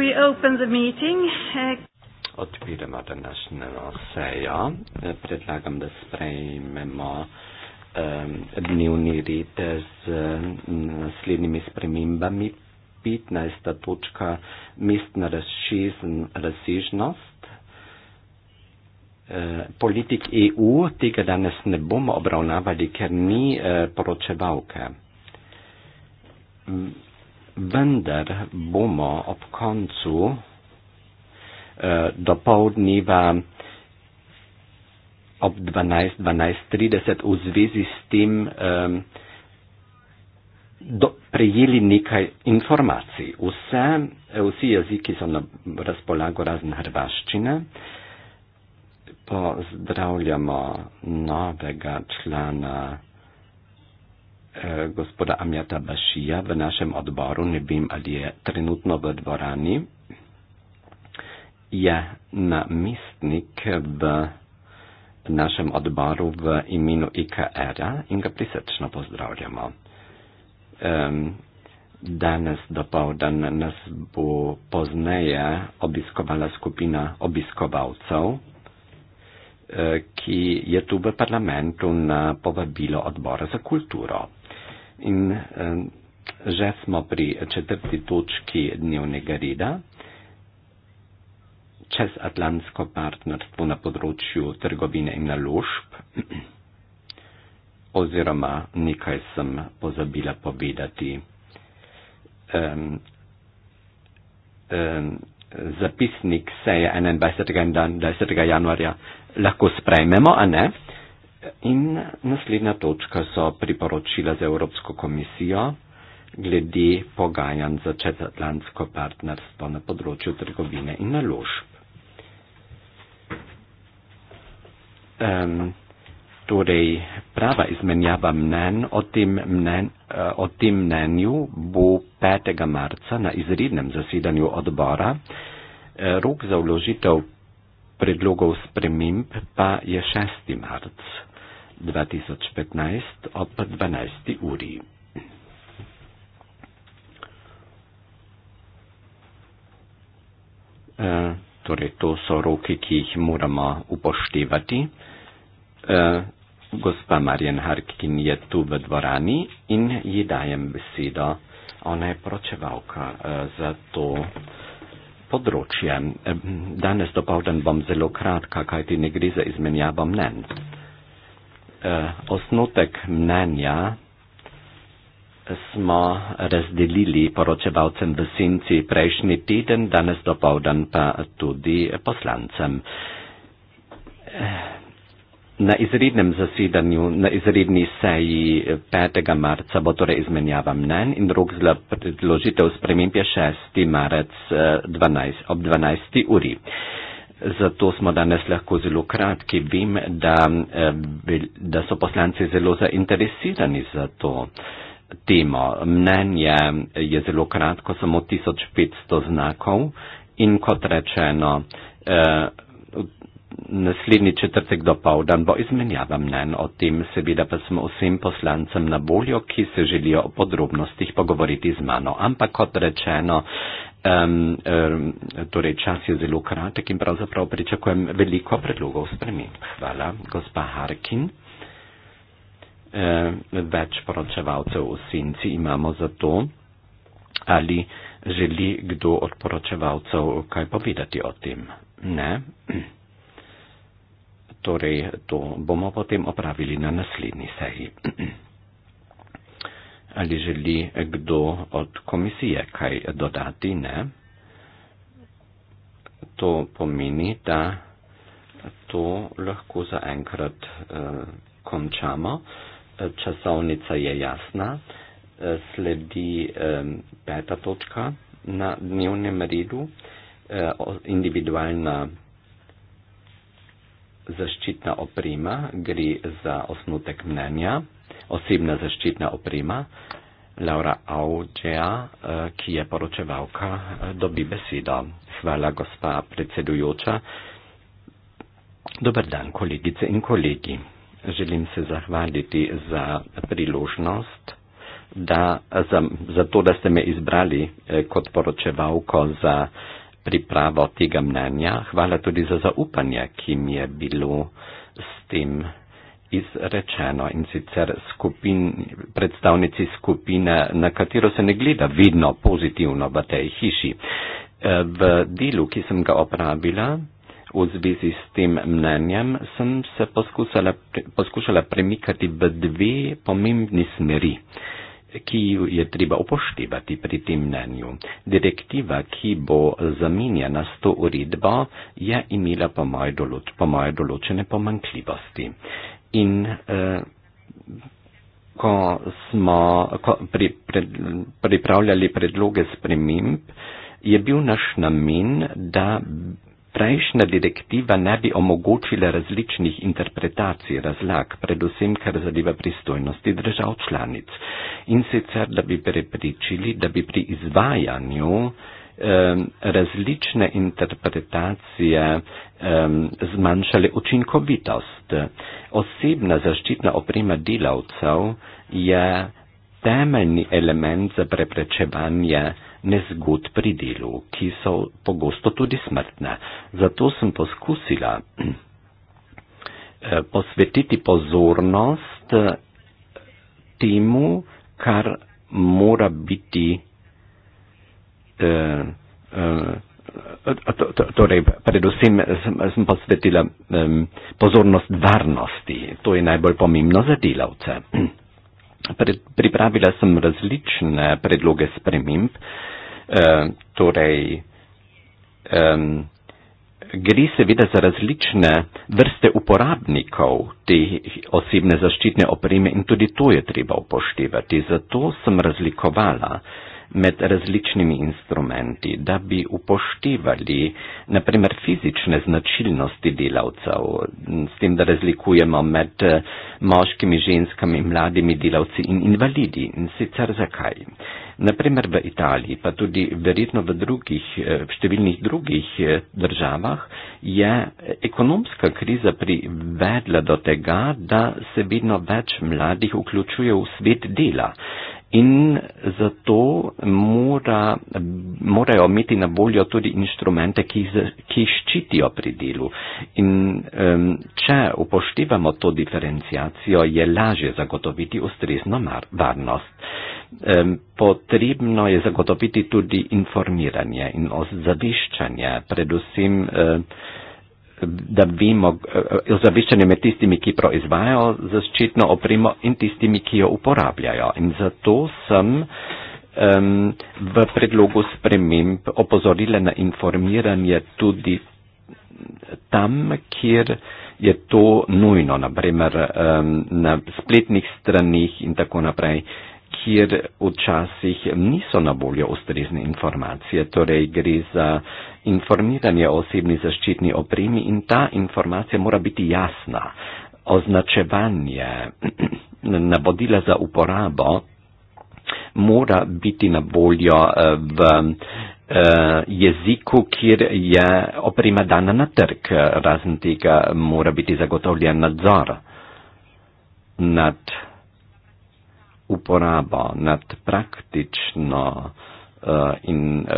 we open the meeting. Odpiramo današnjo sejo. Predlagam, da sprejmemo um, dnevni red z naslednjimi spremembami. 15. točka mestna razsežnost. Eh, politik EU tega danes ne bomo obravnavali, ker ni eh, poročevalke vendar bomo ob koncu eh, dopoldniva ob 12.30 v zvezi s tem eh, do, prejeli nekaj informacij. Vse, eh, vsi jeziki so na razpolago razne hrvaščine. Pozdravljamo novega člana. Eh, gospoda Amjata Bašija v našem odboru, ne vem ali je trenutno v dvorani, je namestnik v našem odboru v imenu IKR in ga prisrčno pozdravljamo. Danes dopoldan nas bo pozneje obiskovala skupina obiskovalcev, eh, ki je tu v parlamentu na povabilo odbora za kulturo. In že smo pri četrti točki dnevnega reda. Čez Atlantsko partnerstvo na področju trgovine in naložb, oziroma nekaj sem pozabila povedati. Um, um, zapisnik se je 21. januarja lahko sprejmemo, a ne? In naslednja točka so priporočila za Evropsko komisijo glede pogajanj za četatlantsko partnerstvo na področju trgovine in naložb. Um, torej, prava izmenjava mnen o tem, mnen, o tem mnenju bo 5. marca na izrednem zasedanju odbora. E, rok za vložitev predlogov sprememb pa je 6. marca. 2015 ob 12. uri. E, torej, to so roki, ki jih moramo upoštevati. E, gospa Marjen Harkin je tu v dvorani in ji dajem besedo. Ona je pročevalka e, za to področje. E, danes dopolden bom zelo kratka, kajti ne gre za izmenjavo mnen eh, osnotek mnenja smo razdelili poročevalcem v senci prejšnji teden, danes dopovdan pa tudi poslancem. Eh, na izrednem zasedanju, na izredni seji 5. marca bo torej izmenjava mnen in rok za predložitev sprememb je 6. marec 12, eh, ob 12. uri. Zato smo danes lahko zelo kratki. Vem, da, eh, da so poslanci zelo zainteresirani za to temo. Mnenje je zelo kratko, samo 1500 znakov in kot rečeno, eh, naslednji četrtek do povdan bo izmenjava mnen o tem, seveda pa smo vsem poslancem na voljo, ki se želijo o podrobnostih pogovoriti z mano. Ampak kot rečeno, um, um, torej čas je zelo kratek in pravzaprav pričakujem veliko predlogov sprememb. Hvala, gospa Harkin. Uh, več poročevalcev v senci imamo za to. Ali želi kdo od poročevalcev kaj povedati o tem? Ne. Torej, to bomo potem opravili na naslednji seji ali želi kdo od komisije kaj dodati, ne? To pomeni, da to lahko zaenkrat eh, končamo. Časovnica je jasna, eh, sledi eh, peta točka na dnevnem redu, eh, individualna zaščitna oprema, gre za osnutek mnenja osebna zaščitna oprema. Laura Augea, eh, ki je poročevalka, eh, dobi besedo. Hvala, gospa predsedujoča. Dobar dan, kolegice in kolegi. Želim se zahvaliti za priložnost, da, za, za to, da ste me izbrali eh, kot poročevalko za pripravo tega mnenja. Hvala tudi za zaupanje, ki mi je bilo s tem izrečeno in sicer skupin, predstavnici skupine, na katero se ne gleda vidno pozitivno v tej hiši. E, v delu, ki sem ga opravila v zvezi s tem mnenjem, sem se poskusala, poskušala premikati v dve pomembni smeri ki jo je treba upoštevati pri tem mnenju. Direktiva, ki bo zamenjena s to uredbo, je imela po moje določene pomankljivosti in eh, ko smo ko pri, pre, pripravljali predloge sprememb, je bil naš namen, da prejšnja direktiva ne bi omogočila različnih interpretacij razlag, predvsem kar zadeva pristojnosti držav članic. In sicer, da bi prepričili, da bi pri izvajanju uh, različne interpretacije zmanjšale učinkovitost. Osebna zaščitna oprema delavcev je temeljni element za preprečevanje nezgod pri delu, ki so pogosto tudi smrtne. Zato sem poskusila posvetiti pozornost temu, kar mora biti Eh, eh, eh, torej, predvsem sem, sem posvetila um, pozornost varnosti. To je najbolj pomembno za delavce. Pripravila sem različne predloge sprememb. Uh, torej, um, gre seveda za različne vrste uporabnikov te osebne zaščitne opreme in tudi to je treba upoštevati. Zato sem razlikovala uh, med različnimi instrumenti, da bi upoštevali, naprimer, fizične značilnosti delavcev, s tem, da razlikujemo med eh, moškimi, ženskami, mladimi delavci in invalidi. In sicer zakaj? Naprimer v Italiji, pa tudi verjetno v drugih, eh, številnih drugih eh, državah, je ekonomska kriza privedla do tega, da se vedno več mladih vključuje v svet dela in zato mora, morajo imeti na voljo tudi inštrumente, ki, ki ščitijo pri delu. In um, če upoštevamo to diferencijacijo, je lažje zagotoviti ustrezno mar, varnost. Um, potrebno je zagotoviti tudi informiranje in ozaviščanje, predvsem. Um, da vemo, eh, ozaveščanje med tistimi, ki proizvajajo zaščitno opremo in tistimi, ki jo uporabljajo. In zato sem um, v predlogu sprememb opozorila na informiranje tudi tam, kjer je to nujno, naprimer um, na spletnih stranih in tako naprej. Uh, kjer včasih niso na voljo ustrezne informacije. Torej gre za informiranje o osebni zaščitni opremi in ta informacija mora biti jasna. Označevanje navodila za uporabo mora biti na voljo eh, v eh, jeziku, kjer je oprema dana na trg. Razen tega mora biti zagotovljen nadzor nad uporabo nad praktično uh, in um, uh,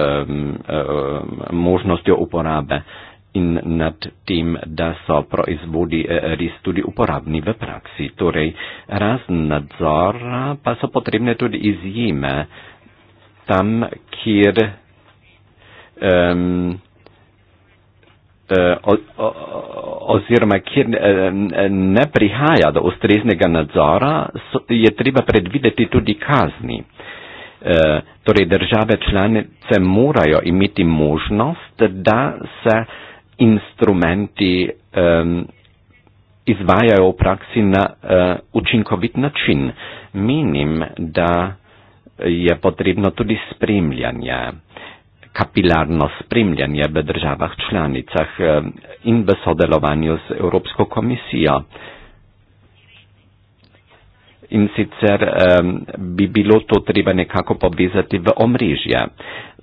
možnostjo uporabe in nad tem, da so proizvodi eh, res tudi uporabni v praksi. Torej, razen nadzora pa so potrebne tudi izjeme tam, kjer um, Eh, oziroma kjer eh, ne prihaja do ustreznega nadzora, je treba predvideti tudi kazni. Eh, torej države članice morajo imeti možnost, da se instrumenti izvajajo v praksi na učinkovit način. Menim, da je potrebno tudi spremljanje kapilarno spremljanje v državah članicah eh, in v sodelovanju z Evropsko komisijo. In sicer eh, bi bilo to treba nekako povezati v omrežje.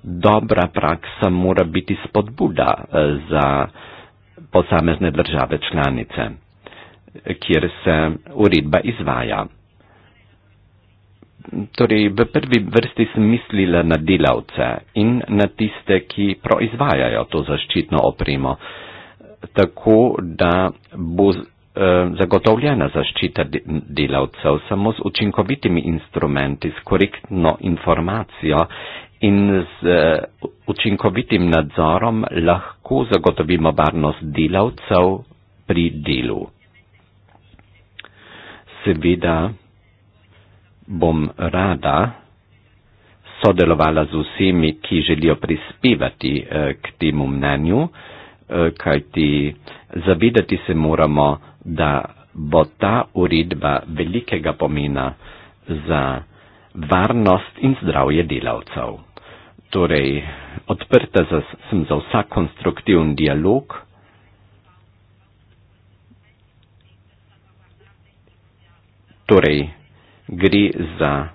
Dobra praksa mora biti spodbuda eh, za posamezne države članice, kjer se uredba izvaja torej v prvi vrsti sem mislila na delavce in na tiste, ki proizvajajo to zaščitno opremo, tako da bo eh, zagotovljena zaščita delavcev samo z učinkovitimi instrumenti, s korektno informacijo in z eh, učinkovitim nadzorom lahko zagotovimo varnost delavcev pri delu. Seveda, bom rada sodelovala z vsemi, ki želijo prispevati eh, k temu mnenju, eh, kajti zavedati se moramo, da bo ta uredba velikega pomena za varnost in zdravje delavcev. Torej, odprta za, sem za vsak konstruktivni dialog. Torej, gre za,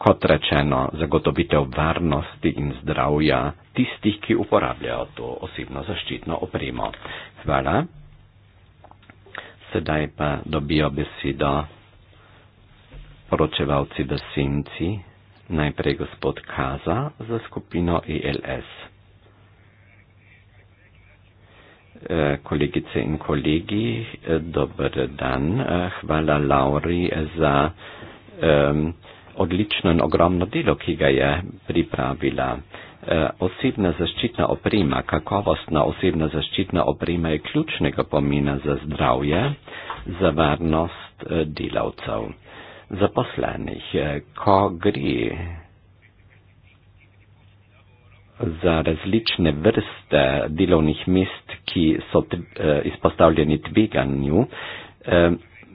kot rečeno, zagotovitev varnosti in zdravja tistih, ki uporabljajo to osebno zaščitno opremo. Hvala. Sedaj pa dobijo besedo poročevalci v senci, najprej gospod Kaza za skupino ELS. E, kolegice in kolegi, e, dober dan. E, hvala Lauri za um, odlično in ogromno delo, ki ga je pripravila. E, osebna zaščitna oprema, kakovostna osebna zaščitna oprema je ključnega pomena za zdravje, za varnost e, delavcev, zaposlenih. E, ko gre za različne vrste delovnih mest, ki so izpostavljeni tveganju,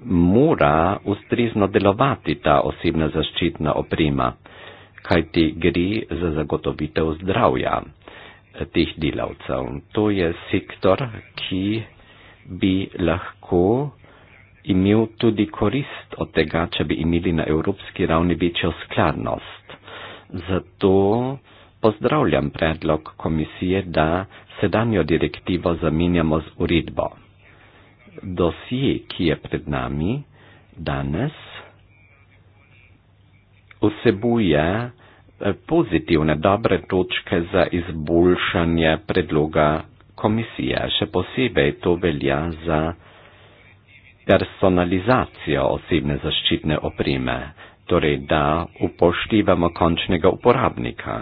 mora ustrezno delovati ta osebna zaščitna oprema, kajti gre za zagotovitev zdravja eh, teh delavcev. To je sektor, ki bi lahko imel tudi korist od tega, če bi imeli na evropski ravni večjo skladnost. Zato pozdravljam predlog komisije, da sedanjo direktivo zamenjamo z uredbo dosje, ki je pred nami danes, vsebuje eh, pozitivne, dobre točke za izboljšanje predloga komisije. Še posebej to velja za personalizacijo osebne zaščitne opreme, torej da upoštevamo končnega uporabnika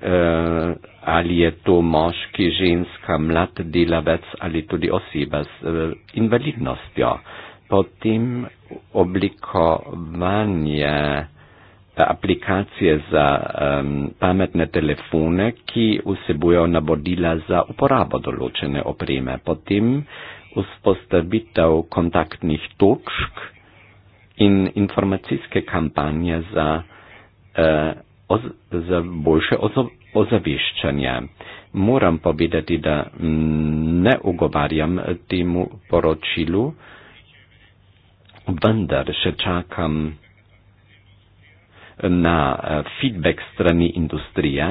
uh, ali je to moški, ženska, mlad delavec ali tudi oseba z uh, invalidnostjo. Potem oblikovanje eh, aplikacije za um, pametne telefone, ki vsebujejo nabodila za uporabo določene opreme. Potem vzpostavitev kontaktnih točk in informacijske kampanje za uh, oz, za boljše ozo, ozaveščanje. Moram pa videti, da mm, ne ugovarjam temu poročilu, vendar še čakam na eh, feedback strani industrije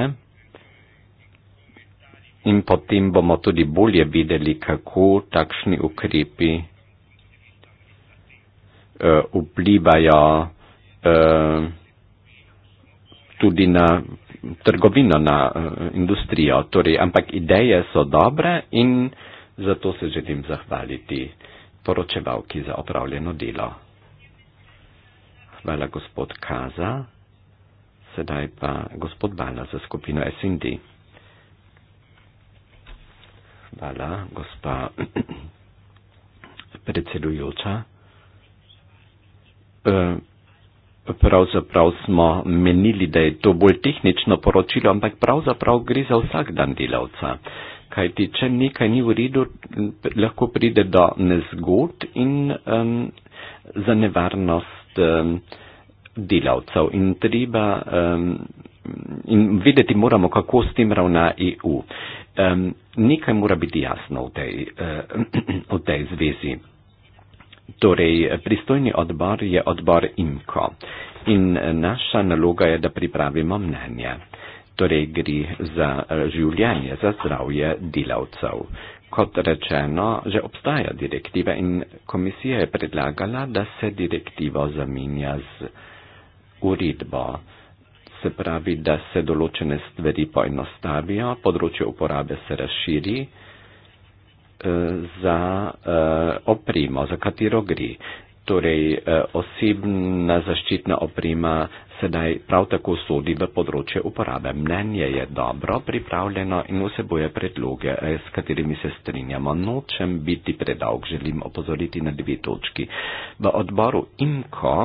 in potem bomo tudi bolje videli, kako takšni ukrepi uh, vplivajo uh, tudi na trgovino, na eh, industrijo. Torej, ampak ideje so dobre in zato se želim zahvaliti poročevalki za opravljeno delo. Hvala, gospod Kaza. Sedaj pa gospod Bala za skupino SND. Hvala, gospa predsedujoča. Eh, Pravzaprav smo menili, da je to bolj tehnično poročilo, ampak pravzaprav gre za vsak dan delavca. Kaj ti, če nekaj ni v redu, lahko pride do nezgod in um, za nevarnost um, delavcev. In treba um, in vedeti moramo, kako s tem ravna EU. Um, nekaj mora biti jasno v tej, uh, v tej zvezi. Torej, pristojni odbor je odbor IMKO in naša naloga je, da pripravimo mnenje. Torej, gre za življenje, za zdravje delavcev. Kot rečeno, že obstaja direktiva in komisija je predlagala, da se direktivo zamenja z uredbo. Se pravi, da se določene stvari poenostavijo, področje uporabe se razširi. Eh, za uh, opremo, za katero gre. Torej, uh, osebna zaščitna oprema sedaj prav tako sodi v področje uporabe. Mnenje je dobro pripravljeno in vseboje predloge, s katerimi se strinjamo. Nočem biti predolg, želim opozoriti na dve točki. V odboru IMKO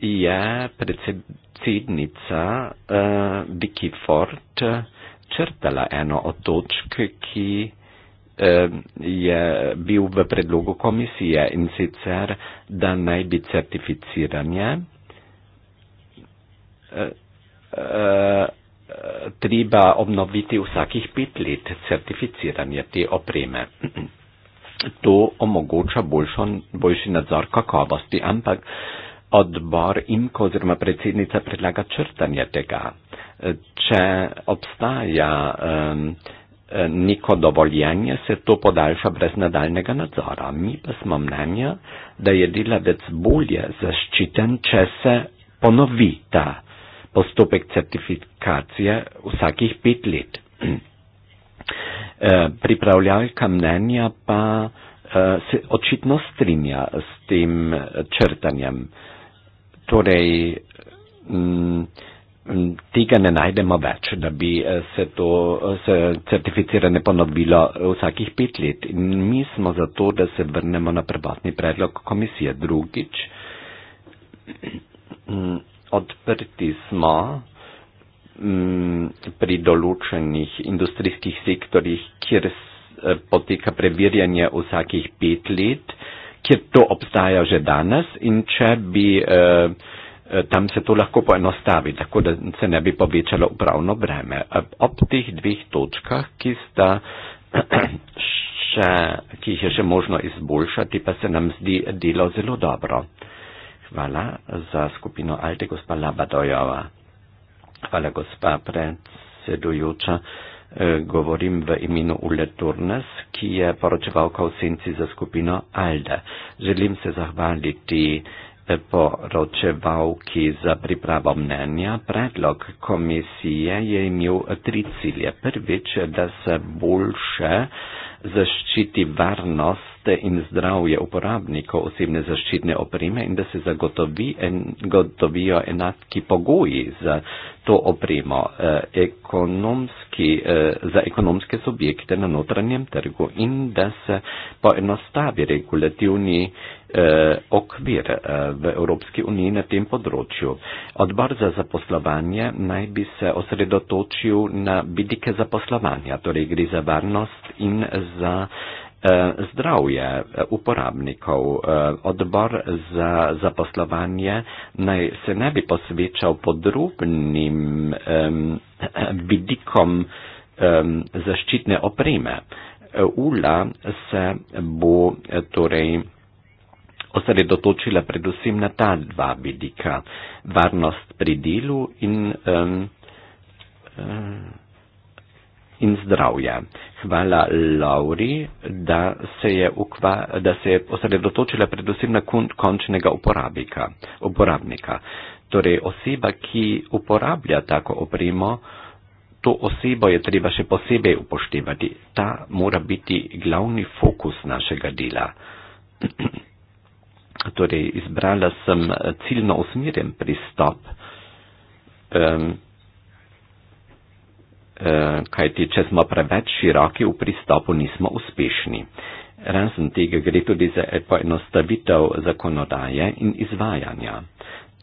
je predsednica uh, Vicky Ford črtala eno od točk, ki je bil v predlogu komisije in sicer, da naj bi certificiranje e, e, treba obnoviti vsakih pet let certificiranje te opreme. To omogoča boljšo, boljši nadzor kakovosti, ampak odbor IMKO oziroma predsednica predlaga črtanje tega. E, če obstaja um, Eh, neko dovoljenje, se to podaljša brez nadaljnega nadzora. Mi pa smo mnenja, da je delavec bolje zaščiten, če se ponovi ta postopek certifikacije vsakih pet let. Eh, pripravljalka mnenja pa eh, se očitno strinja s tem črtanjem. Torej, m, mm, tega ne najdemo več, da bi eh, se to eh, se certificiranje ponovilo eh, vsakih pet let. In mi smo za to, da se vrnemo na prvotni predlog komisije. Drugič, odprti smo mm, pri določenih industrijskih sektorjih, kjer poteka preverjanje vsakih pet let, kjer to obstaja že danes in če bi eh, Eh, tam se to lahko poenostavi, tako da se ne bi povečalo upravno breme. Eh, ob teh dveh točkah, ki, sta, še, ki jih je še možno izboljšati, pa se nam zdi delo zelo dobro. Hvala za skupino Alte, gospa Labadojova. Hvala, gospa predsedujoča. Eh, govorim v imenu Ule Turnes, ki je poročevalka v senci za skupino Alde. Želim se zahvaliti po ročeval, ki za pripravo mnenja, predlog komisije je imel tri cilje. Prvič, da se boljše zaščiti varnost ceste in zdravje uporabnikov osebne zaščitne opreme in da se zagotovi en, zagotovijo enaki pogoji za to opremo eh, ekonomski, eh, za ekonomske subjekte na notranjem trgu in da se poenostavi regulativni eh, okvir eh, v Evropski uniji na tem področju. Odbor za zaposlovanje naj bi se osredotočil na vidike zaposlovanja, torej gre za varnost in za eh, Eh, zdravje eh, uporabnikov. Eh, odbor za zaposlovanje naj se ne bi posvečal podrobnim vidikom zaščitne opreme. ULA se bo torej osredotočila predvsem na ta dva vidika, varnost pri delu in um, um, in zdravja. Hvala Lauri, da se je, ukva, da se je osredotočila predvsem na končnega uporabnika, uporabnika. Torej oseba, ki uporablja tako opremo, to osebo je treba še posebej upoštevati. Ta mora biti glavni fokus našega dela. torej, izbrala sem ciljno usmerjen pristop. Um, Eh, kajti če smo preveč široki v pristopu, nismo uspešni. Razen tega gre tudi za poenostavitev zakonodaje in izvajanja.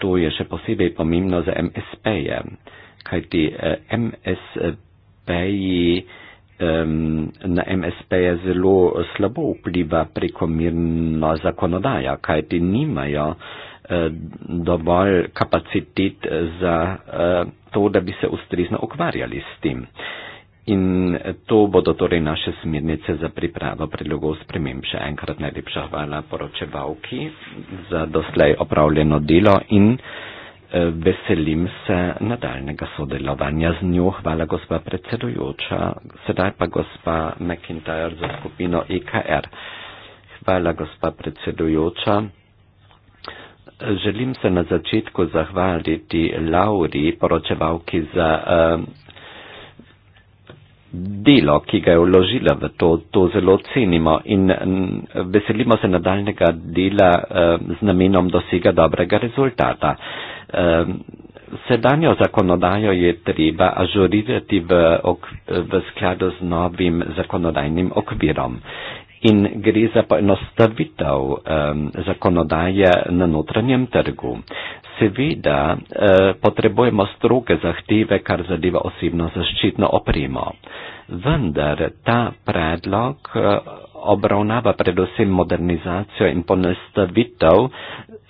To je še posebej pomembno za MSP-je, kajti eh, MSP-ji na MSP-je zelo slabo vpliva prekomirna zakonodaja, kajti nimajo Eh, dovolj kapacitet eh, za eh, to, da bi se ustrezno ukvarjali s tem. In to bodo torej naše smernice za pripravo predlogov sprememb. Še enkrat najlepša hvala poročevalki za doslej opravljeno delo in veselim se nadaljnega sodelovanja z njo. Hvala gospa predsedujoča. Sedaj pa gospa McIntyre za skupino EKR. Hvala gospa predsedujoča želim se na začetku zahvaliti Lauri, poročevalki, za um, delo, ki ga je vložila v to. To zelo cenimo in veselimo se nadaljnega dela um, z namenom dosega dobrega rezultata. Um, sedanjo zakonodajo je treba ažurirati v, ok, v skladu z novim zakonodajnim okvirom in gre za poenostavitev um, zakonodaje na notranjem trgu. Seveda uh, potrebujemo stroge zahteve, kar zadeva osebno zaščitno opremo. Vendar ta predlog e, obravnava predvsem modernizacijo in ponestavitev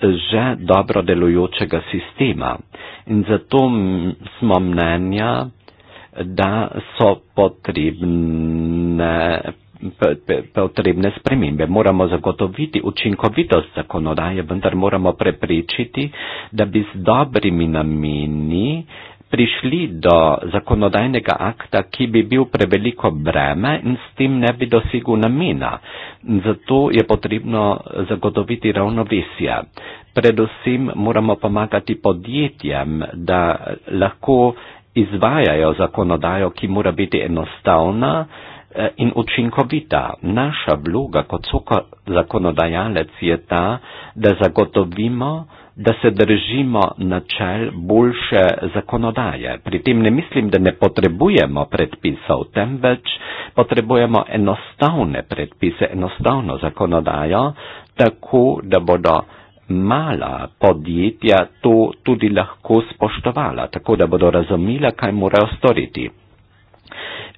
že dobro delujočega sistema. In zato smo mnenja, da so potrebne potrebne spremembe. Moramo zagotoviti učinkovitost zakonodaje, vendar moramo prepričiti, da bi z dobrimi nameni prišli do zakonodajnega akta, ki bi bil preveliko breme in s tem ne bi dosegel namena. Zato je potrebno zagotoviti ravnovesje. Predvsem moramo pomagati podjetjem, da lahko izvajajo zakonodajo, ki mora biti enostavna, Eh, in učinkovita. Naša vloga kot zakonodajalec je ta, da zagotovimo, da se držimo načel boljše zakonodaje. Pri tem ne mislim, da ne potrebujemo predpisov, temveč potrebujemo enostavne predpise, enostavno zakonodajo, tako da bodo mala podjetja to tudi lahko spoštovala, tako da bodo razumela, kaj morajo storiti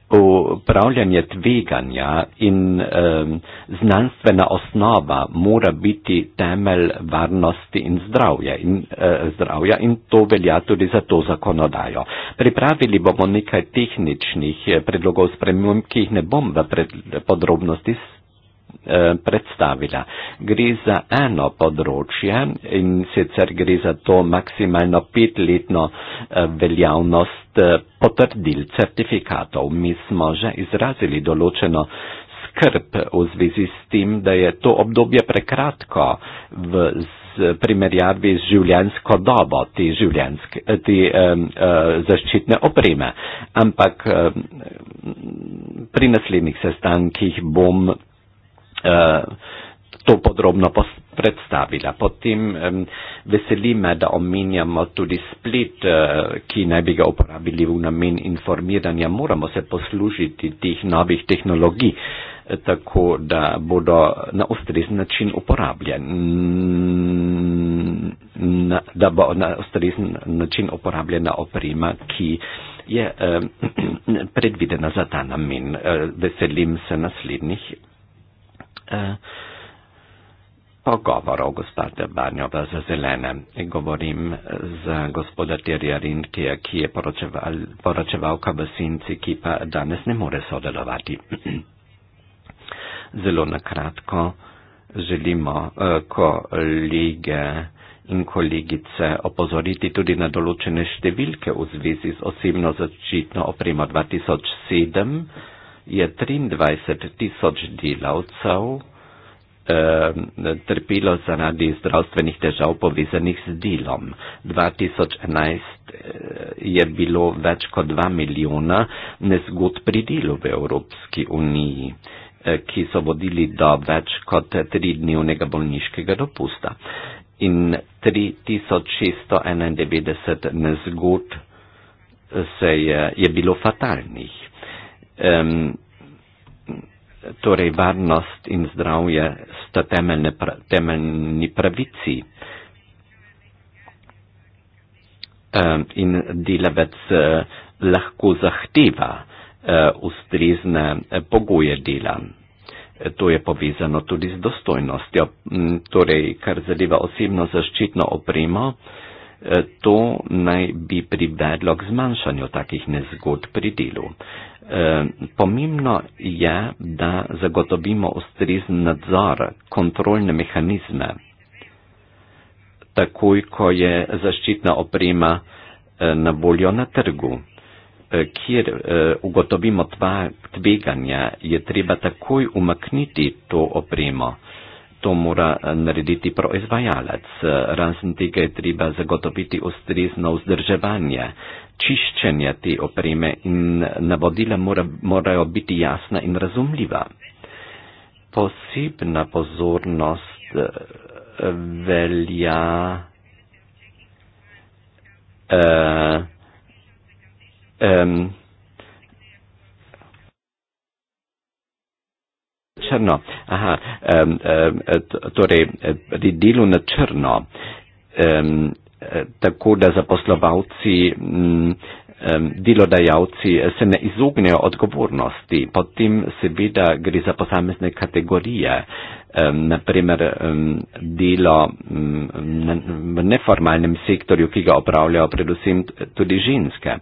upravljanje tveganja in um, znanstvena osnova mora biti temelj varnosti in zdravja in, uh, zdravja in to velja tudi za to zakonodajo. Pripravili bomo nekaj tehničnih e, predlogov spremljiv, ki jih ne bom v podrobnosti Eh, predstavila. Gre za eno področje in sicer gre za to maksimalno petletno eh, veljavnost eh, potrdil, certifikatov. Mi smo že izrazili določeno skrb v zvezi s tem, da je to obdobje prekratko v primerjavi z življenjsko dobo te, življenjske, te um, zaščitne opreme. Ampak um, pri naslednjih sestankih bom Eh, to podrobno predstavila. Potem veseli me, da omenjamo tudi splet, eh, ki naj bi ga uporabili v namen informiranja. Moramo se poslužiti teh novih tehnologij, eh, tako da bodo na ustrezen način uporabljeni. Da bo na ustrezen način uporabljena oprema, ki je predvidena za ta namen. Veselim se naslednjih pa eh, govora o gospode Barnjova za zelene. Govorim z gospoda Terja Rintija, ki je poročeval, poročevalka v Sinci, ki pa danes ne more sodelovati. Zelo nakratko želimo eh, kolege in kolegice opozoriti tudi na določene številke v zvezi z osebno začitno opremo 2007 je 23 tisoč delavcev eh, trpilo zaradi zdravstvenih težav povezanih z delom. 2011 eh, je bilo več kot 2 milijona nezgod pri delu v Evropski uniji, eh, ki so vodili do več kot tri dnevnega bolniškega dopusta in 3691 nezgod se je, je bilo fatalnih. Um, torej, varnost in zdravje sta temeljne, temeljni pravici. Um, in delavec uh, lahko zahteva uh, ustrezne eh, pogoje dela. To je povezano tudi z dostojnostjo. Um, torej, kar zadeva osebno zaščitno opremo, uh, Eh, to naj bi privedlo k zmanjšanju takih nezgod pri delu. Eh, pomembno je, da zagotovimo ustrezen nadzor, kontrolne mehanizme, takoj, ko je zaščitna oprema eh, na voljo na trgu, kjer ugotovimo tveganja, je treba takoj umakniti to opremo to mora eh, narediti proizvajalec. Eh, razen tega je treba zagotoviti ustrezno vzdrževanje, čiščenje te opreme in navodila mora, morajo biti jasna in razumljiva. Posebna pozornost eh, velja eh, eh, črno. Aha, um, um, torej, pri eh, delu na črno, um, tako da zaposlovalci, um, delodajalci eh, se ne izognejo odgovornosti, potem seveda gre za posamezne kategorije, um, naprimer um, delo um, v neformalnem sektorju, ki ga opravljajo predvsem tudi ženske.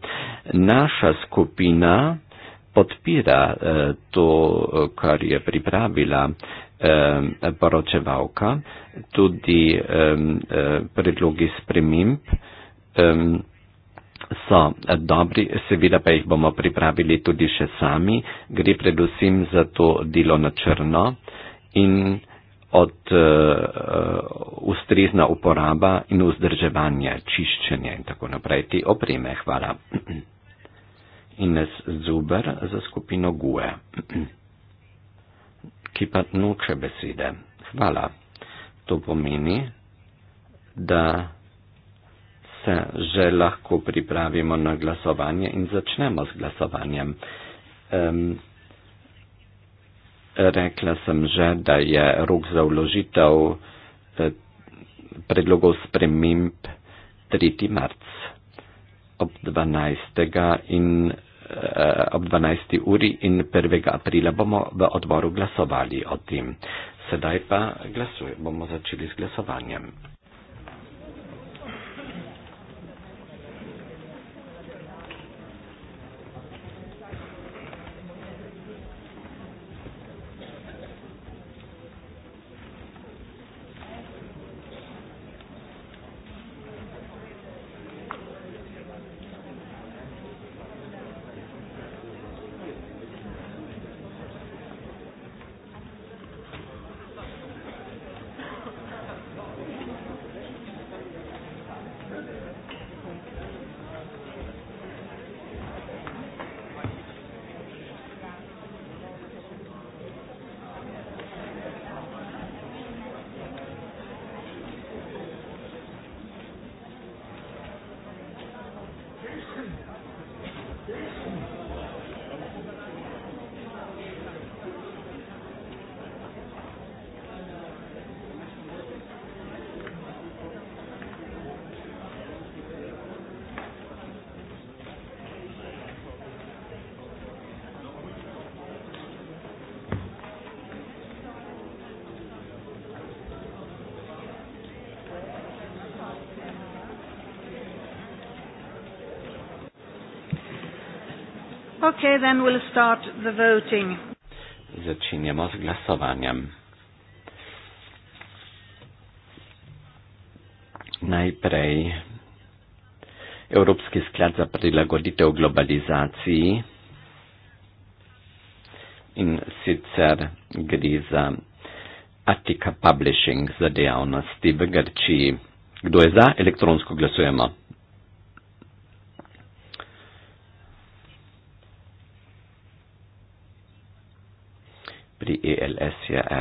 Naša skupina, podpira eh, to, kar je pripravila eh, poročevalka, tudi eh, predlogi sprememb so dobri, seveda pa jih bomo pripravili tudi še sami, gre predvsem za to delo na črno in od uh, uh, ustrezna uporaba in vzdrževanja, čiščenja in tako naprej te opreme. Hvala. Ines Zuber za skupino GUE, ki pa noče besede. Hvala. To pomeni, da se že lahko pripravimo na glasovanje in začnemo s glasovanjem. Um, rekla sem že, da je rok za vložitev eh, predlogov sprememb 3. marc ob 12. in Eh, ob 12. uri in 1. aprila bomo v odboru glasovali o tem. Sedaj pa glasujemo, bomo začeli z glasovanjem. then we'll start the voting. Zaczynamy z głosowaniem. Najprej Europejski Sklad za Prilagoditev Globalizacji. In sicer gre za Attica Publishing za dejavnosti v Grčiji. Kdo je za? Elektronsko glasujemo.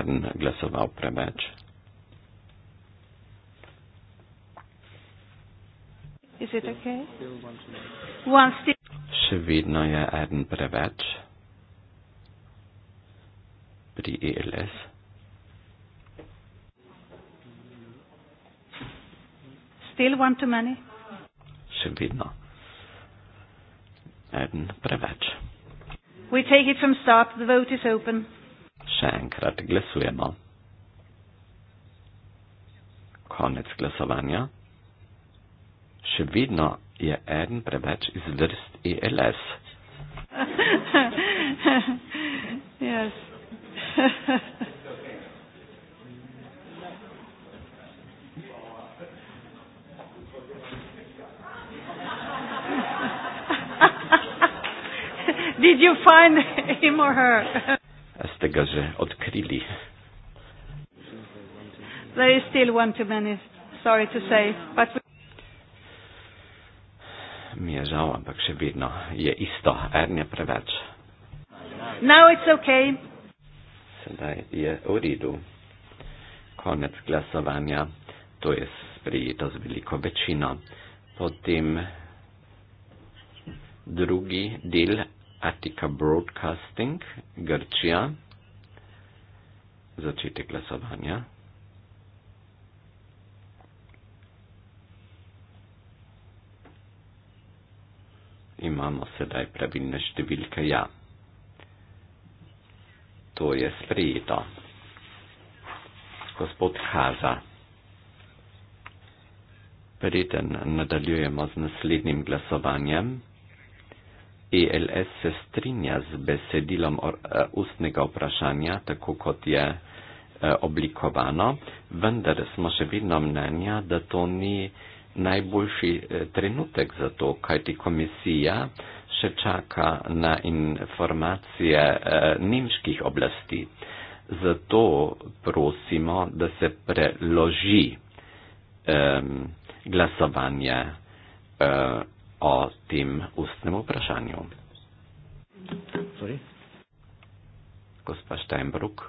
Stern glasoval preveč. Še vedno je eden preveč pri ELS. Still one too many? Še vedno. Eden preveč. We take it from start, the vote is open zaenkrat glasujemo. Konec glasovanja. Še vedno je en preveč iz vrst ELS. yes. Did you find him or her? tego, że odkryli. There is still one too many, sorry to say, but we... Mi je žal, ampak še vedno je isto, en je preveč. Now it's okay. Sedaj je v redu. Konec glasovanja, to je sprejeto z veliko večino. Potem drugi del Attica Broadcasting, Grčija začeti glasovanja. Imamo sedaj pravilne številke ja. To je sprejeto. Gospod Haza, preden nadaljujemo z naslednjim glasovanjem. ELS se strinja z besedilom eh, ustnega vprašanja, tako kot je eh, oblikovano, vendar smo še vedno mnenja, da to ni najboljši eh, trenutek za to, kajti komisija še čaka na informacije nemških oblasti. Zato prosimo, da se preloži ehm, glasovanje o tem ustnem vprašanju. Sorry. Gospa Steinbrück.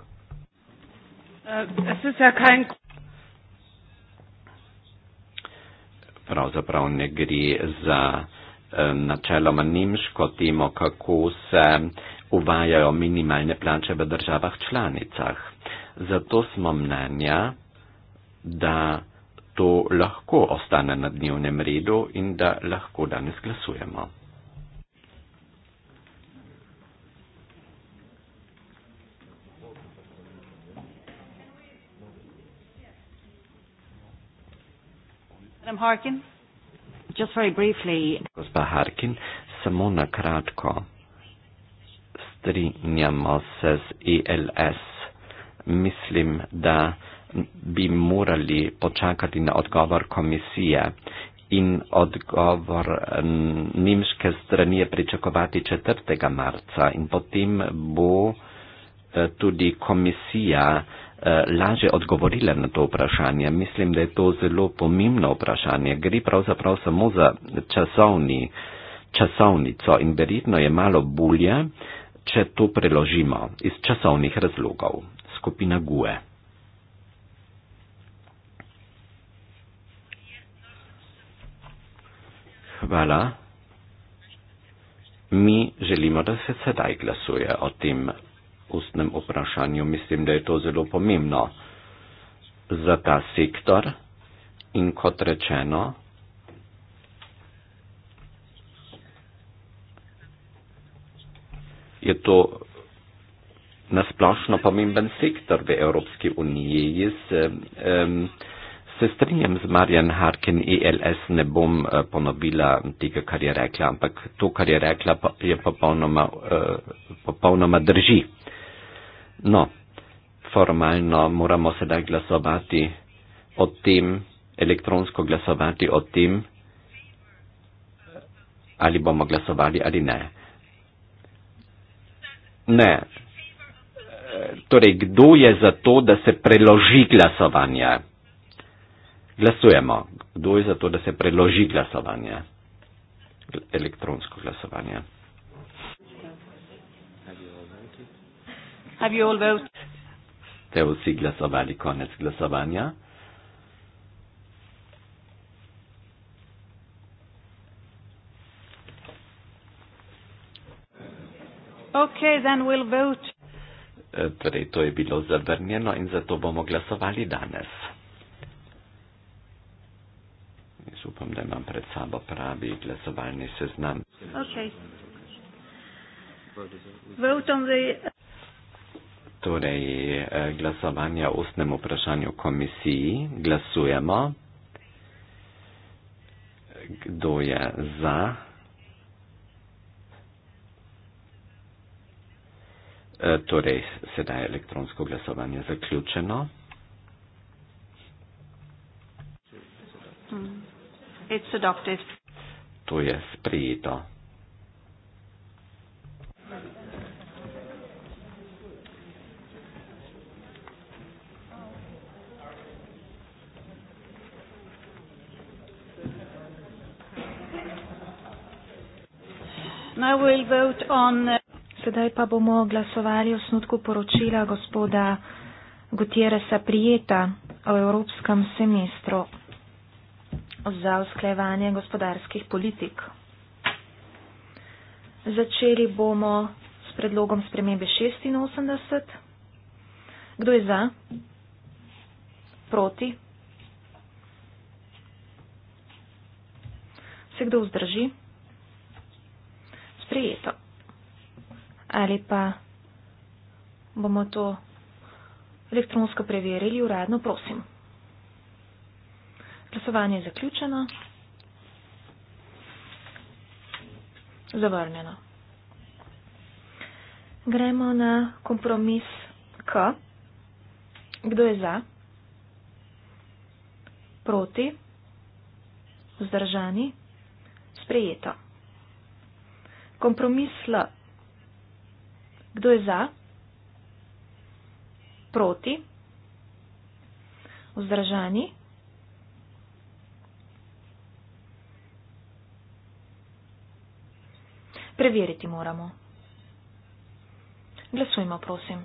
Äh, es ist ja kein Pravzaprav ne gre za eh, načeloma nemško temo, kako se uvajajo minimalne plače v državah članicah. Zato smo mnenja, da to lahko ostane na dnevnem redu in da lahko danes glasujemo. Gospa Harkin, samo na kratko. Strinjamo se z ELS. Mislim, da bi morali počakati na odgovor komisije in odgovor nemške strani je pričakovati 4. marca in potem bo e, tudi komisija e, laže odgovorila na to vprašanje. Mislim, da je to zelo pomembno vprašanje. Gre pravzaprav samo za časovni, časovnico in verjetno je malo bolje, če to preložimo iz časovnih razlogov. Skupina GUE. Hvala. Mi želimo, da se sedaj glasuje o tem ustnem vprašanju. Mislim, da je to zelo pomembno za ta sektor in kot rečeno, je to nasplošno pomemben sektor v Evropski uniji. Jaz, um, Se strinjam z Marjan Harkin, ELS ne bom eh, ponovila tega, kar je rekla, ampak to, kar je rekla, je popolnoma, eh, popolnoma drži. No, formalno moramo sedaj glasovati o tem, elektronsko glasovati o tem, ali bomo glasovali ali ne. Ne. Eh, torej, kdo je za to, da se preloži glasovanje? Glasujemo. Kdo je za to, da se predloži glasovanje? Elektronsko glasovanje. Ste vsi glasovali konec glasovanja? Okay, then we'll vote. E, torej, to je bilo zavrnjeno in zato bomo glasovali danes. upam, da imam pred sabo pravi glasovalni seznam. Okay. Torej, eh, glasovanje o ustnem vprašanju komisiji. Glasujemo. Kdo je za? Eh, torej, sedaj je elektronsko glasovanje zaključeno. It's adopted. To je sprejeto. Sedaj pa bomo glasovali o snutku poročila gospoda Gutiresa Prijeta o evropskem semestru za usklajevanje gospodarskih politik. Začeli bomo s predlogom spremembe 86. Kdo je za? Proti? Se kdo vzdrži? Sprijeto. Ali pa bomo to elektronsko preverili, uradno prosim. Glasovanje je zaključeno. Zavrnjeno. Gremo na kompromis K. Kdo je za? Proti? Vzdržani? Sprejeto. Kompromis L. Kdo je za? Proti? Vzdržani? Sprejeto. Preveriti moramo. Glasujmo, prosim.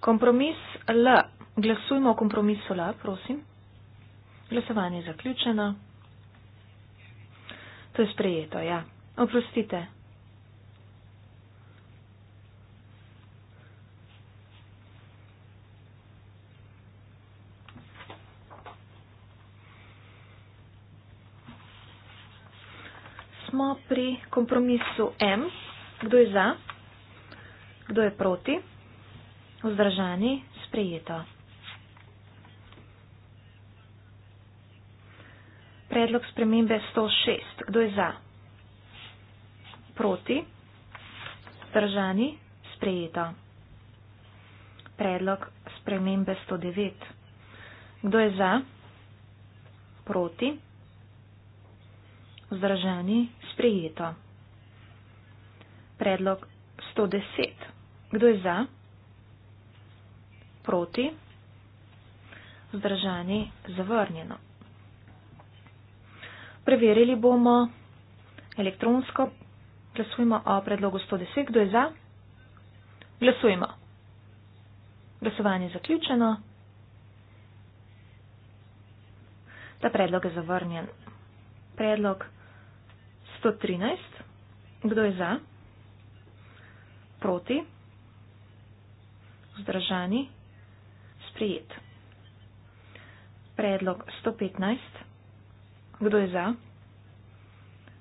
Kompromis L. Glasujmo o kompromisu L, prosim. Glasovanje je zaključeno. To je sprejeto, ja. Oprostite. pri kompromisu M. Kdo je za? Kdo je proti? Vzdržani? Sprejeto. Predlog spremembe 106. Kdo je za? Proti? Vzdržani? Sprejeto. Predlog spremembe 109. Kdo je za? Proti? Vzdržani? vzdrženi, sprejeto. Predlog 110. Kdo je za? Proti? Vzdrženi, zavrnjeno. Preverili bomo elektronsko. Glasujmo o predlogu 110. Kdo je za? Glasujmo. Glasovanje je zaključeno. Ta predlog je zavrnjen. Predlog 111. 113. Kdo je za? Proti? Vzdržani? Sprijet. Predlog 115. Kdo je za?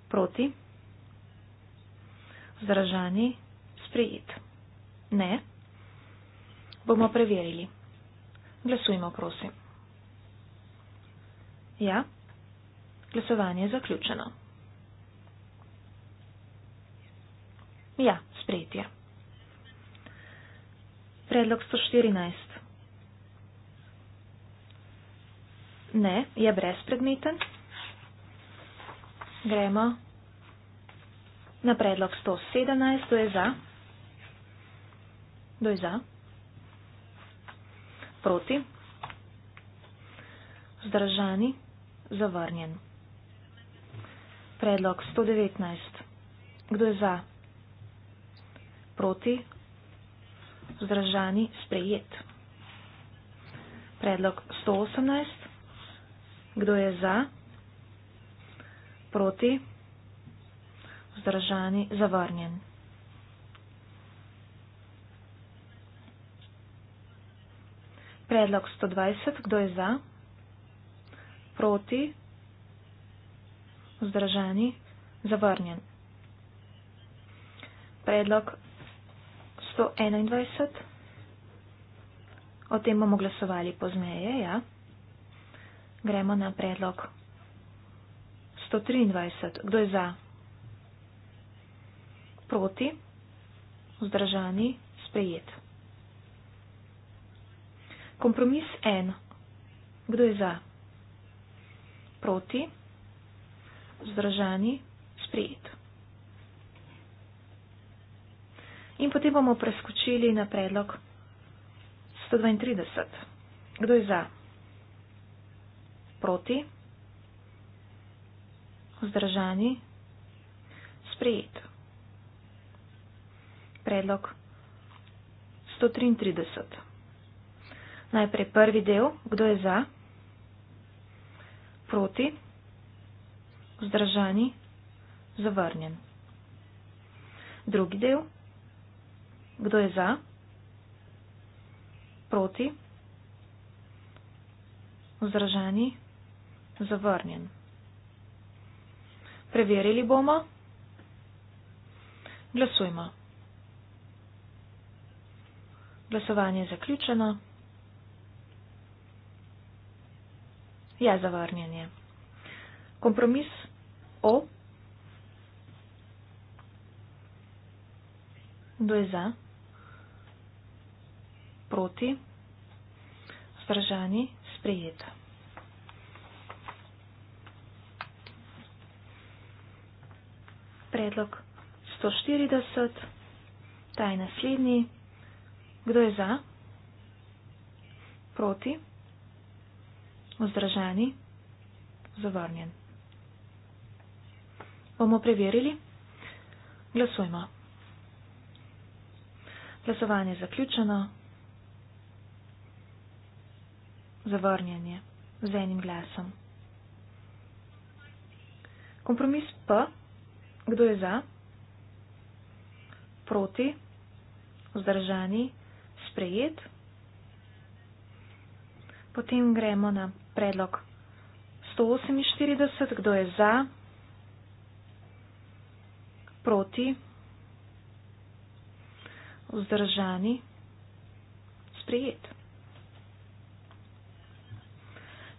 Proti? Vzdržani? Sprijet. Ne? Bomo preverili. Glasujmo, prosim. Ja? Glasovanje je zaključeno. Ja, sprejet je. Predlog 114. Ne, je brezpredmeten. Gremo na predlog 117. Kdo je za? Kdo je za? Proti? Zdržani? Zavrnjen. Predlog 119. Kdo je za? proti, vzdržani, sprejet. Predlog 118. Kdo je za, proti, vzdržani, zavrnjen. Predlog 120. Kdo je za, proti, vzdržani, zavrnjen. Predlog 121. O tem bomo glasovali pozneje, ja. Gremo na predlog 123. Kdo je za? Proti? Vzdržani? Sprejet. Kompromis 1. Kdo je za? Proti? Vzdržani? Sprejet. In potem bomo preskočili na predlog 132. Kdo je za? Proti? Vzdržani? Sprejet. Predlog 133. Najprej prvi del. Kdo je za? Proti? Vzdržani? Zavrnjen. Drugi del. Kdo je za? Proti? Vzdržani? Zavrnjen. Preverili bomo. Glasujmo. Glasovanje je zaključeno. Ja, je zavrnjenje. Kompromis O. Kdo je za? proti, vzdržani, sprejet. Predlog 140, ta je naslednji. Kdo je za? Proti, vzdržani, zavrnjen. Bomo preverili. Glasujmo. Glasovanje je zaključeno. Zavrnjanje. Z enim glasom. Kompromis P. Kdo je za? Proti. Vzdržani. Sprejet. Potem gremo na predlog 148. Kdo je za? Proti. Vzdržani. Sprejet.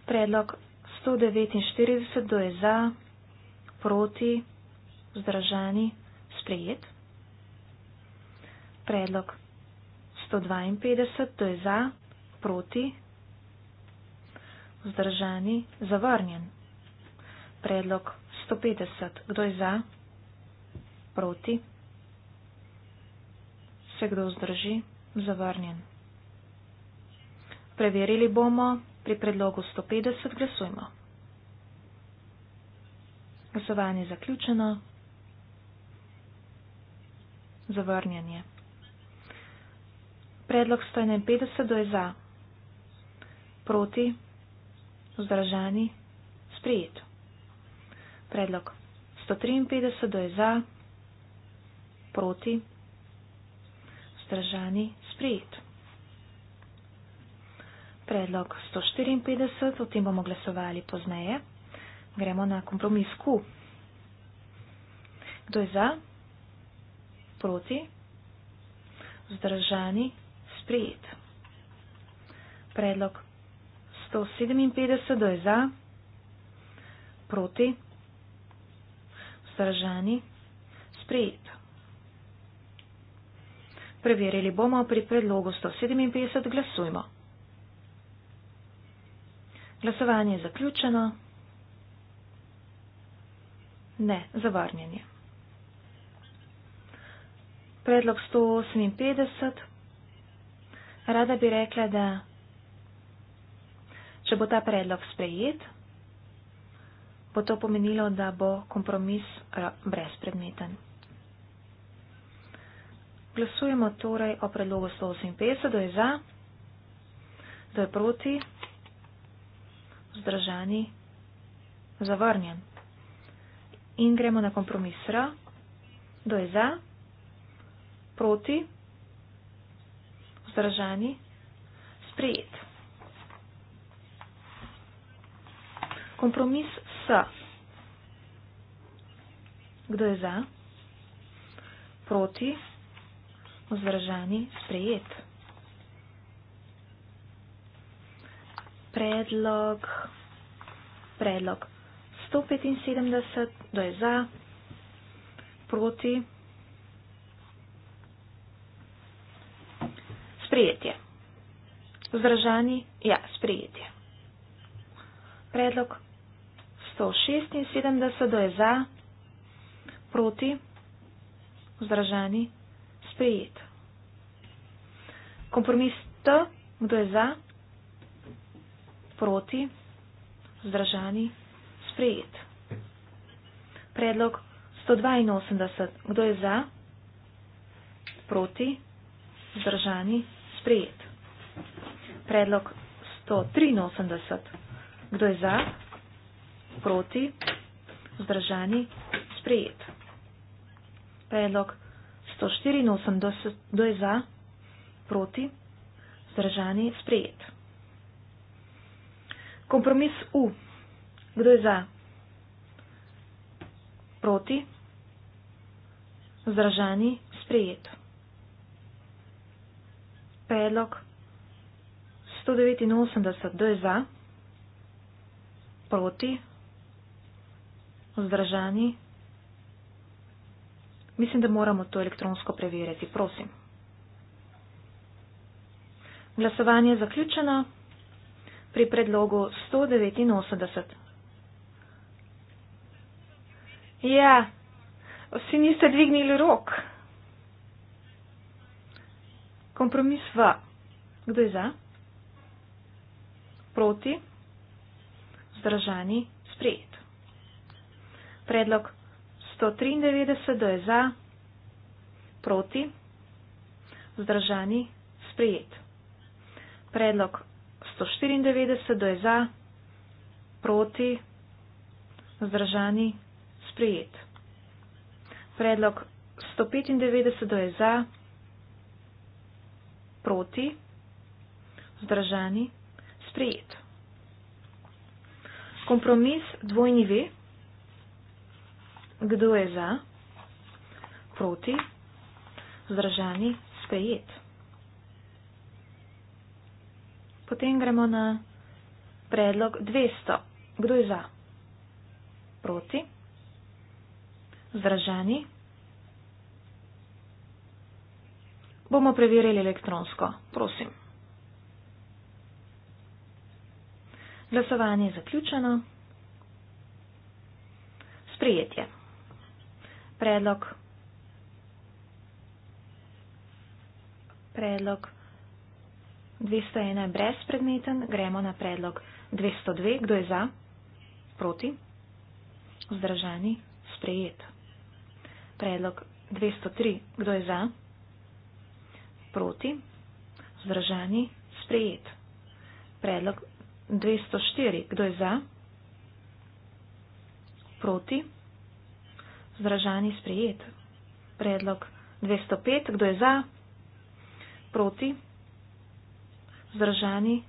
Predlog 149, kdo je za, proti, vzdržani, sprejet. Predlog 152, kdo je za, proti, vzdržani, zavrnjen. Predlog 150, kdo je za, proti, se kdo vzdrži, zavrnjen. Preverili bomo. Pri predlogu 150 glasujmo. Glasovanje je zaključeno. Zavrnjanje. Predlog 151 do je za. Proti. Vzdržani. Sprijet. Predlog 153 do je za. Proti. Vzdržani. Sprijet predlog 154, o tem bomo glasovali pozneje. Gremo na kompromis Q. Kdo je za? Proti? Zdržani? Sprejet. Predlog 157, kdo je za? Proti? Zdržani? Sprejet. Preverili bomo pri predlogu 157, glasujmo. Glasovanje je zaključeno. Ne, zavarnjenje. Predlog 158. Rada bi rekla, da če bo ta predlog sprejet, bo to pomenilo, da bo kompromis eh, brezpredmeten. Glasujemo torej o predlogu 158. Kdo je za? Kdo je proti? vzdržani, zavrnjen. In gremo na kompromis R, kdo je za, proti, vzdržani, sprejet. Kompromis S. Kdo je za, proti, vzdržani, sprejet. predlog, predlog 175, kdo je za, proti, sprejetje. Zdržani, ja, sprejetje. Predlog 176, kdo je za, proti, zdržani, sprejet. Kompromis T, kdo je za, sprejet proti, vzdržani, sprejet. Predlog 182. Kdo je za? Proti, vzdržani, sprejet. Predlog 183. Kdo je za? Proti, vzdržani, sprejet. Predlog 184. Kdo je za? Proti, vzdržani, sprejet. Kompromis U. Kdo je za? Proti? Zdražani? Sprejet. Predlog 189. Kdo je za? Proti? Zdražani? Mislim, da moramo to elektronsko preveriti. Prosim. Glasovanje je zaključeno pri predlogu 189. Ja, vsi niste dvignili rok. Kompromis v. Kdo je za? Proti? Zdržani? Sprejet. Predlog 193. Kdo je za? Proti? Zdržani? Sprejet. Predlog 194. 194, do je za, proti, vzdržani, sprijet. Predlog 195, do je za, proti, vzdržani, sprijet. Kompromis dvojni V. Kdo je za, proti, vzdržani, sprijet. Potem gremo na predlog 200. Kdo je za? Proti? Zdražani? Bomo preverili elektronsko. Prosim. Glasovanje je zaključeno. Sprijetje. Predlog. Predlog. Predlog. 201 brezpredmeten, gremo na predlog 202, kdo je za, proti, vzdržani, sprejet. Predlog 203, kdo je za, proti, vzdržani, sprejet. Predlog 204, kdo je za, proti, vzdržani, sprejet. Predlog 205, kdo je za, proti, vzdržani, sprejet zdržani,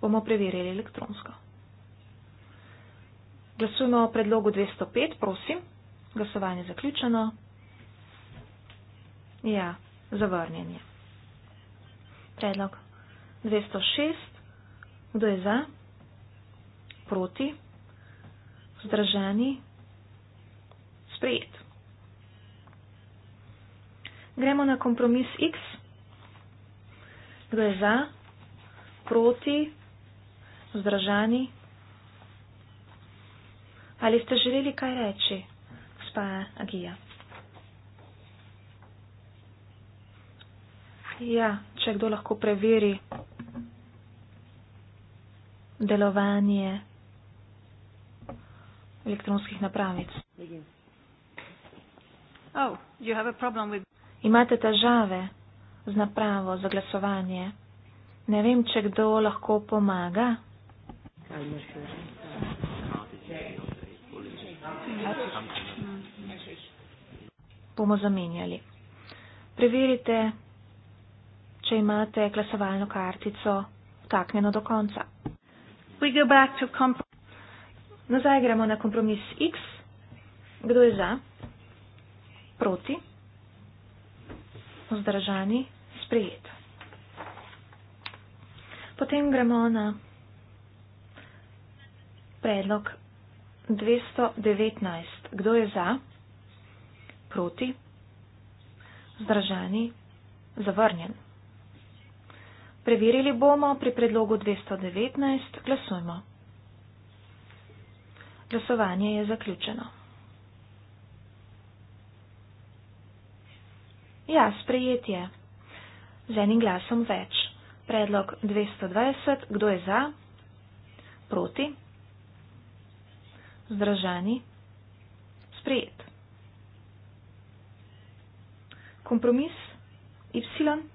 bomo preverili elektronsko. Glasujemo o predlogu 205, prosim. Glasovanje zaključeno. Ja, zavrnjenje. Predlog 206. Kdo je za? Proti? Zdržani? Sprejet. Gremo na kompromis X. Kdo je za? Proti? Vzdržani? Ali ste želeli kaj reči, gospa Agija? Ja, če kdo lahko preveri delovanje elektronskih napravic. Oh, you have a problem with... Imate težave z napravo za glasovanje. Ne vem, če kdo lahko pomaga. Bomo zamenjali. Preverite, če imate glasovalno kartico taknjeno do konca. Nazaj gremo na kompromis X. Kdo je za? Proti? vzdržani, sprejet. Potem gremo na predlog 219. Kdo je za, proti, vzdržani, zavrnjen. Preverili bomo pri predlogu 219. Glasujmo. Glasovanje je zaključeno. Ja, sprejetje. Z enim glasom več. Predlog 220. Kdo je za? Proti? Zdržani? Sprejet. Kompromis? Ypsilon?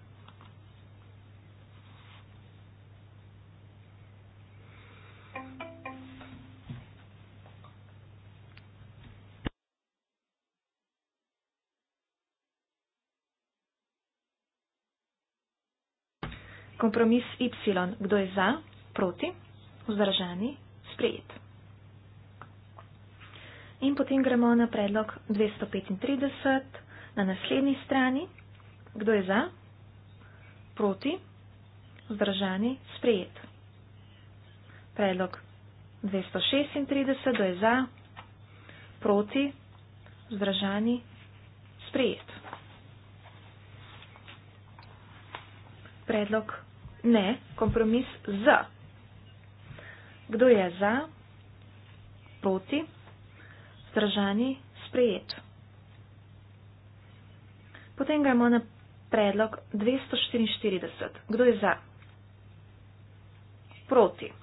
Kompromis Y. Kdo je za? Proti? Vzdržani? Sprejet. In potem gremo na predlog 235 na naslednji strani. Kdo je za? Proti? Vzdržani? Sprejet. Predlog 236. Kdo je za? Proti? Vzdržani? Sprejet. predlog ne, kompromis z. Kdo je za, proti, zdržani, sprejet. Potem gremo na predlog 244. Kdo je za, proti,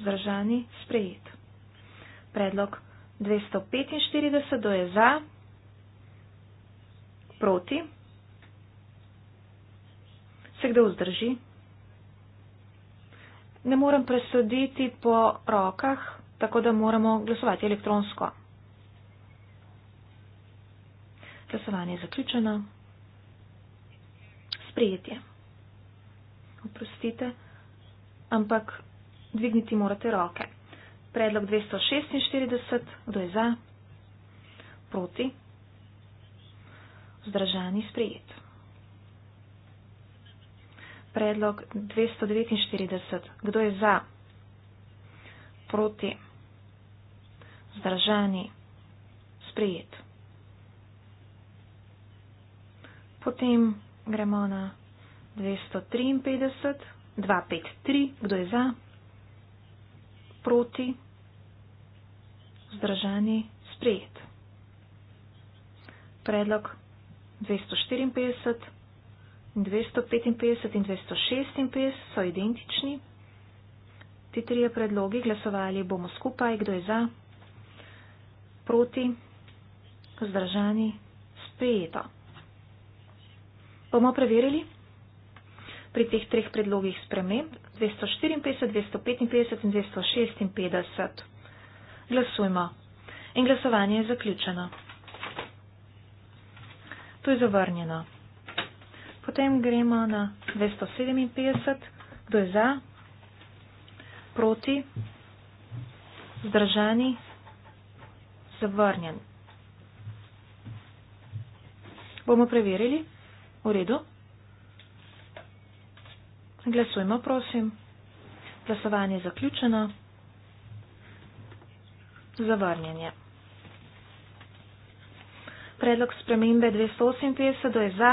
zdržani, sprejet. Predlog 245. Kdo je za, proti, zdržani, sprejet se kdo vzdrži. Ne morem presoditi po rokah, tako da moramo glasovati elektronsko. Glasovanje je zaključeno. Sprijetje. Oprostite, ampak dvigniti morate roke. Predlog 246, kdo je za? Proti? Zdržani sprijetje predlog 249. Kdo je za? Proti? Zdržani? Sprejet. Potem gremo na 253. 253. Kdo je za? Proti? Zdržani? Sprejet. Predlog 254. 255 in 256 so identični. Ti trije predlogi glasovali bomo skupaj, kdo je za, proti, zdržani, sprejeto. Bomo preverili pri teh treh predlogih sprememb 254, 255 in 256. Glasujmo. In glasovanje je zaključeno. To je zavrnjeno. Potem gremo na 257, kdo je za, proti, zdržani, zavrnjen. Bomo preverili. V redu. Glasujmo, prosim. Glasovanje je zaključeno. Zavrnjenje. Predlog spremembe 258 je za.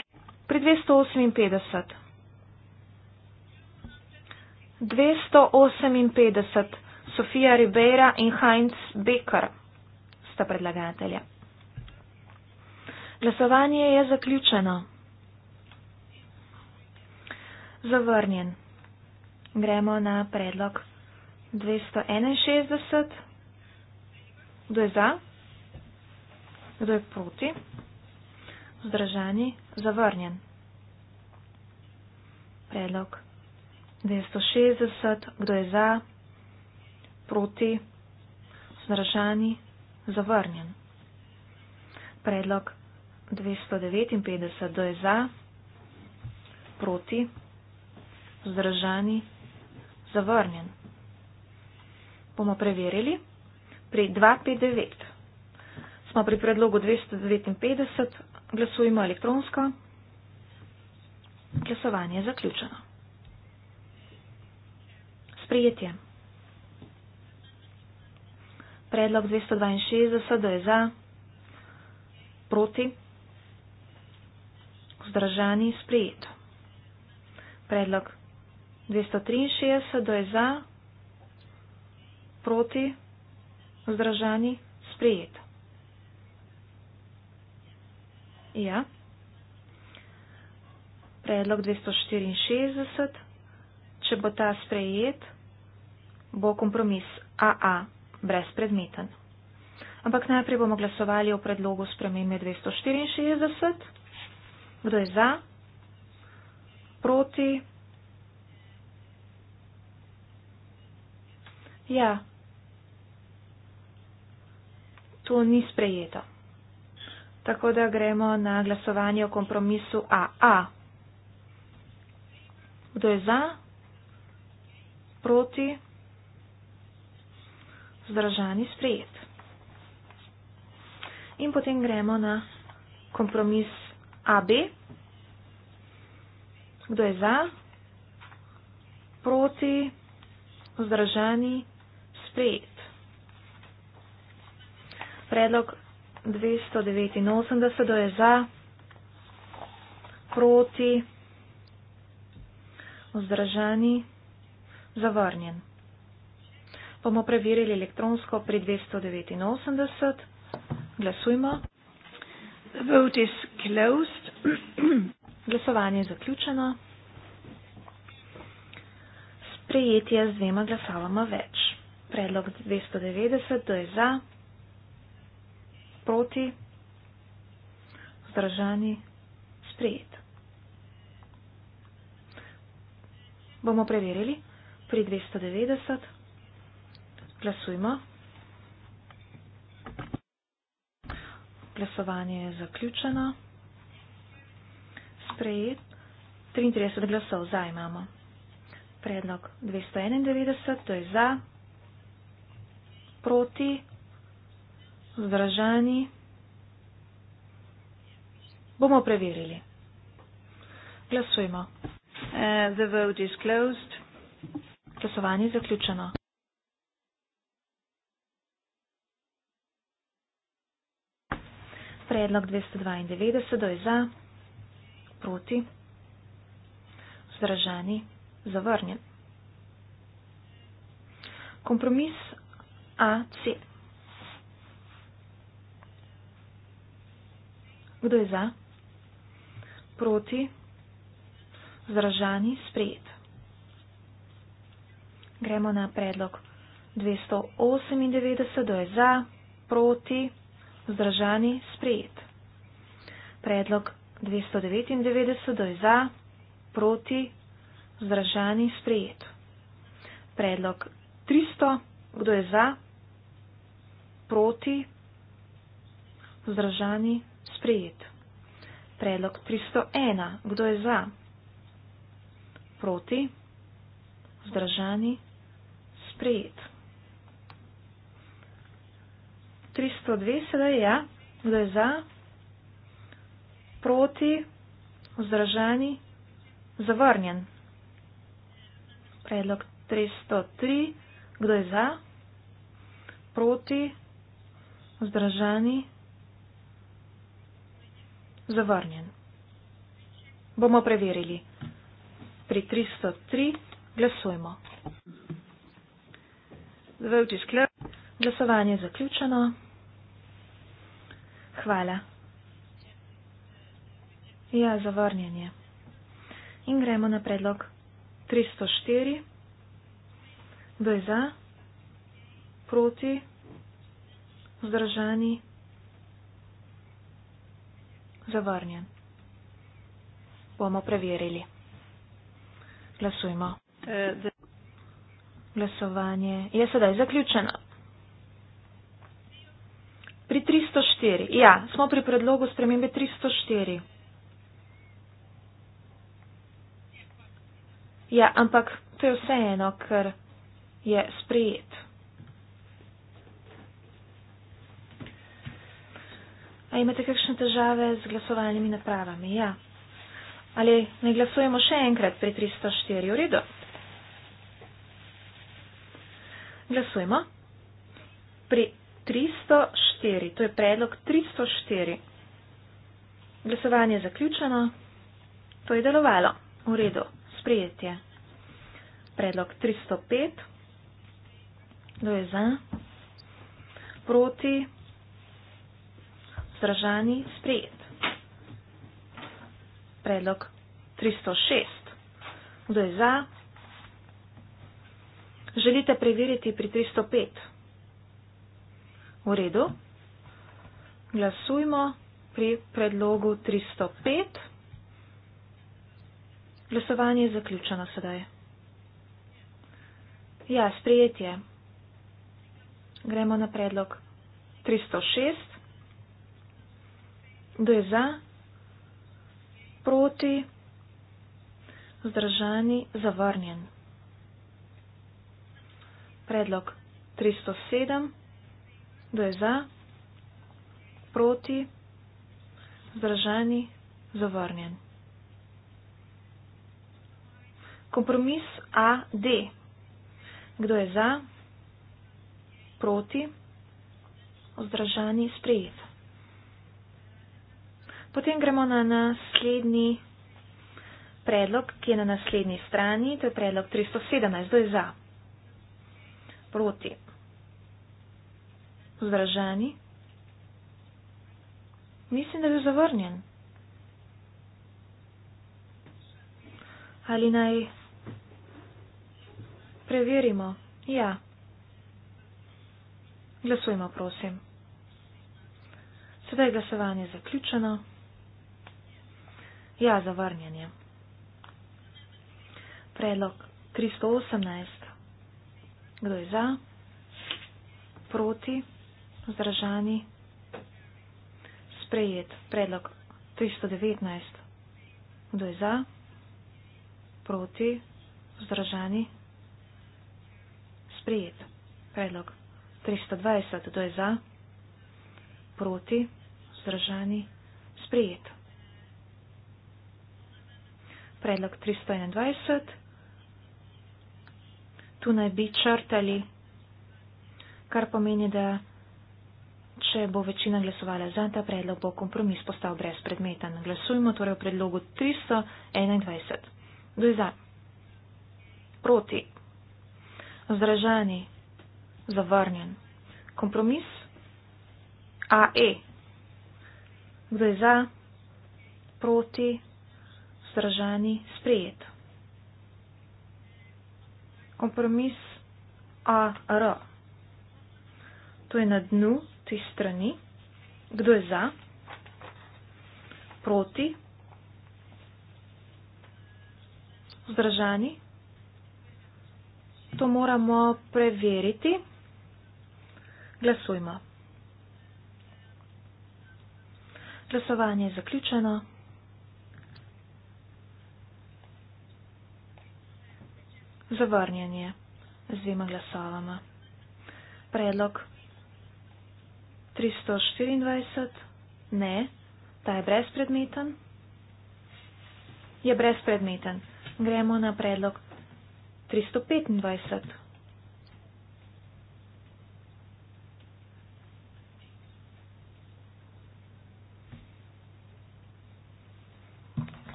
pri 258. 258 Sofija Ribeira in Heinz Becker sta predlagatelja. Glasovanje je zaključeno. Zavrnjen. Gremo na predlog 261. Kdo je za? Kdo je proti? Zdržani zavrnjen. Predlog 260. Kdo je za, proti, vzdržani, zavrnjen. Predlog 259. Kdo je za, proti, vzdržani, zavrnjen. Bomo preverili. Pri 259 smo pri predlogu 259 Glasujmo elektronsko. Glasovanje je zaključeno. Sprijetje. Predlog 262 je za, proti, vzdržani, sprijet. Predlog 263 je za, proti, vzdržani, sprijet. Ja. Predlog 264. Če bo ta sprejet, bo kompromis AA brezpredmeten. Ampak najprej bomo glasovali o predlogu spremembe 264. Kdo je za? Proti? Ja. To ni sprejeto. Tako da gremo na glasovanje o kompromisu AA. Kdo je za? Proti? Zdržani sprejet. In potem gremo na kompromis AB. Kdo je za? Proti? Zdržani sprejet. Predlog 289 je za, proti, vzdržani, zavrnjen. Bomo preverili elektronsko pri 289. Glasujmo. The vote is closed. Glasovanje je zaključeno. Sprejetje z dvema glasovama več. Predlog 290 je za proti, vzdržani, sprejet. Bomo preverili pri 290. Glasujmo. Glasovanje je zaključeno. Sprejet. 33 glasov za imamo. Predlog 291, to je za, proti, vzdržani, bomo preverili. Glasujmo. Uh, the vote is closed. Glasovanje je zaključeno. Predlog 292 je za, proti, vzdržani, zavrnjen. Kompromis AC. Kdo je za? Proti? Zdržani? Sprejet. Gremo na predlog. 298. Kdo je za? Proti? Zdržani? Sprejet. Predlog 299. Kdo je za? Proti? Zdržani? Sprejet. Predlog 300. Kdo je za? Proti? Zdržani? Sprejet sprejet. Predlog 301. Kdo je za? Proti? Zdržani? Sprejet. 302. Sedaj ja. Kdo je za? Proti? Zdržani? Zavrnjen. Predlog 303. Kdo je za? Proti? Zdržani? Zavrnjen zavrnjen. Bomo preverili. Pri 303 glasujemo. Zvevči sklep. Glasovanje je zaključeno. Hvala. Ja, zavrnjenje. In gremo na predlog 304. Kdo je za? Proti? Vzdržani? zavrnjen. Bomo preverili. Glasujmo. Glasovanje je sedaj zaključeno. Pri 304. Ja, smo pri predlogu spremembe 304. Ja, ampak to je vseeno, ker je sprejet. A imate kakšne težave z glasovalnimi napravami? Ja. Ali ne glasujemo še enkrat pri 304? V redu. Glasujemo. Pri 304. To je predlog 304. Glasovanje je zaključeno. To je delovalo. V redu. Sprijetje. Predlog 305. Kdo je za? Proti vzdržani sprejet. Predlog 306. Kdo je za? Želite preveriti pri 305? V redu. Glasujmo pri predlogu 305. Glasovanje je zaključeno sedaj. Ja, sprejetje. Gremo na predlog 306. Kdo je za, proti, vzdržani, zavrnjen? Predlog 307. Kdo je za, proti, vzdržani, zavrnjen? Kompromis AD. Kdo je za, proti, vzdržani, sprejet? Potem gremo na naslednji predlog, ki je na naslednji strani, to je predlog 317, kdo je za? Proti. Zdražani. Mislim, da je bil zavrnjen. Ali naj preverimo? Ja. Glasujmo, prosim. Sedaj je glasovanje zaključeno. Ja, zavrnjenje. Predlog 318. Kdo je za? Proti? Zdražani? Sprejet. Predlog 319. Kdo je za? Proti? Zdražani? Sprejet. Predlog 320. Kdo je za? Proti? Zdražani? Sprejet predlog 321. Tu naj bi črtali, kar pomeni, da če bo večina glasovala za ta predlog, bo kompromis postal brez predmeta. Glasujmo torej o predlogu 321. Kdo je za? Proti. Zdražani. Zavrnjen. Kompromis. AE. Kdo je za? Proti vzdržani, sprejeto. Kompromis AR. To je na dnu te strani. Kdo je za? Proti? Vzdržani? To moramo preveriti. Glasujmo. Glasovanje je zaključeno. Zavrnjenje z dvema glasovama. Predlog 324. Ne, ta je brezpredmeten. Je brezpredmeten. Gremo na predlog 325.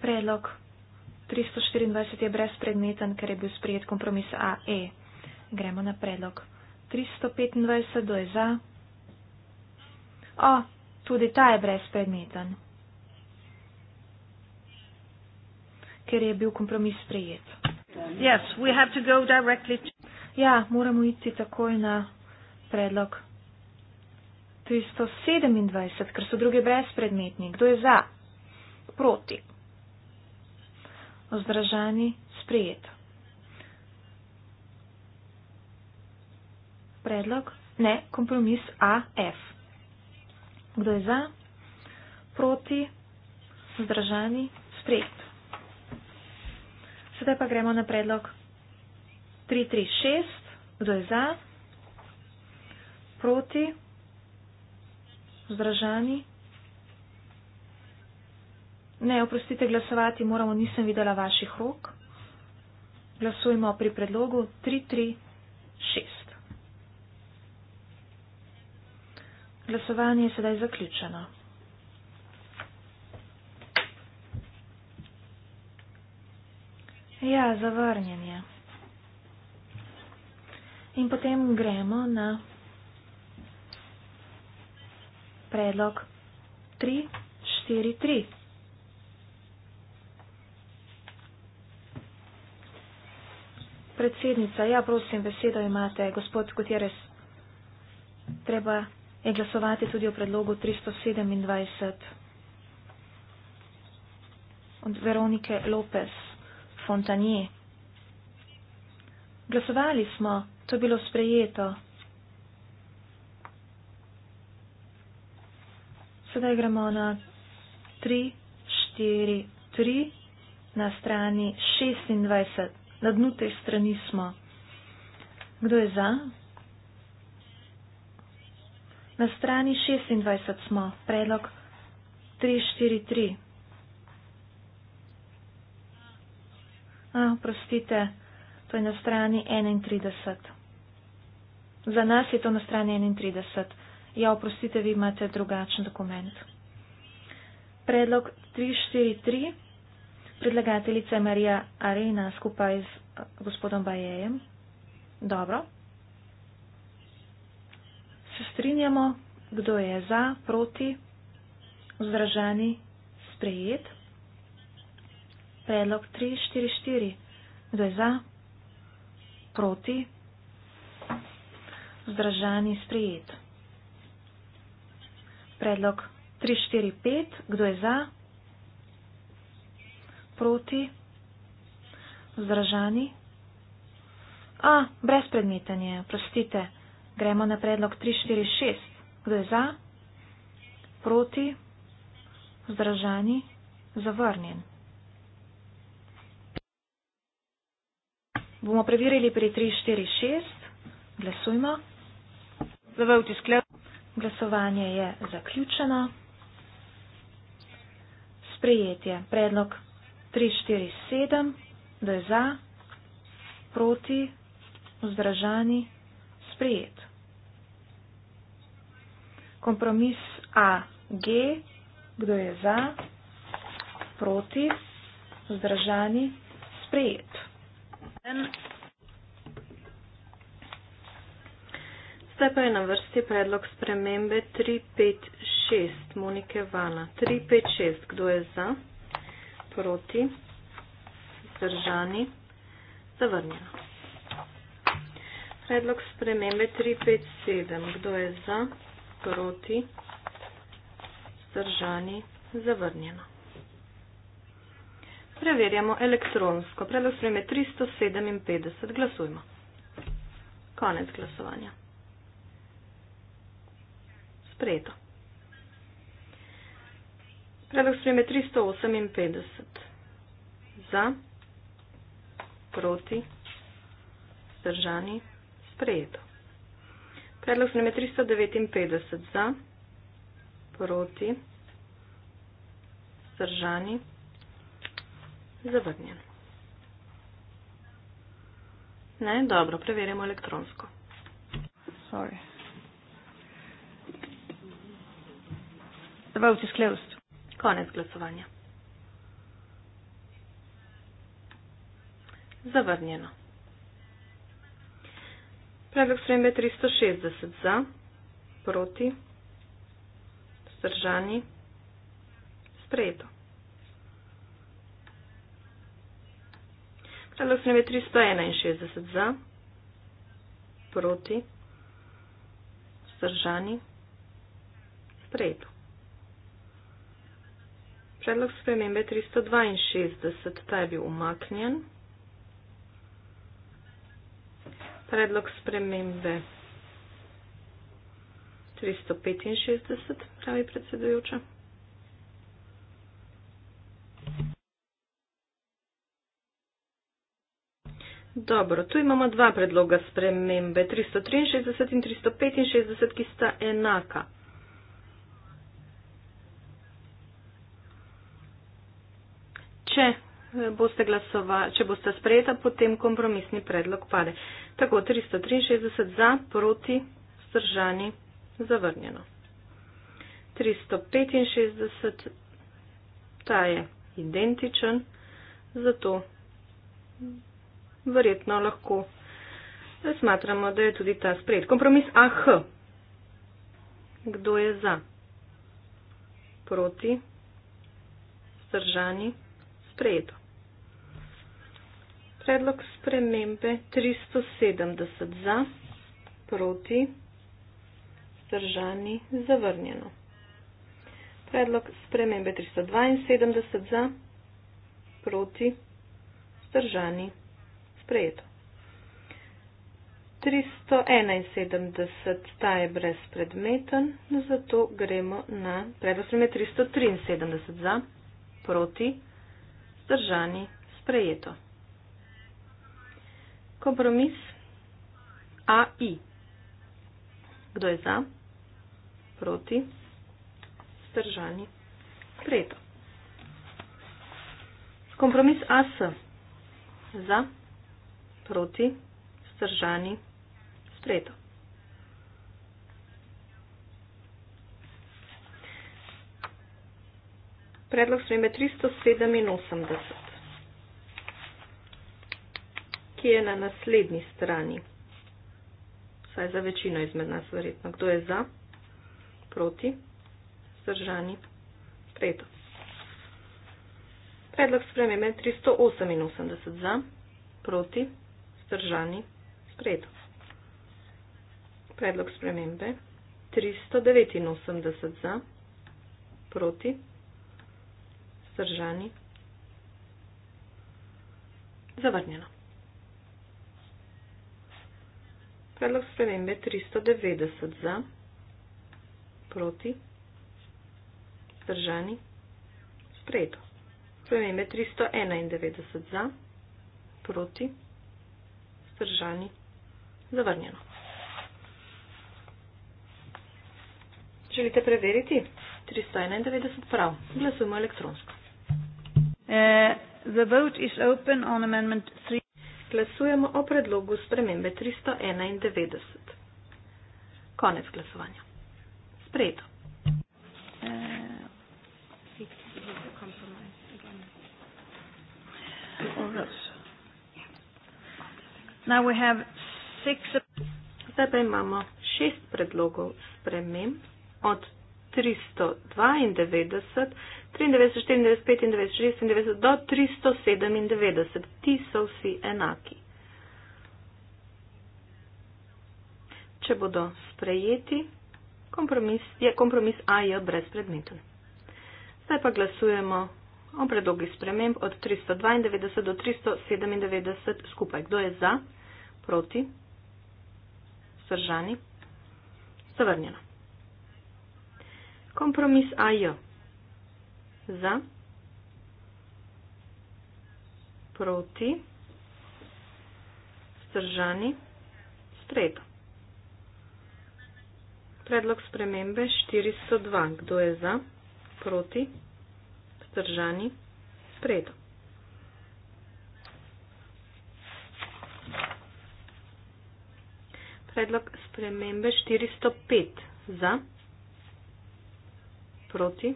Predlog 324 je brezpredmeten, ker je bil sprejet kompromis AE. Gremo na predlog. 325, kdo je za? O, tudi ta je brezpredmeten, ker je bil kompromis sprejet. Yes, to... Ja, moramo iti takoj na predlog 327, ker so druge brezpredmetni. Kdo je za? Proti vzdržani, sprejeto. Predlog? Ne, kompromis AF. Kdo je za? Proti, vzdržani, sprejeto. Sedaj pa gremo na predlog 336. Kdo je za? Proti, vzdržani, sprejeto. Ne, oprostite, glasovati moramo, nisem videla vaših rok. Glasujmo pri predlogu 336. Glasovanje je sedaj zaključeno. Ja, zavrnjenje. In potem gremo na predlog 343. Predsednica, ja prosim, besedo imate, gospod Gutierrez. Treba je glasovati tudi o predlogu 327 od Veronike Lopez Fontanje. Glasovali smo, to je bilo sprejeto. Sedaj gremo na 343 na strani 26 na dnu te strani smo. Kdo je za? Na strani 26 smo, predlog 343. Prostite, to je na strani 31. Za nas je to na strani 31. Ja, oprostite, vi imate drugačen dokument. Predlog 343 predlagateljica Marija Arena skupaj z eh, gospodom Bajejem. Dobro. Se strinjamo, kdo je za, proti, vzdržani, sprejet. Predlog 344. Kdo je za, proti, vzdržani, sprejet. Predlog 345. Kdo je za, proti proti, vzdržani. A, brez predmetanje, prostite, gremo na predlog 346. Kdo je za? Proti, vzdržani, zavrnjen. Bomo preverili pri 346. Glasujmo. Glasovanje je zaključeno. Sprejetje. Predlog 3, 4, 7, da je za, proti, vzdržani, sprijet. Kompromis A, G, kdo je za, proti, vzdržani, sprijet. Zdaj pa je na vrsti predlog spremembe 356 Monike Vana. 356, kdo je za? proti, zdržani, zavrnjeno. Predlog spremembe 357. Kdo je za, proti, zdržani, zavrnjeno. Preverjamo elektronsko. Predlog spremembe 357. Glasujmo. Konec glasovanja. Sprejeto. Predlog sprejme 358. Za, proti, zdržani, sprejeto. Predlog sprejme 359. Za, proti, zdržani, zavrnjen. Ne, dobro, preverjamo elektronsko. Sorry. The vote is closed. Konec glasovanja. Zavrnjeno. Predlog spremembe 360 za, proti, vzdržani, sprejeto. Predlog spremembe 361 za, proti, vzdržani, sprejeto. Predlog spremembe 362, ta je bil umaknjen. Predlog spremembe 365, pravi predsedujoča. Dobro, tu imamo dva predloga spremembe, 363 in 365, ki sta enaka. če eh, boste glasovali, če boste sprejeta, potem kompromisni predlog pade. Tako 363 za, proti, stržani, zavrnjeno. 365, ta je identičen, zato verjetno lahko smatramo, da je tudi ta sprejet. Kompromis AH. Kdo je za? Proti, stržani, zavrnjeno sprejeto. Predlog spremembe 370 za, proti, zdržani, zavrnjeno. Predlog spremembe 372 za, proti, zdržani, sprejeto. 371 ta je brezpredmeten, zato gremo na predlog spremembe 373 za, proti, zdržani zdržani, sprejeto. Kompromis AI. Kdo je za, proti, zdržani, sprejeto. Kompromis AS. Za, proti, zdržani, sprejeto. predlog spremembe 387, ki je na naslednji strani. Saj za večino izmed nas verjetno. Kdo je za? Proti? Zdržani? Predlog. Predlog spremembe 388 za, proti, zdržani, predlog. Predlog spremembe 389 za, proti, zdržani. Zdržani. Zavrnjeno. Predlog spremembe 390 za, proti, zdržani, sprejeto. Spremembe 391 za, proti, zdržani, zavrnjeno. Želite preveriti? 391 prav. Glasujemo elektronsko. Eh, the vote is open on amendment 3. Glasujemo o predlogu spremembe 391. Konec glasovanja. Sprejeto. Uh, Zdaj pa imamo šest predlogov sprememb od 392 93, 94, 95, 96 do 397. Ti so vsi enaki. Če bodo sprejeti, kompromis je kompromis AJ brez predmetov. Zdaj pa glasujemo o predlogih sprememb od 392 do 397 skupaj. Kdo je za, proti, sržani, zavrnjeno. Kompromis AJ za, proti, stržani, spredo. Predlog spremembe 402. Kdo je za, proti, stržani, spredo. Predlog spremembe 405 za, proti,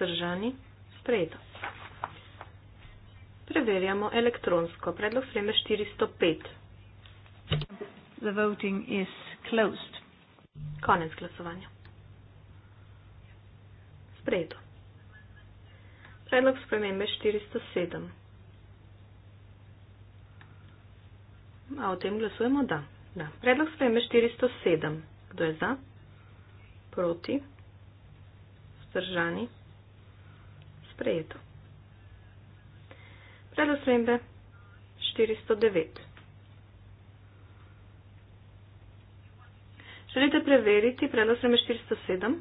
vzdržani, sprejeto. Preverjamo elektronsko. Predlog sprejme 405. The voting is closed. Konec glasovanja. Sprejeto. Predlog spremembe 407. A o tem glasujemo? Da. da. Predlog spremembe 407. Kdo je za? Proti? Vzdržani? sprejeto. Predo spremembe 409. Želite preveriti predo spremembe 407?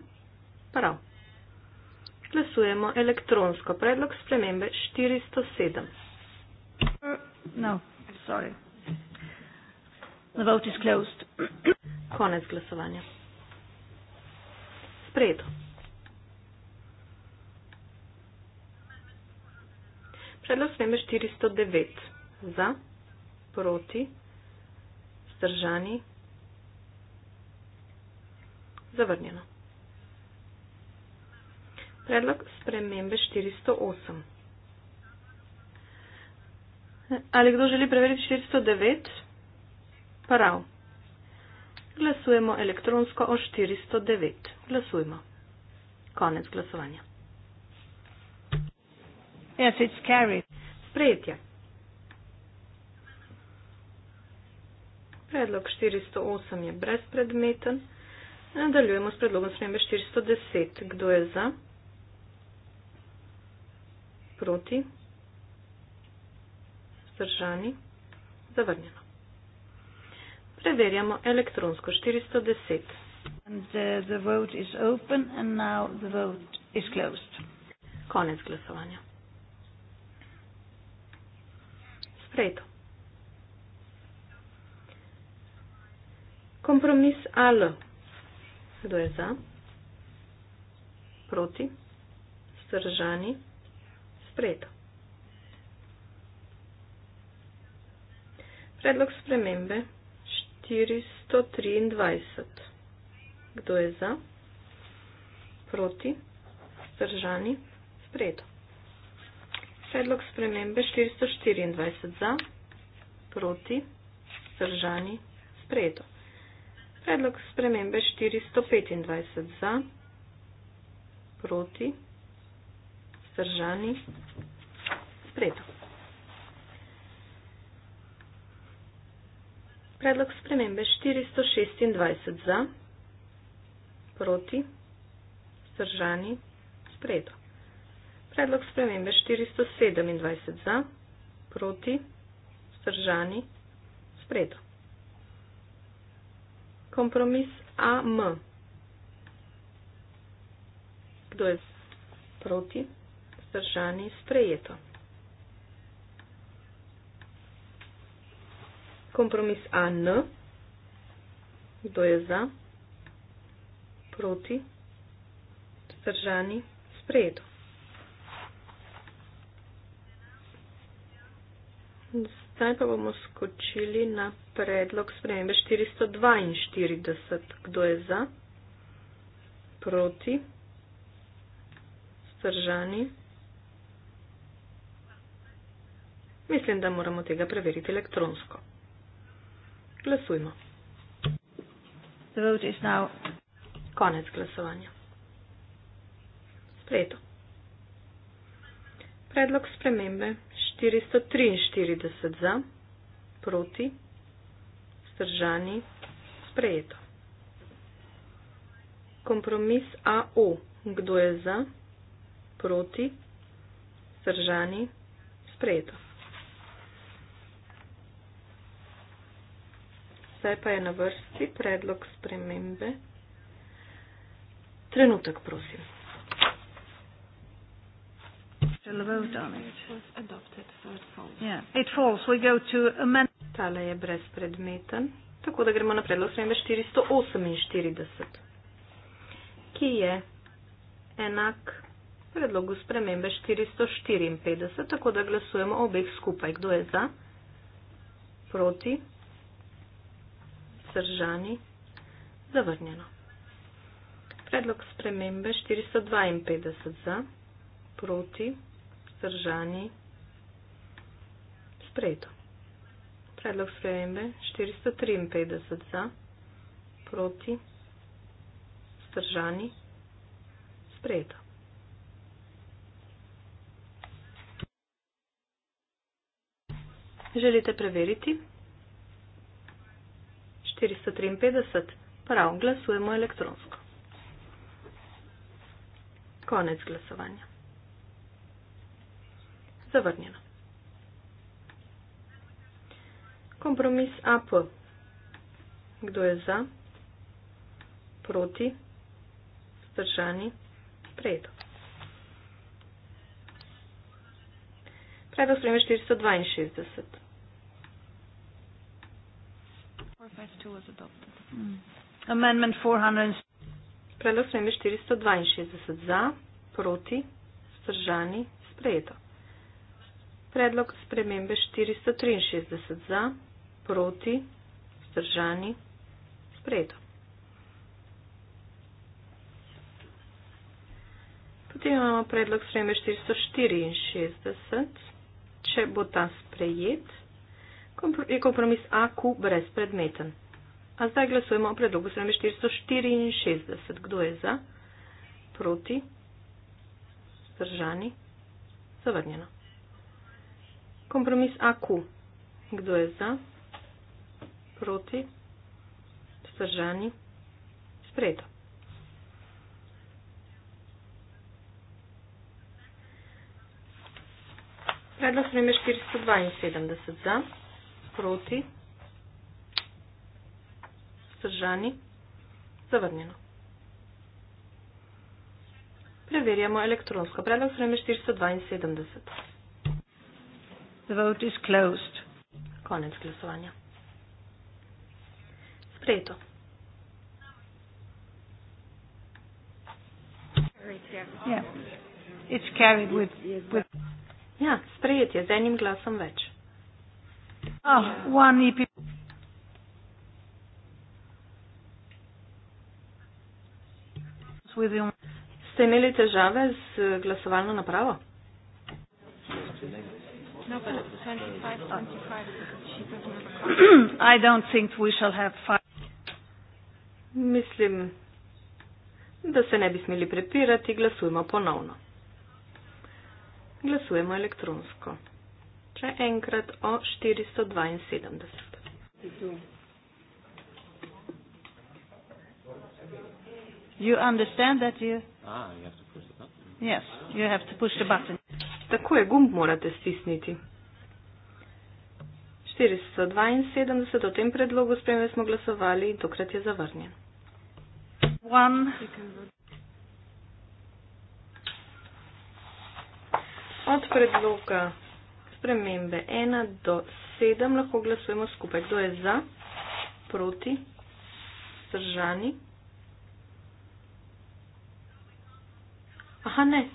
Prav. Glasujemo elektronsko. Predlog spremembe 407. No, sorry. The vote is closed. Konec glasovanja. Sprejeto. Celo sveme 409. Za, proti, zdržani, zavrnjeno. Predlog spremembe 408. Ali kdo želi preveriti 409? Prav. Glasujemo elektronsko o 409. Glasujmo. Konec glasovanja. Yes, it's carried. Sprejetje. Predlog 408 je brezpredmeten. Nadaljujemo s predlogom smembe 410. Kdo je za? Proti? Zdržani? Zavrnjeno. Preverjamo elektronsko 410. And the, the vote is open and now the vote is closed. Konec glasovanja. freddo. Compromis al. Kdo je za? Proti. Stržani. Sprejeto. Predlog spremembe 423. Kdo je za? Proti. Stržani. Sprejeto. Predlog spremembe 424 za, proti, zdržani, sprejeto. Predlog spremembe 425 za, proti, zdržani, sprejeto. Predlog spremembe 426 za, proti, zdržani, sprejeto predlog spremembe 427 za, proti, vzdržani, spredo. Kompromis AM. Kdo je proti, vzdržani, sprejeto. Kompromis AN. Kdo je za, proti, vzdržani, sprejeto. Zdaj pa bomo skočili na predlog spremembe 442. Kdo je za? Proti? Stržani? Mislim, da moramo tega preveriti elektronsko. Glasujmo. The vote is now. Konec glasovanja. Sprejeto. Predlog spremembe 443 za, proti, vzdržani, sprejeto. Kompromis AO. Kdo je za, proti, vzdržani, sprejeto. Zdaj pa je na vrsti predlog spremembe. Trenutek, prosim. Tale je brezpredmeten, tako da gremo na predlog spremembe 448, ki je enak predlogu spremembe 454, tako da glasujemo obeh skupaj. Kdo je za? Proti? Zdržani? Zavrnjeno. Predlog spremembe 452 za? Proti? vzdržani, sprejeto. Predlog spremembe 453 za, proti, vzdržani, sprejeto. Želite preveriti? 453. Prav, glasujemo elektronsko. Konec glasovanja zavrnjeno. Kompromis AP. Kdo je za? Proti? Zdržani? Predo. Predo sprejme 462. Amendment 400. Predlog sprejme 462 za, proti, stržani, sprejeto predlog spremembe 463 za, proti, vzdržani, spredo. Potem imamo predlog spremembe 464. Če bo ta sprejet, je kompromis AQ brezpredmeten. A zdaj glasujemo o predlogu spremembe 464. Kdo je za, proti, vzdržani, zavrnjeno kompromis AQ. Kdo je za? Proti? Vzdržani? Spredo. Predlog sprejme 472 za, proti, vzdržani, zavrnjeno. Preverjamo elektronsko. Predlog sprejme 472. The vote is closed. Konec glasovanja. Sprejeto. Yeah. It's carried with, with. Ja, sprejet je z enim glasom več. Oh, one EP. Ste imeli težave z glasovalno napravo? No, I don't think we shall have five. Mislim, da se ne bi smeli prepirati, glasujemo ponovno. Glasujemo elektronsko. Če enkrat o 472. You understand that you? Ah, you have to push the button. Yes, you have to push the button. Tako je gumb morate stisniti. 472 o tem predlogu spremembe smo glasovali in tokrat je zavrnjen. Od predloga spremembe 1 do 7 lahko glasujemo skupaj. Kdo je za, proti, zdržani? Aha, ne,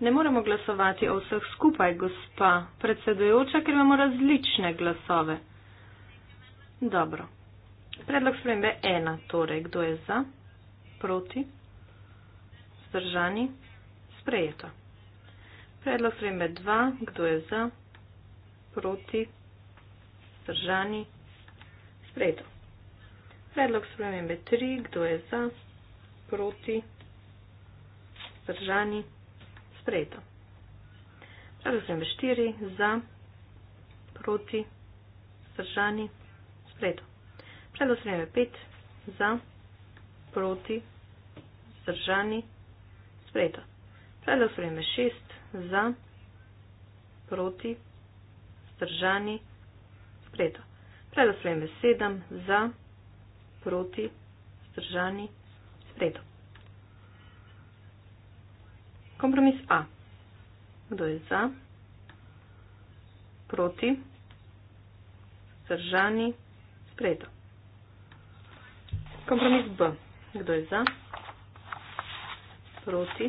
Ne moremo glasovati o vseh skupaj, gospa predsedujoča, ker imamo različne glasove. Dobro. Predlog spremembe ena, torej kdo je za, proti, zdržani, sprejeto. Predlog spremembe dva, kdo je za, proti, zdržani, sprejeto. Predlog spremembe tri, kdo je za, proti, zdržani, sprejeto sprejeto. Razumem štiri za, proti, vzdržani, sprejeto. Predlog sprejeme pet za, proti, vzdržani, sprejeto. Predlog sprejeme šest za, proti, vzdržani, sprejeto. Predlog sprejeme sedem za, proti, vzdržani, sprejeto. Kompromis A. Kdo je za? Proti? Zdržani? Sprejeto. Kompromis B. Kdo je za? Proti?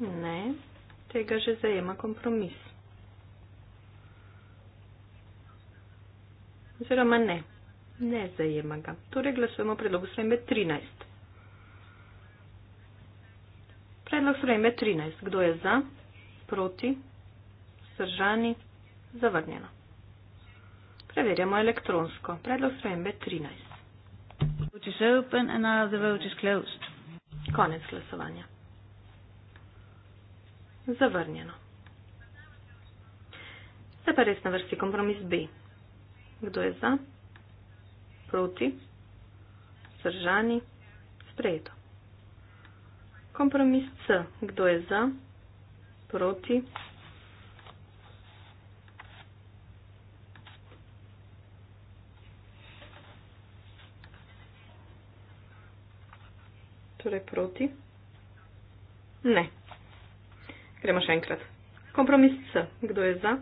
Ne, tega že zajema kompromis. oziroma ne, ne zajema ga. Torej glasujemo o predlogu spremembe 13. Predlog spremembe 13. Kdo je za, proti, sržani, zavrnjeno. Preverjamo elektronsko. Predlog spremembe 13. Vote is open and now the vote is closed. Konec glasovanja. Zavrnjeno. Zdaj pa res na vrsti kompromis B. Kdo je za? Proti? Zdržani? Sprejeto. Kompromis C. Kdo je za? Proti? Torej proti? Ne. Gremo še enkrat. Kompromis C. Kdo je za?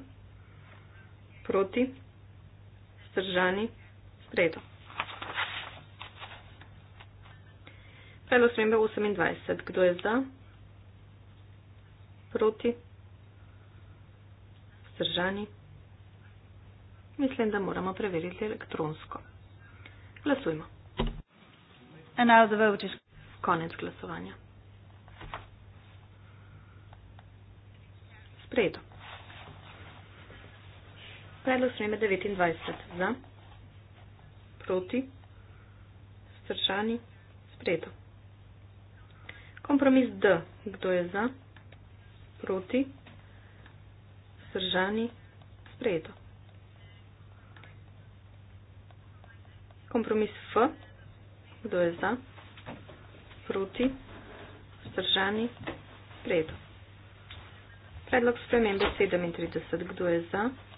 Proti? Proti? vzdržani sredo. Predlog smembe 28. Kdo je za? Proti? Vzdržani? Mislim, da moramo preveriti elektronsko. Glasujmo. Konec glasovanja. Sprejeto. Predlog sprejme 29. Za? Proti? Stršani? Spredo. Kompromis D. Kdo je za? Proti? Stržani? Spredo. Kompromis F. Kdo je za? Proti? Stržani? Spredo. Predlog spremembe 37. Kdo je za? Proti?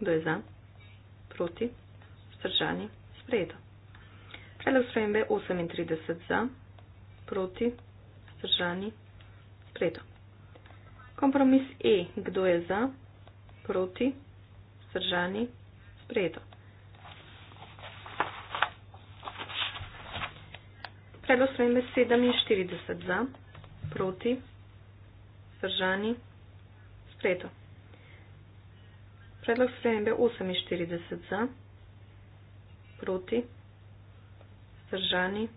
kdo je za, proti, vzdržani, sprejeto. Predlog spremembe 38 za, proti, vzdržani, sprejeto. Kompromis E, kdo je za, proti, vzdržani, sprejeto. Predlog spremembe 47 za, proti, vzdržani, sprejeto. Predlog spremembe 48 za, proti, zdržani,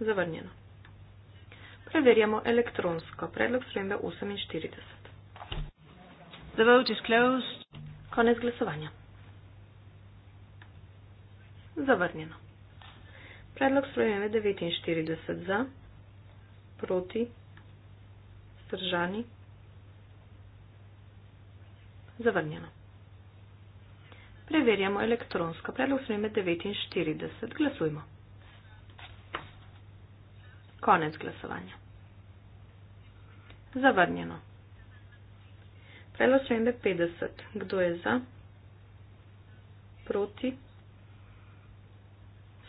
zavrnjeno. Preverjamo elektronsko. Predlog spremembe 48. The vote is closed. Konec glasovanja. Zavrnjeno. Predlog spremembe 49 za, proti, zdržani, zavrnjeno. Preverjamo elektronsko. Predlog sprejme 49. Glasujmo. Konec glasovanja. Zavrnjeno. Predlog sprejme 50. Kdo je za? Proti?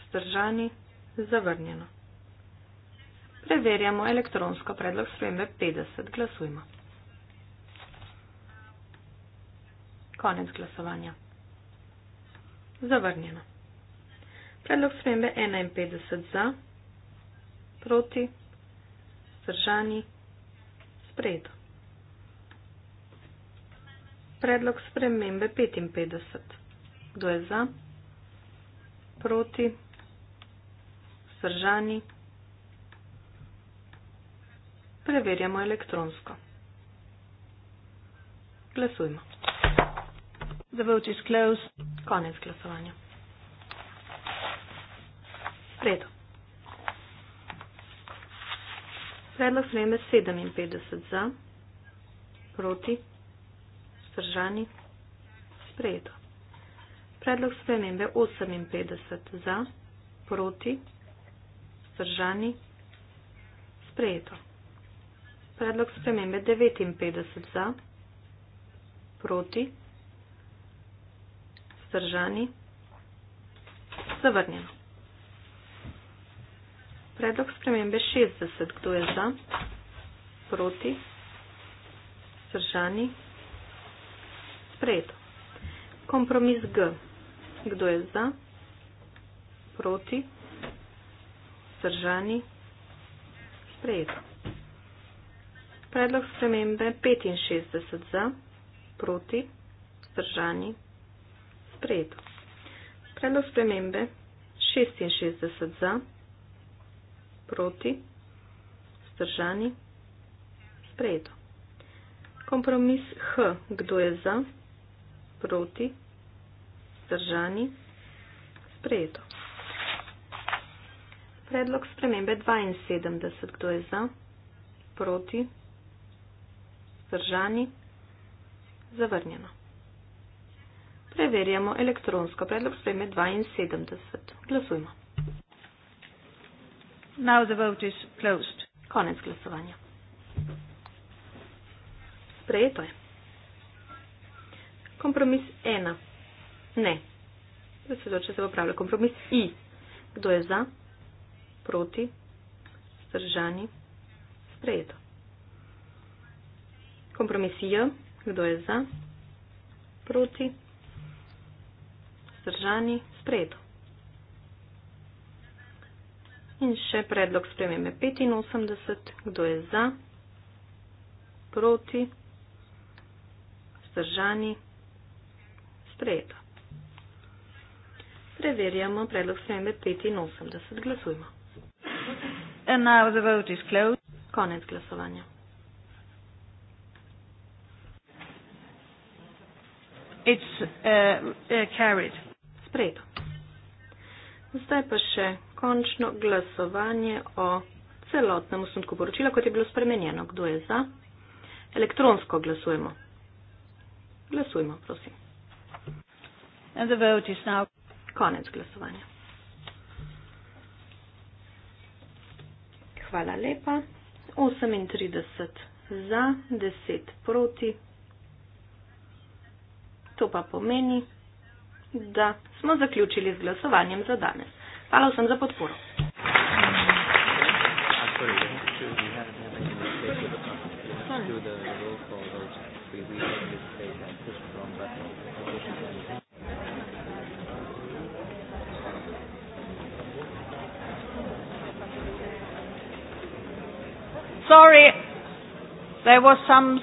Stržani? Zavrnjeno. Preverjamo elektronsko. Predlog sprejme 50. Glasujmo. Konec glasovanja. Zavrnjeno. Predlog spremembe 51 za, proti, zdržani, sprejeto. Predlog spremembe 55. Kdo je za, proti, zdržani, preverjamo elektronsko. Glasujmo. The vote is closed. Konec glasovanja. Predo. Predlog sprejme 57 za, proti, vzdržani, sprejeto. Predlog spremembe 58 za, proti, vzdržani, sprejeto. Predlog spremembe 59 za, proti, vzdržani vzdržani. Zavrnjeno. Predlog spremembe 60. Kdo je za? Proti? Vzdržani? Sprejeto. Kompromis G. Kdo je za? Proti? Vzdržani? Sprejeto. Predlog spremembe 65 za, proti, zdržani, sprejeto. Predlog spremembe 66 za, proti, vzdržani, sprejeto. Kompromis H, kdo je za, proti, vzdržani, sprejeto. Predlog spremembe 72, kdo je za, proti, vzdržani, zavrnjeno. Preverjamo elektronsko predlog sveme 72. Glasujmo. Now the vote is closed. Konec glasovanja. Sprejeto je. Kompromis 1. Ne. Predsedoče se popravlja. Kompromis I. Kdo je za? Proti? Zdržani? Sprejeto. Kompromis J. Kdo je za? Proti? Zdržani? vzdržani, spredo. In še predlog spremembe 85. Kdo je za? Proti? Vzdržani? Spredo. Preverjamo predlog spremembe 85. Glasujmo. And now the vote is closed. Konec glasovanja. It's uh, uh, carried spredu. Zdaj pa še končno glasovanje o celotnem osnutku poročila, kot je bilo spremenjeno. Kdo je za? Elektronsko glasujemo. Glasujmo, prosim. And the vote is now... Konec glasovanja. Hvala lepa. 38 za, 10 proti. To pa pomeni, da smo zaključili z glasovanjem za danes. Hvala vsem za podporo. Sorry, there was some...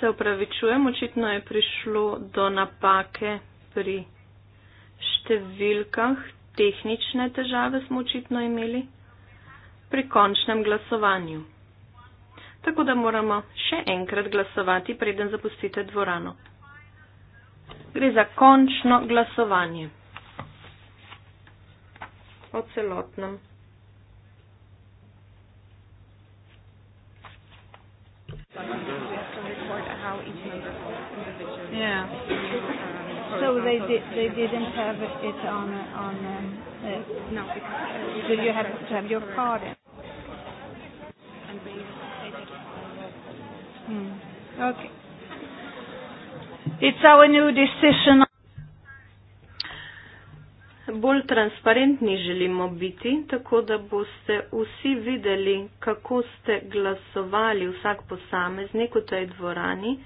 Se upravičujem, očitno je prišlo do napake pri številkah tehnične težave smo očitno imeli pri končnem glasovanju. Tako da moramo še enkrat glasovati, preden zapustite dvorano. Gre za končno glasovanje o celotnem. Yeah so they did they didn't have it on on um, uh, no, no. so you have to have your card in. Hmm. okay it's our new decision Bolj transparentni želimo biti, tako da boste vsi videli, kako ste glasovali vsak posameznik v tej dvorani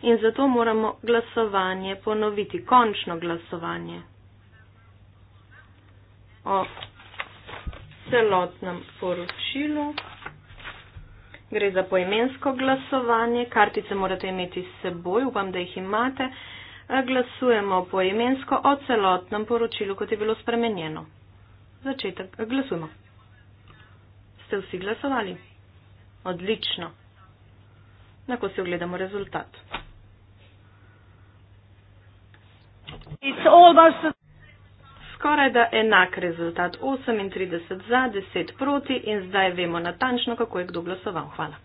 in zato moramo glasovanje ponoviti, končno glasovanje o celotnem poročilu. Gre za poimensko glasovanje, kartice morate imeti s seboj, upam, da jih imate. Glasujemo poimensko o celotnem poročilu, kot je bilo spremenjeno. Začetek, glasujemo. Ste vsi glasovali? Odlično. Lahko si ogledamo rezultat. Skoraj da enak rezultat 38 za, 10 proti in zdaj vemo natančno, kako je kdo glasoval. Hvala.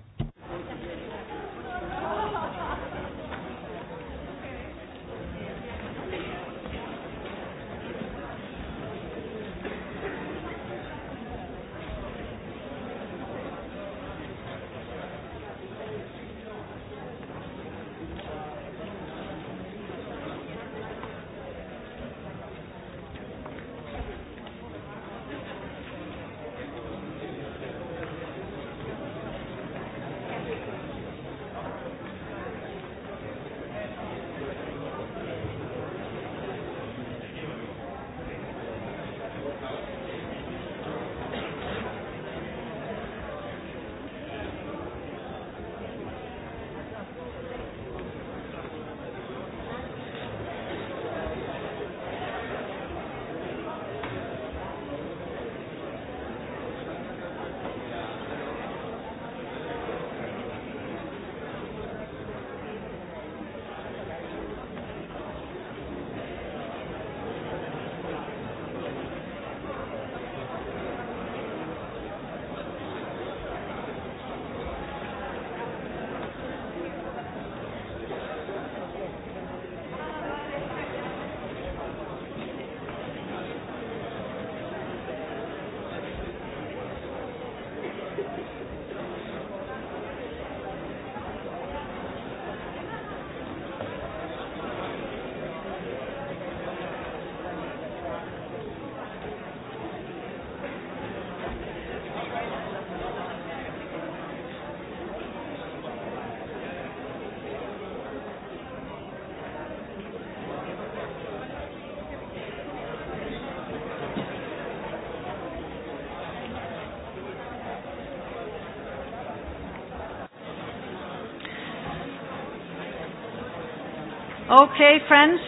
Okay, friends,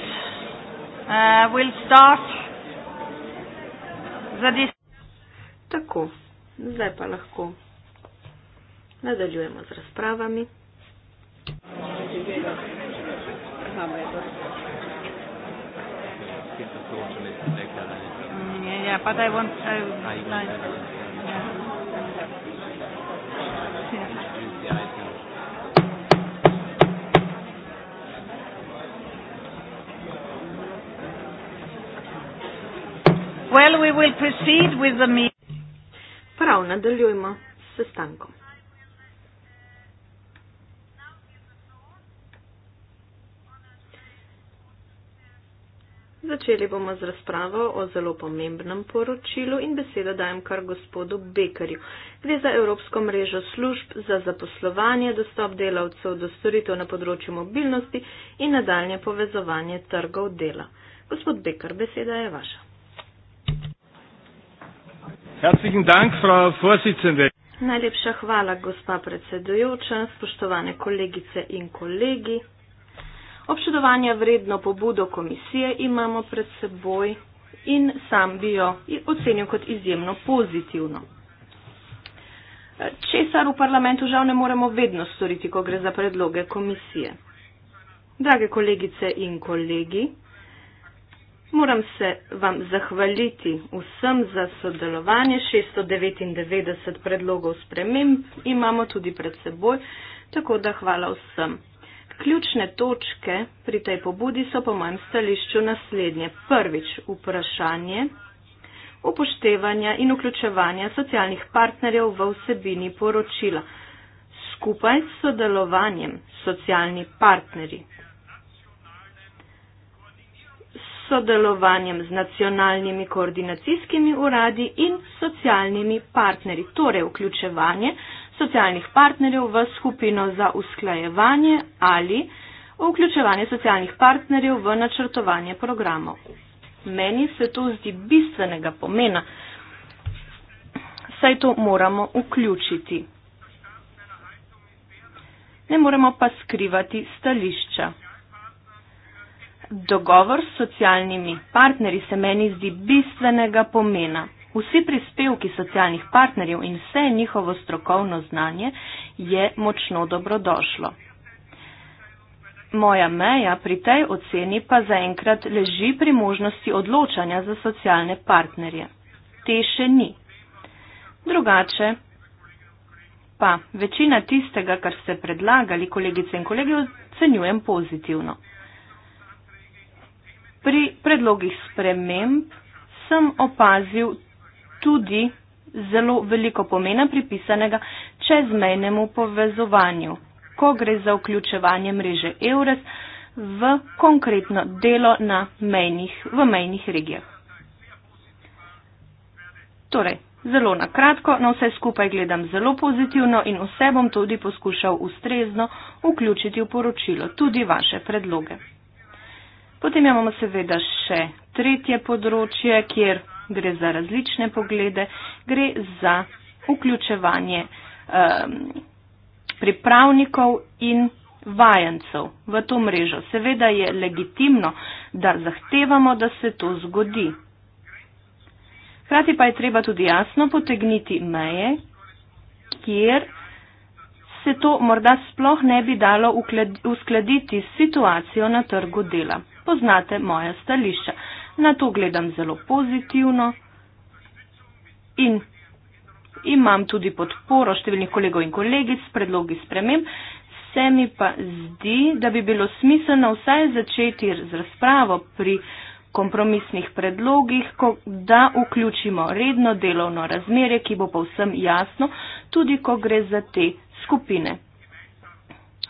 uh, we'll start. This. Tako, zdaj pa lahko nadaljujemo z razpravami. Mm, yeah, but I want. Uh, I Well, we will proceed with the meeting. Prav, nadaljujmo s sestankom. Začeli bomo z razpravo o zelo pomembnem poročilu in besedo dajem kar gospodu Bekarju. Gre za Evropsko mrežo služb za zaposlovanje, dostop delavcev do storitev na področju mobilnosti in nadaljne povezovanje trgov dela. Gospod Bekar, beseda je vaša. Herzlichen Dank, Frau Vorsitzende. Najlepša hvala, gospa predsedujoča, spoštovane kolegice in kolegi. Občudovanja vredno pobudo komisije imamo pred seboj in sam bi jo ocenil kot izjemno pozitivno. Česar v parlamentu žal ne moremo vedno storiti, ko gre za predloge komisije. Drage kolegice in kolegi, Moram se vam zahvaliti vsem za sodelovanje. 699 predlogov sprememb imamo tudi pred seboj, tako da hvala vsem. Ključne točke pri tej pobudi so po mojem stališču naslednje. Prvič vprašanje upoštevanja in vključevanja socialnih partnerjev v vsebini poročila. Skupaj s sodelovanjem socialni partnerji sodelovanjem z nacionalnimi koordinacijskimi uradi in socialnimi partnerji, torej vključevanje socialnih partnerjev v skupino za usklajevanje ali vključevanje socialnih partnerjev v načrtovanje programov. Meni se to zdi bistvenega pomena, saj to moramo vključiti. Ne moremo pa skrivati stališča. Dogovor s socialnimi partnerji se meni zdi bistvenega pomena. Vsi prispevki socialnih partnerjev in vse njihovo strokovno znanje je močno dobrodošlo. Moja meja pri tej oceni pa zaenkrat leži pri možnosti odločanja za socialne partnerje. Te še ni. Drugače pa večina tistega, kar ste predlagali, kolegice in kolegi, ocenjujem pozitivno pri predlogih sprememb sem opazil tudi zelo veliko pomena pripisanega čezmejnemu povezovanju, ko gre za vključevanje mreže EURES v konkretno delo mejnih, v mejnih regijah. Torej, zelo na kratko, na vse skupaj gledam zelo pozitivno in vse bom tudi poskušal ustrezno vključiti v poročilo tudi vaše predloge. Potem imamo seveda še tretje področje, kjer gre za različne poglede, gre za vključevanje um, pripravnikov in vajencev v to mrežo. Seveda je legitimno, da zahtevamo, da se to zgodi. Hrati pa je treba tudi jasno potegniti meje, kjer se to morda sploh ne bi dalo uskladiti s situacijo na trgu dela poznate moja stališča. Na to gledam zelo pozitivno in imam tudi podporo številnih kolegov in kolegic s predlogi spremem. Se mi pa zdi, da bi bilo smiselno vsaj začeti z razpravo pri kompromisnih predlogih, ko, da vključimo redno delovno razmerje, ki bo povsem jasno, tudi ko gre za te skupine,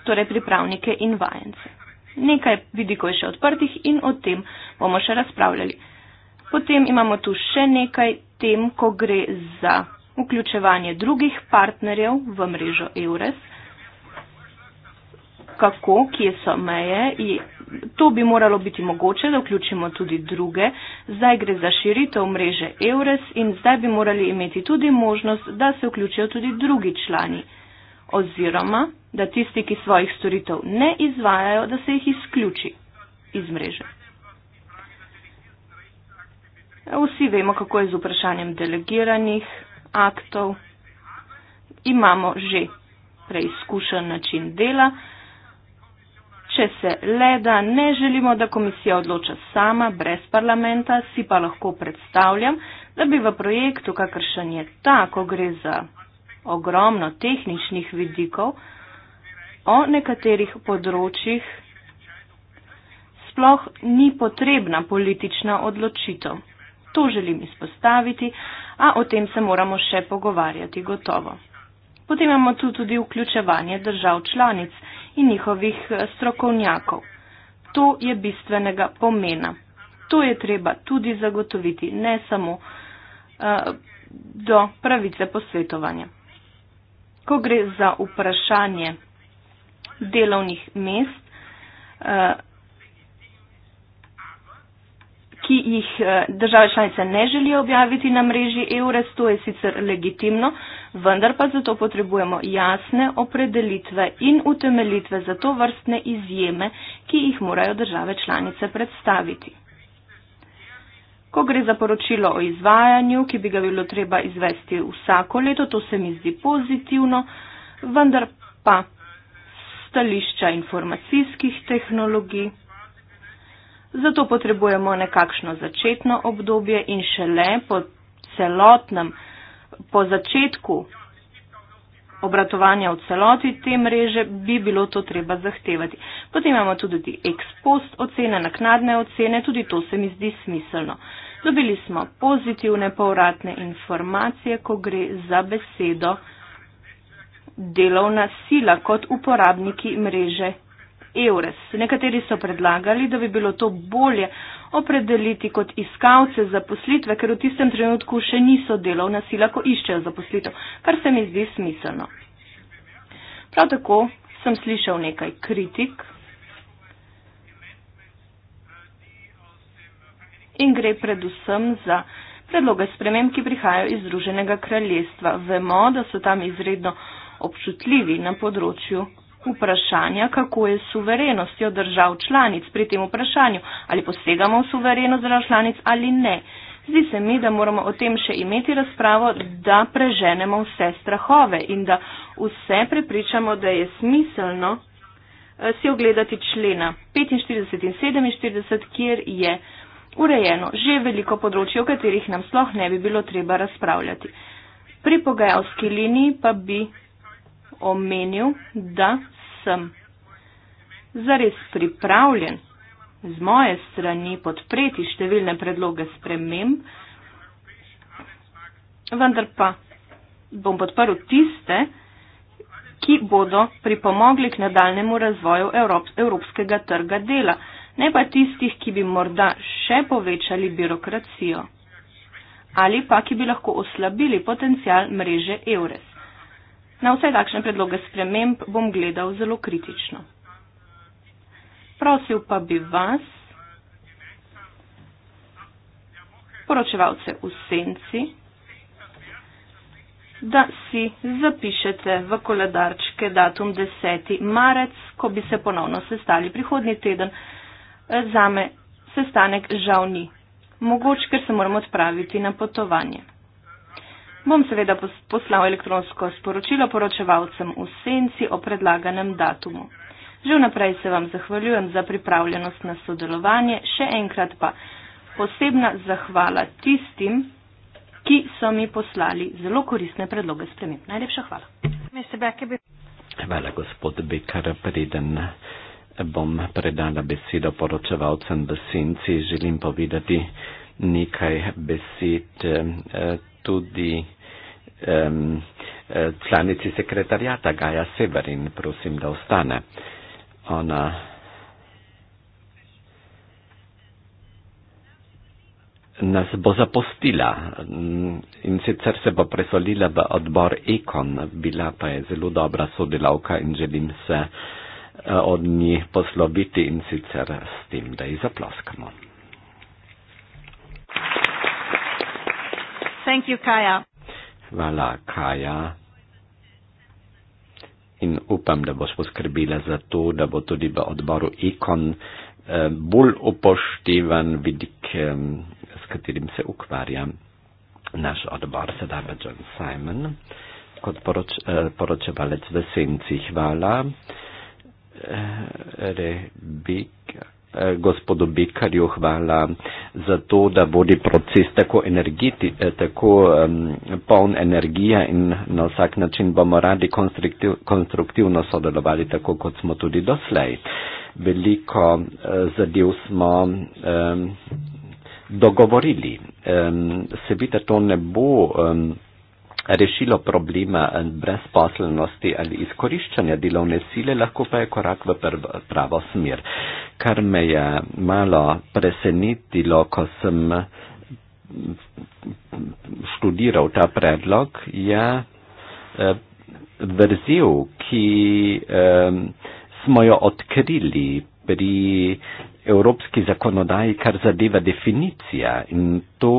torej pripravnike in vajence nekaj vidikov je še odprtih in o tem bomo še razpravljali. Potem imamo tu še nekaj tem, ko gre za vključevanje drugih partnerjev v mrežo EURES. Kako, kje so meje? To bi moralo biti mogoče, da vključimo tudi druge. Zdaj gre za širitev mreže EURES in zdaj bi morali imeti tudi možnost, da se vključijo tudi drugi člani oziroma da tisti, ki svojih storitev ne izvajajo, da se jih izključi iz mreže. Vsi vemo, kako je z vprašanjem delegiranih aktov. Imamo že preizkušen način dela. Če se le da ne želimo, da komisija odloča sama, brez parlamenta, si pa lahko predstavljam, da bi v projektu, kakršen je ta, ko gre za ogromno tehničnih vidikov, o nekaterih področjih sploh ni potrebna politična odločitev. To želim izpostaviti, a o tem se moramo še pogovarjati gotovo. Potem imamo tu tudi vključevanje držav članic in njihovih eh, strokovnjakov. To je bistvenega pomena. To je treba tudi zagotoviti, ne samo uh, do pravice posvetovanja ko gre za vprašanje delovnih mest, eh, ki jih eh, države članice ne želijo objaviti na mreži EURES, to je sicer legitimno, vendar pa zato potrebujemo jasne opredelitve in utemelitve za to vrstne izjeme, ki jih morajo države članice predstaviti. Ko gre za poročilo o izvajanju, ki bi ga bilo treba izvesti vsako leto, to se mi zdi pozitivno, vendar pa stališča informacijskih tehnologij. Zato potrebujemo nekakšno začetno obdobje in šele po celotnem, po začetku obratovanja v celoti te mreže bi bilo to treba zahtevati. Potem imamo tudi ex post ocene, naknadne ocene, tudi to se mi zdi smiselno. Dobili smo pozitivne povratne informacije, ko gre za besedo delovna sila kot uporabniki mreže EURES. Nekateri so predlagali, da bi bilo to bolje opredeliti kot iskalce zaposlitve, ker v tistem trenutku še niso delovna sila, ko iščejo zaposlitev, kar se mi zdi smiselno. Prav tako sem slišal nekaj kritik in gre predvsem za predloge sprememb, ki prihajajo iz Združenega kraljestva. Vemo, da so tam izredno občutljivi na področju vprašanja, kako je suverenostjo držav članic pri tem vprašanju, ali posegamo v suverenost držav članic ali ne. Zdi se mi, da moramo o tem še imeti razpravo, da preženemo vse strahove in da vse prepričamo, da je smiselno eh, si ogledati člena 45 in 47, kjer je urejeno že veliko področje, o katerih nam sploh ne bi bilo treba razpravljati. Pri pogajalski liniji pa bi omenil, da sem zares pripravljen z moje strani podpreti številne predloge sprememb, vendar pa bom podprl tiste, ki bodo pripomogli k nadaljemu razvoju evropskega trga dela ne pa tistih, ki bi morda še povečali birokracijo ali pa ki bi lahko oslabili potencial mreže EURES. Na vse takšne predloge sprememb bom gledal zelo kritično. Prosil pa bi vas, poročevalce v senci, da si zapišete v koledarčke datum 10. marec, ko bi se ponovno sestali prihodnji teden. Eh, zame sestanek žal ni. Mogoče, ker se moram odpraviti na potovanje. Bom seveda poslal elektronsko sporočilo poročevalcem v senci o predlaganem datumu. Že vnaprej se vam zahvaljujem za pripravljenost na sodelovanje, še enkrat pa posebna zahvala tistim, ki so mi poslali zelo koristne predloge sprememb. Najlepša hvala. Hvala, gospod Bekar, preden bom predala besedo poročevalcem v senci, želim povedati nekaj besed eh, tudi eh, članici sekretarjata Gaja Severin, prosim, da ostane. Ona nas bo zapustila mm, in sicer se bo presolila v odbor Ekon, bila pa je zelo dobra sodelavka in želim se od nje poslobiti in sicer s tem, da ji zaploskamo. Thank you, Kaja. Hvala, Kaja. In upam, da boš poskrbila za to, da bo tudi v odboru ikon eh, bolj upoštevan vidik, eh, s katerim se ukvarja naš odbor, sedaj pa John Simon, kot poroč, eh, poročevalec v senci. Hvala. Re, bik, eh, gospodu Bikarju hvala za to, da vodi proces tako, energeti, eh, tako um, poln energija in na vsak način bomo radi konstruktivno sodelovali, tako kot smo tudi doslej. Veliko uh, zadev smo um, dogovorili. Um, Seveda to ne bo. Um, rešilo problema eh, brezposelnosti ali izkoriščanja delovne sile, lahko pa je korak v pravo smer. Kar me je malo presenetilo, ko sem mm, študiral ta predlog, je eh, vrzel, ki smo jo odkrili pri evropski zakonodaji, kar zadeva definicija in to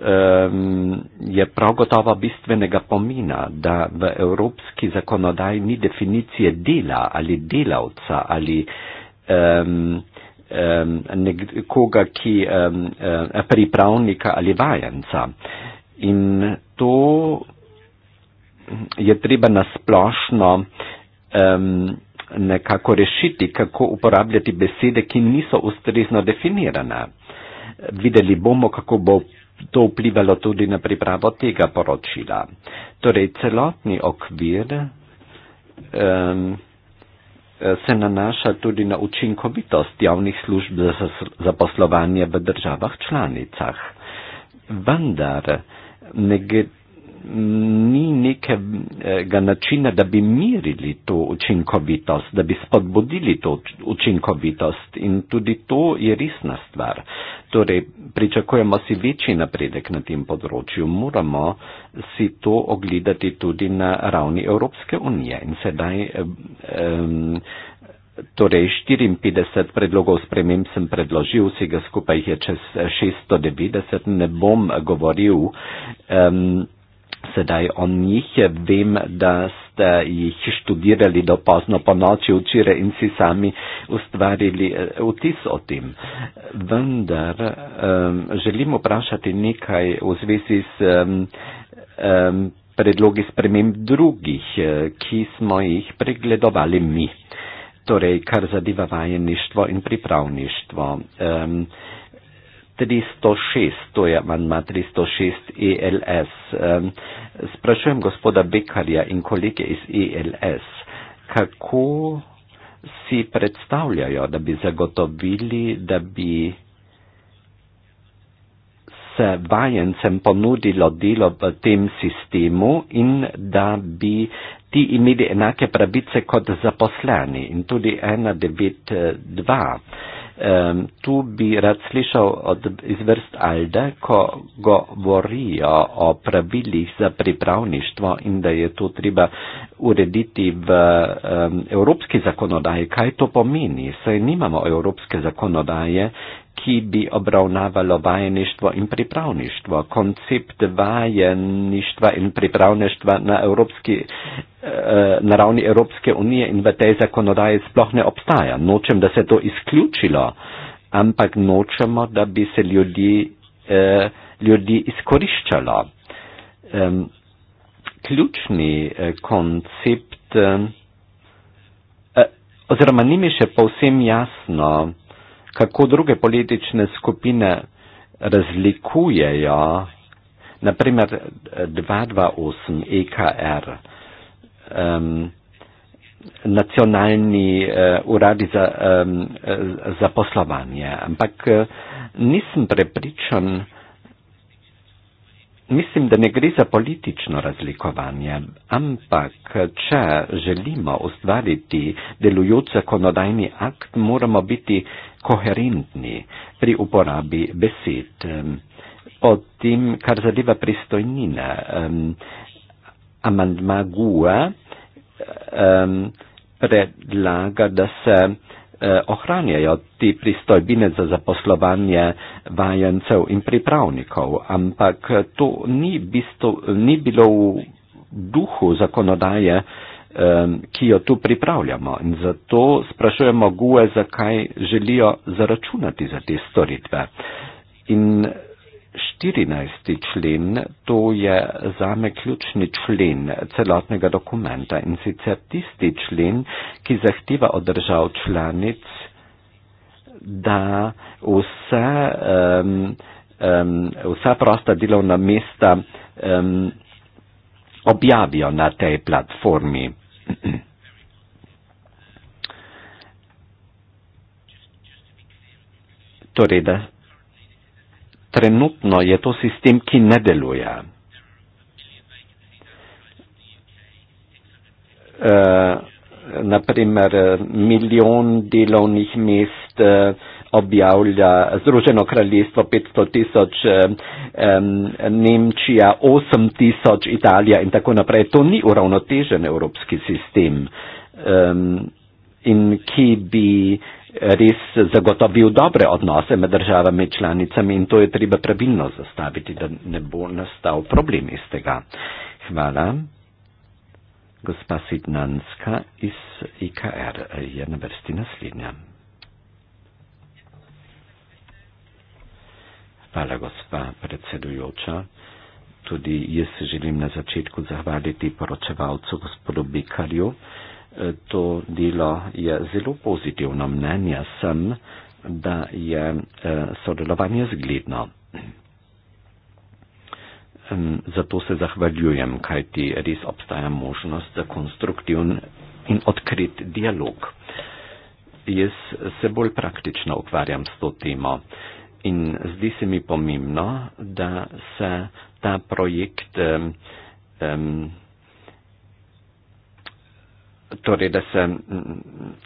um, je prav gotovo bistvenega pomina, da v evropski zakonodaji ni definicije dela ali delavca ali um, um, nekoga, ki je um, um, eh, pripravnika ali vajenca. In to je treba nasplošno um, nekako rešiti, kako uporabljati besede, ki niso ustrezno definirane. Videli bomo, kako bo to vplivalo tudi na pripravo tega poročila. Torej, celotni okvir um, se nanaša tudi na učinkovitost javnih služb za, za poslovanje v državah članicah. Vendar ne, ni nekega načina, da bi mirili to učinkovitost, da bi spodbudili to učinkovitost in tudi to je resna stvar. Uh, Torej, pričakujemo si večji napredek na tem področju. Moramo si to ogledati tudi na ravni Evropske unije. In sedaj, um, torej 54 predlogov sprememb sem predložil, vsega skupaj jih je čez 690, ne bom govoril. Um, sedaj o njih. Vem, da ste jih študirali do pozno po noči včeraj in si sami ustvarili eh, vtis o tem. Vendar um, želim vprašati nekaj v zvezi s um, um, predlogi sprememb drugih, eh, ki smo jih pregledovali mi. Torej, kar zadeva vajeništvo in pripravništvo. Um, 306, to je manjma 306 ELS. Sprašujem gospoda Bekarja in kolege iz ELS, kako si predstavljajo, da bi zagotovili, da bi se vajencem ponudilo delo v tem sistemu in da bi ti imeli enake pravice kot zaposleni. In tudi 192 um, tu bi rad slišal od izvrst Alde, ko govorijo o pravilih za pripravništvo in da je to treba urediti v um, evropski zakonodaji. Kaj to pomeni? Saj nimamo evropske zakonodaje ki bi obravnavalo vajeništvo in pripravništvo, koncept vajeništva in pripravništva na, evropski, eh, na ravni Evropske unije in v tej zakonodaji sploh ne obstaja. Nočem, da se to izključilo, ampak nočemo, da bi se ljudi, eh, ljudi izkoriščalo. Ključni eh, koncept, oziroma ni mi še povsem jasno, kako druge politične skupine razlikujejo, naprimer 228 EKR, um, nacionalni uh, uradi za, um, e, za poslovanje. Ampak e, nisem prepričan, mislim, da ne gre za politično razlikovanje, ampak če želimo ustvariti delujoč zakonodajni akt, moramo biti uh, koherentni pri uporabi besed. O tem, kar zadeva pristojnina, um, amandma GUA um, predlaga, da se uh, ohranjajo ti pristojbine za zaposlovanje vajencev in pripravnikov, ampak to ni, bistu, ni bilo v duhu zakonodaje uh, ki jo tu pripravljamo in zato sprašujemo GUE, zakaj želijo zaračunati za te storitve. In 14. člen, to je zame ključni člen celotnega dokumenta in sicer tisti člen, ki zahteva od držav članic, da vse, um, um, vsa prosta delovna mesta um, objavijo na tej platformi. Torej, da trenutno je to sistem, ki ne deluje. Uh, eh, naprimer, milijon delovnih mest, uh, objavlja Združeno kraljestvo 500 tisoč, Nemčija 8 tisoč, Italija in tako naprej. To ni uravnotežen evropski sistem, in ki bi res zagotovil dobre odnose med državami članicami in to je treba pravilno zastaviti, da ne bo nastal problem iz tega. Hvala. Gospa Sidnanska iz IKR je na vrsti naslednja. Hvala, gospa predsedujoča. Tudi jaz se želim na začetku zahvaliti poročevalcu gospodu Bikarju. E, to delo je zelo pozitivno mnenje sem, da je e, sodelovanje zgledno. Zato se zahvaljujem, kajti res obstaja možnost za konstruktiven in odkrit dialog. Jaz se bolj praktično ukvarjam s to temo. In zdi se mi pomembno, da se ta projekt, um, um, torej da se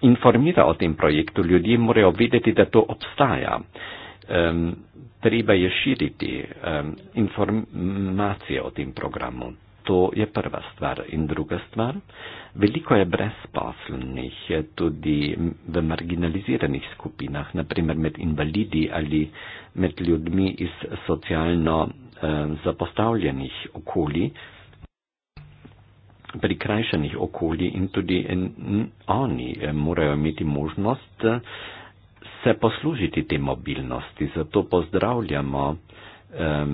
informira o tem projektu, ljudje morajo vedeti, da to obstaja. Um, treba je širiti um, informacije o tem programu. To je prva stvar. In druga stvar, veliko je brezposlenih tudi v marginaliziranih skupinah, naprimer med invalidi ali med ljudmi iz socialno eh, zapostavljenih okolij, prikrajšanih okolij in tudi en, oni eh, morajo imeti možnost eh, se poslužiti te mobilnosti. Zato pozdravljamo. Eh,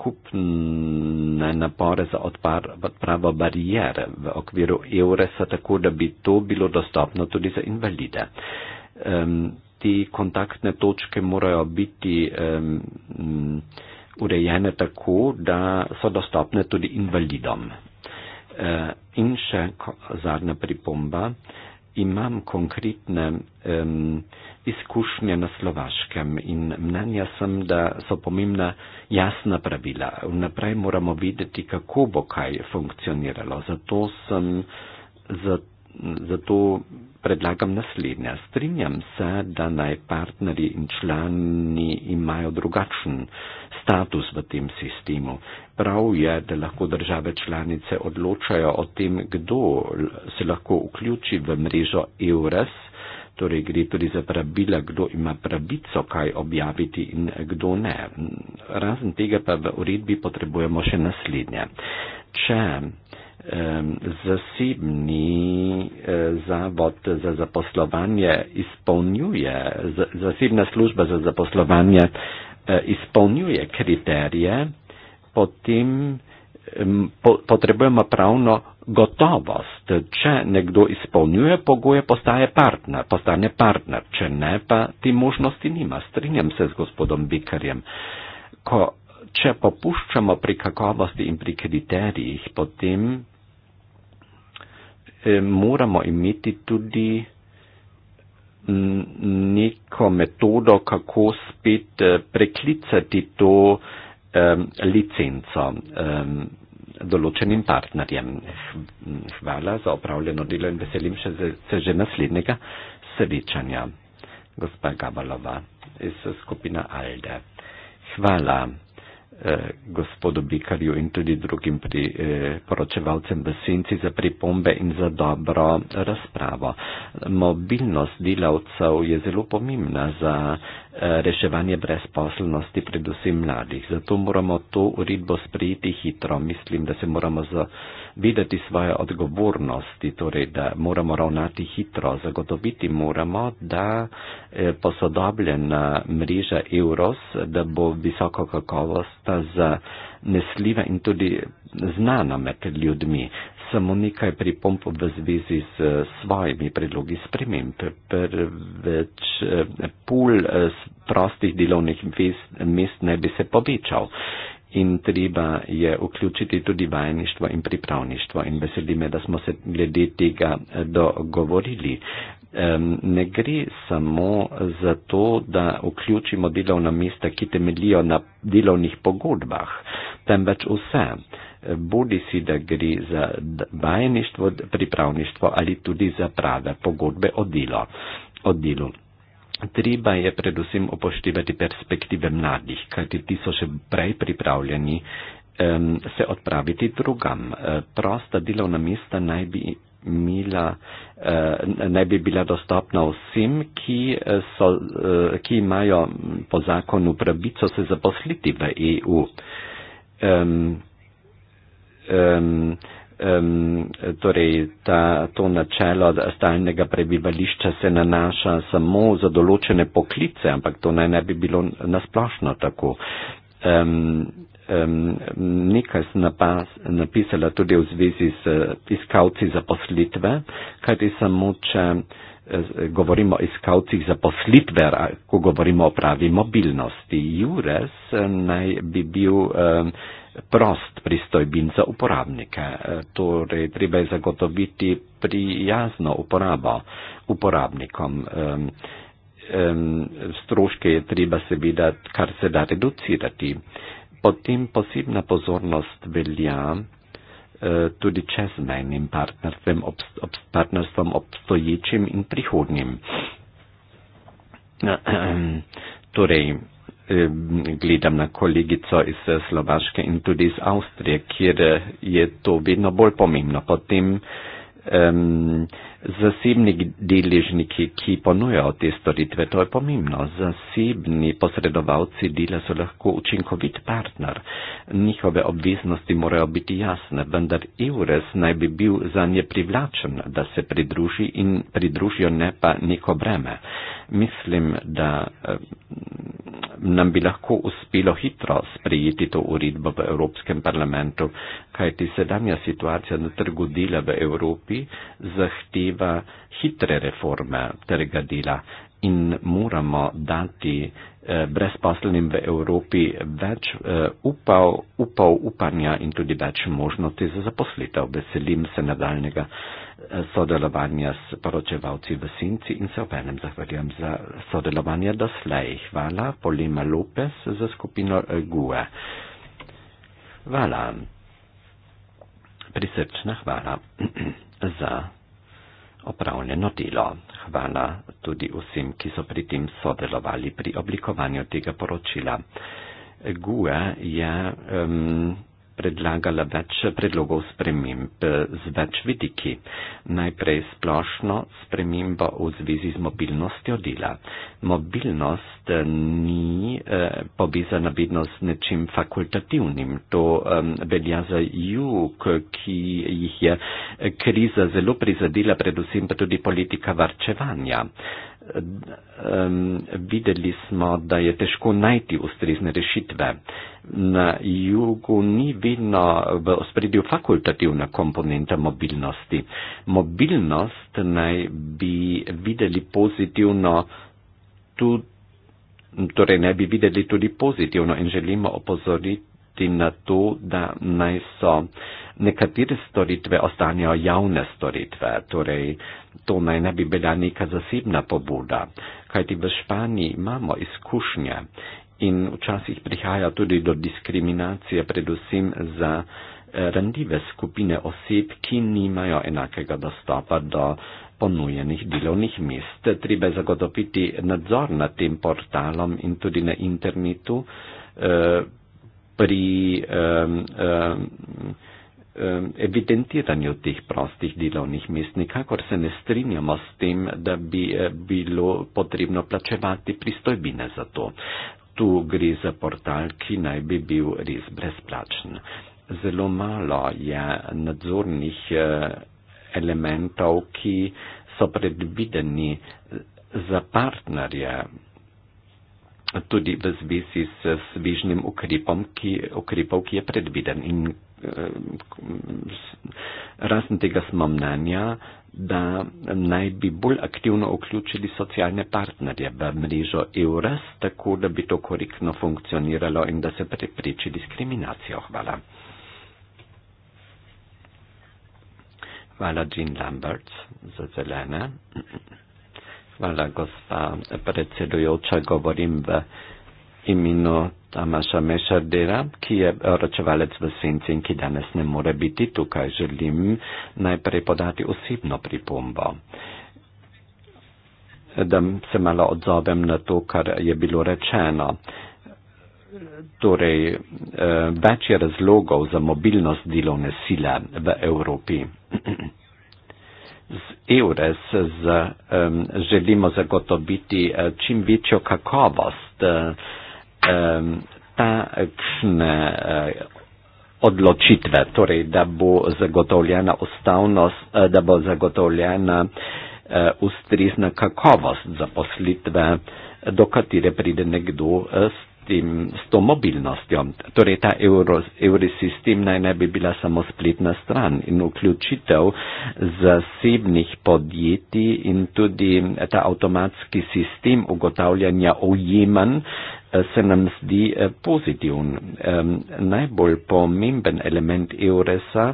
skupne napore za odpar, odpravo barijer v okviru EURES-a, tako da bi to bilo dostopno tudi za invalide. Um, ti kontaktne točke morajo biti um, urejene tako, da so dostopne tudi invalidom. Uh, in še zadnja pripomba. Uh, imam konkretne um, izkušnje na slovaškem in mnenja sem, da so pomembna jasna pravila. Vnaprej moramo videti, kako bo kaj funkcioniralo. Zato sem. Zato zato predlagam naslednja. Strinjam se, da naj partnerji in člani imajo drugačen status v tem sistemu. Prav je, da lahko države članice odločajo o tem, kdo se lahko vključi v mrežo EURES, torej gre tudi za pravila, kdo ima pravico kaj objaviti in kdo ne. Razen tega pa v uredbi potrebujemo še naslednje. Če zasebni e, zavod za zaposlovanje izpolnjuje, zasebna služba za zaposlovanje e, izpolnjuje kriterije, potem potrebujemo pravno gotovost. Če nekdo izpolnjuje pogoje, postaje partner, postane partner. Če ne, pa ti možnosti nima. Strinjam se z gospodom Bikarjem. Ko, če popuščamo pri kakovosti in pri kriterijih, potem Eh, moramo imeti tudi mm, neko metodo, kako spet eh, preklicati to um, licenco um, določenim partnerjem. Hvala za opravljeno delo in veselim še, se že naslednjega srečanja. Gospa Gabalova iz skupina Alde. Hvala eh, gospodu Bikarju in tudi drugim pri, eh, poročevalcem v senci za pripombe in za dobro razpravo. Mobilnost delavcev je zelo pomembna za Eh, reševanje brezposelnosti, predvsem mladih. Zato moramo to uredbo sprejeti hitro. Mislim, da se moramo zavedati svoje odgovornosti, torej, da moramo ravnati hitro. Zagotoviti moramo, da eh, posodobljena mreža Euros, da bo visoko kakovost zanesljiva in tudi znana med ljudmi samo nekaj pripomp v zvezi s svojimi predlogi sprememb. Preveč eh, pul eh, prostih delovnih mest ne bi se povečal in treba je vključiti tudi vajeništvo in pripravništvo. In veseli me, da smo se glede tega eh, dogovorili. Ne gre samo za to, da vključimo delovna mesta, ki temelijo na delovnih pogodbah, temveč vse bodi si, da gre za vajeništvo, pripravništvo ali tudi za prave pogodbe o, delo, o delu. Treba je predvsem upoštevati perspektive mladih, kajti ti so še prej pripravljeni um, se odpraviti drugam. E, prosta delovna mesta naj bi. Mila, eh, naj bi bila dostopna vsem, ki, e, so, eh, ki imajo po zakonu pravico se zaposliti v EU. Eh, um, um, torej ta, to načelo stalnega prebivališča se nanaša samo za določene poklice, ampak to naj ne bi bilo nasplošno tako. Um, um, nekaj sem napas, napisala tudi v zvezi s eh, iskalci zaposlitve, kajti samo če eh, govorimo o iskalcih zaposlitve, ko govorimo o pravi mobilnosti. Jures eh, naj bi bil. Um, prost pristojbin za uporabnike. E, torej, treba je zagotoviti prijazno uporabo uporabnikom. Stroške je treba seveda kar se da reducirati. Potem posebna pozornost velja e, tudi čezmejnim partnerstvom, obst, partnerstvom obstoječim in prihodnim. Torej, Ehm, gledam na kolegico iz eh, Slovaške in tudi iz Avstrije, kjer eh, je to vedno bolj pomembno. Potem um, zasebni deležniki, ki ponujajo te storitve, to je pomembno. Zasebni posredovalci dela so lahko učinkovit partner. Njihove obveznosti morajo biti jasne, vendar EURES naj bi bil za nje privlačen, da se pridruži in pridružijo ne pa neko breme mislim, da eh, nam bi lahko uspelo hitro sprejeti to uredbo v Evropskem parlamentu, kajti sedanja situacija na trgu dela v Evropi zahteva hitre reforme trga dela in moramo dati eh, brezposlenim v Evropi več upav, eh, upav upanja in tudi več možnosti za zaposlitev. Veselim se nadaljnega sodelovanja s poročevalci v Sinci in se obenem zahvaljujem za sodelovanje doslej. Hvala, Polima Lopes za skupino GUE. Hvala, prisrčna hvala za opravljeno delo. Hvala tudi vsem, ki so pri tem sodelovali pri oblikovanju tega poročila. GUE je. Um, predlagala več predlogov sprememb eh, z več vidiki. Najprej splošno spremembo v zvezi z mobilnostjo dela. Mobilnost eh, ni eh, povezana vedno z nečim fakultativnim. To eh, velja za jug, ki jih je eh, kriza zelo prizadela, predvsem pa tudi politika varčevanja. Eh, um, videli smo, da je težko najti ustrezne rešitve. Na jugu ni vedno v ospredju fakultativna komponenta mobilnosti. Mobilnost naj bi videli pozitivno tudi. Torej, ne bi videli tudi pozitivno in želimo opozoriti pozvati na to, da naj so nekatere storitve ostanejo javne storitve, torej to naj ne bi bila neka zasebna pobuda, kajti v Španiji imamo izkušnje in včasih prihaja tudi do diskriminacije, predvsem za eh, randive skupine oseb, ki nimajo enakega dostopa do ponujenih delovnih mest. Treba je zagotoviti nadzor nad tem portalom in tudi na internetu, eh, pri um, um, evidentiranju teh prostih delovnih mest. Nikakor se ne strinjamo s tem, da bi eh, bilo potrebno plačevati pristojbine za to. Tu gre za portal, ki naj bi bil res brezplačen. Zelo malo je nadzornih eh, elementov, ki so predvideni eh, za partnerje tudi v zvisi s svižnim ukrepom, ki, ukrepov, ki je predviden. In eh, razen tega smo mnenja, da naj bi bolj aktivno vključili socialne partnerje v mrežo EURES, tako da bi to korektno funkcioniralo in da se prepreči diskriminacijo. Hvala. Hvala, Jean Lambert, za zelene. Hvala, gospa predsedujoča, govorim v imenu Tamaša Mešardera, ki je ročevalec v Senci in ki danes ne more biti tukaj. Želim najprej podati osebno pripombo. Da se malo odzovem na to, kar je bilo rečeno. Torej, eh, več je razlogov za mobilnost delovne sile v Evropi. z EURES z, um, želimo zagotoviti uh, čim večjo kakovost uh, um, takšne uh, odločitve, torej da bo zagotovljena ustavnost, uh, da bo zagotovljena uh, ustrezna kakovost zaposlitve, do katere pride nekdo uh, s tem, s to mobilnostjo. Torej, ta eurosistem naj ne bi bila samo spletna stran in vključitev zasebnih podjetij in tudi eh, ta avtomatski sistem ugotavljanja ojeman eh, se nam zdi eh, pozitiven. Najbolj pomemben element EURES-a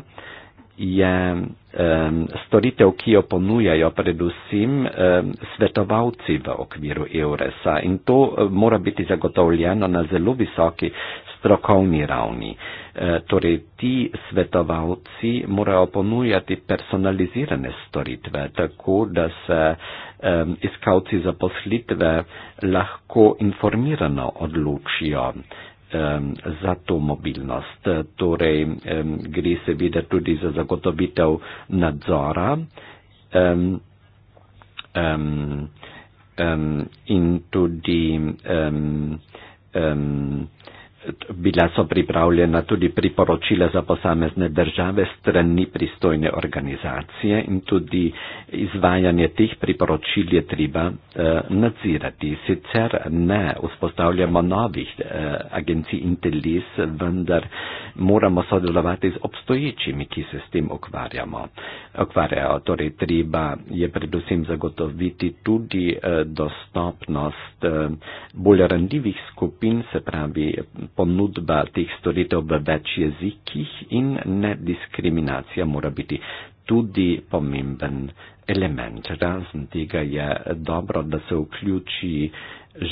je um, storitev, ki jo ponujajo predvsem um, svetovalci v okviru EURES-a in to um, mora biti zagotovljeno na zelo visoki strokovni ravni. E, torej, ti svetovalci morajo ponujati personalizirane storitve, tako da se um, iskalci zaposlitve lahko informirano odločijo za to mobilnost. Torej, gre seveda tudi za zagotovitev nadzora in tudi bila so pripravljena tudi priporočila za posamezne države strani pristojne organizacije in tudi izvajanje teh priporočil je treba eh, nadzirati. Sicer ne vzpostavljamo novih eh, agencij Intelis, vendar moramo sodelovati z obstoječimi, ki se s tem okvarjamo. okvarjajo. Torej, treba je predvsem zagotoviti tudi eh, dostopnost eh, bolj randljivih skupin, se pravi ponudba teh storitev v več jezikih in ne diskriminacija mora biti tudi pomemben element. Razen tega je dobro, da se vključi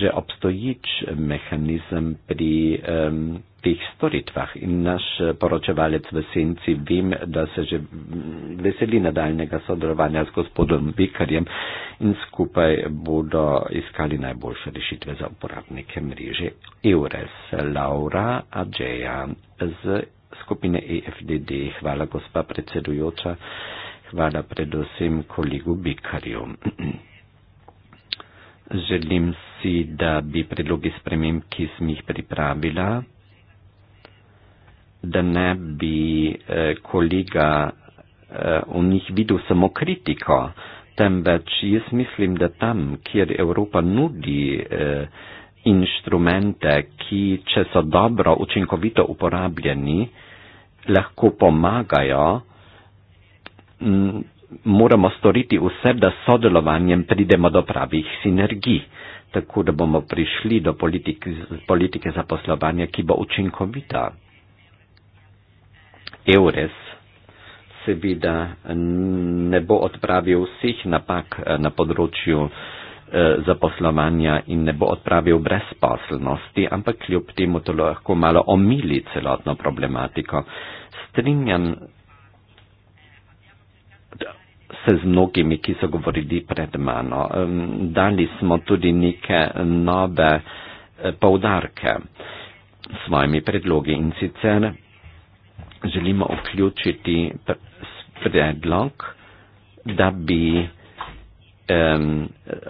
že obstojič mehanizem pri. Um, tih storitvah. In naš eh, poročevalec v Senci vem, da se že mm, veseli nadaljnega sodelovanja z gospodom Bikarjem in skupaj bodo iskali najboljše rešitve za uporabnike mreže EURES. Laura Adžeja z skupine EFDD. Hvala, gospa predsedujoča. Hvala predvsem kolegu Bikarju. Želim si, da bi predlogi sprememb, ki sem jih pripravila, da ne bi eh, kolega eh, v njih videl samo kritiko, temveč jaz mislim, da tam, kjer Evropa nudi eh, inštrumente, ki če so dobro, učinkovito uporabljeni, lahko pomagajo, m, moramo storiti vse, da s sodelovanjem pridemo do pravih sinergij tako da bomo prišli do politike, politike zaposlovanja, ki bo učinkovita. Eures, seveda ne bo odpravil vseh napak eh, na področju eh, zaposlovanja in ne bo odpravil brezposelnosti, ampak kljub temu to lahko malo omili celotno problematiko. Strinjam se z mnogimi, ki so govorili pred mano. Dali smo tudi neke nove eh, poudarke svojimi predlogi in sicer želimo vključiti predlog, da bi um,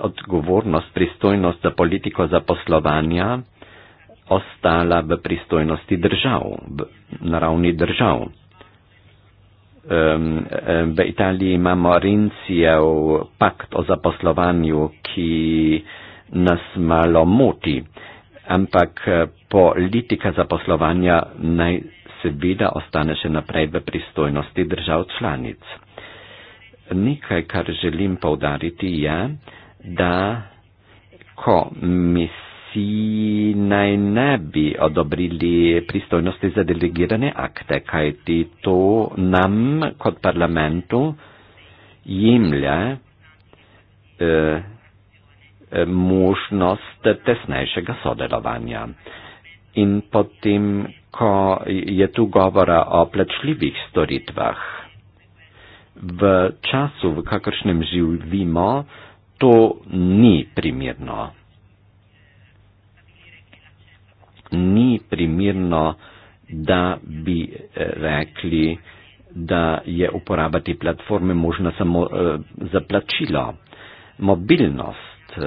odgovornost, pristojnost za politiko zaposlovanja ostala v pristojnosti držav, na ravni držav. Um, v Italiji imamo Rincijev pakt o zaposlovanju, ki nas malo moti, ampak eh, politika zaposlovanja naj seveda ostane še naprej v pristojnosti držav članic. Nekaj, kar želim povdariti, je, da ko misiji naj ne bi odobrili pristojnosti za delegirane akte, kajti to nam kot parlamentu jemlja eh, eh, možnost tesnejšega sodelovanja. In potem, ko je tu govora o plačljivih storitvah. V času, v kakršnem živimo, to ni primirno. Ni primirno, da bi eh, rekli, da je uporabati platforme možno samo eh, za plačilo. Mobilnost eh,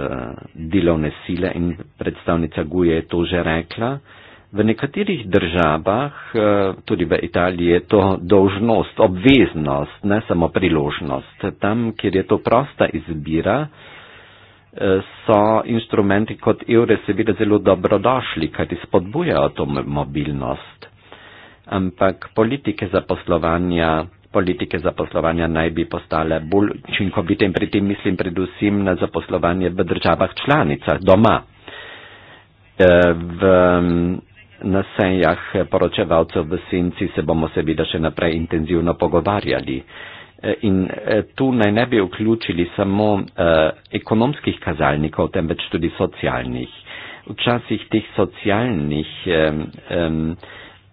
delovne sile in predstavnica Guje je to že rekla, eh, V nekaterih državah, eh, tudi v Italiji, je to dožnost, obveznost, ne samo priložnost. Tam, kjer je to prosta izbira, eh, so instrumenti kot evre seveda zelo dobrodošli, kajti spodbujajo to mobilnost. Ampak politike zaposlovanja, politike zaposlovanja naj bi postale bolj učinkovite in pri tem mislim predvsem na zaposlovanje v državah članicah, doma. Eh, v Na senjah poročevalcev v senci se bomo seveda še naprej intenzivno pogovarjali. E, in e, tu naj ne bi vključili samo e, ekonomskih kazalnikov, temveč tudi socialnih. Včasih teh socialnih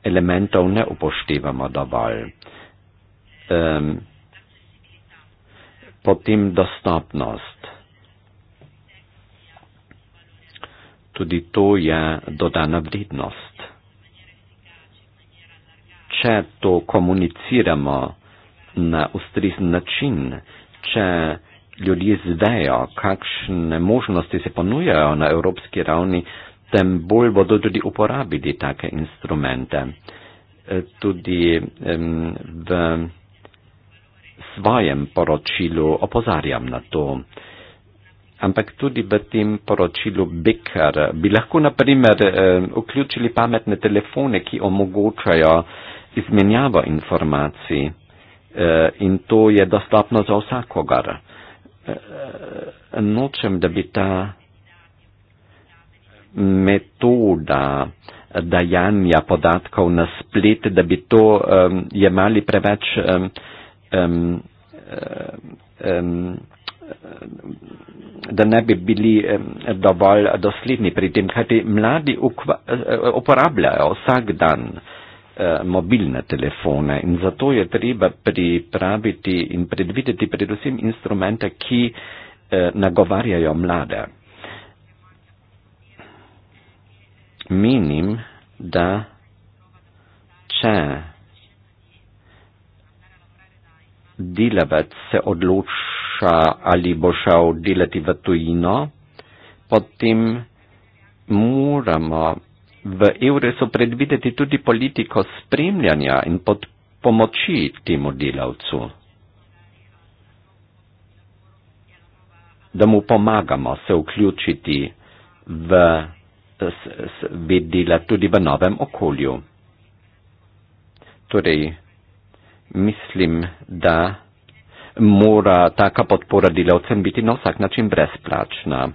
elementov ne upoštevamo dovolj. Potem dostopnost. tudi to je dodana vrednost. Če to komuniciramo na ustrezen način, če ljudje zvejo, kakšne možnosti se ponujajo na evropski ravni, tem bolj bodo tudi uporabili take instrumente. E, tudi v svojem poročilu opozarjam na to ampak tudi v tem poročilu Bekar. Bi lahko naprimer eh, vključili pametne telefone, ki omogočajo izmenjavo informacij eh, in to je dostopno za vsakogar. Eh, nočem, da bi ta metoda dajanja podatkov na splet, da bi to um, jemali preveč um, um, um, da ne bi bili dovolj dosledni pri tem, kajti mladi eh, uporabljajo vsak dan eh, mobilne telefone in zato je treba pripraviti in predvideti predvsem instrumente, ki eh, nagovarjajo mlade. Menim, da če delavec se odloči, prša ali bo šel delati v tujino, potem moramo v Euresu predvideti tudi politiko spremljanja in pod pomoči temu delavcu, da mu pomagamo se vključiti v vedela tudi v novem okolju. Torej, mislim, da mora taka podpora delavcem biti na vsak način brezplačna.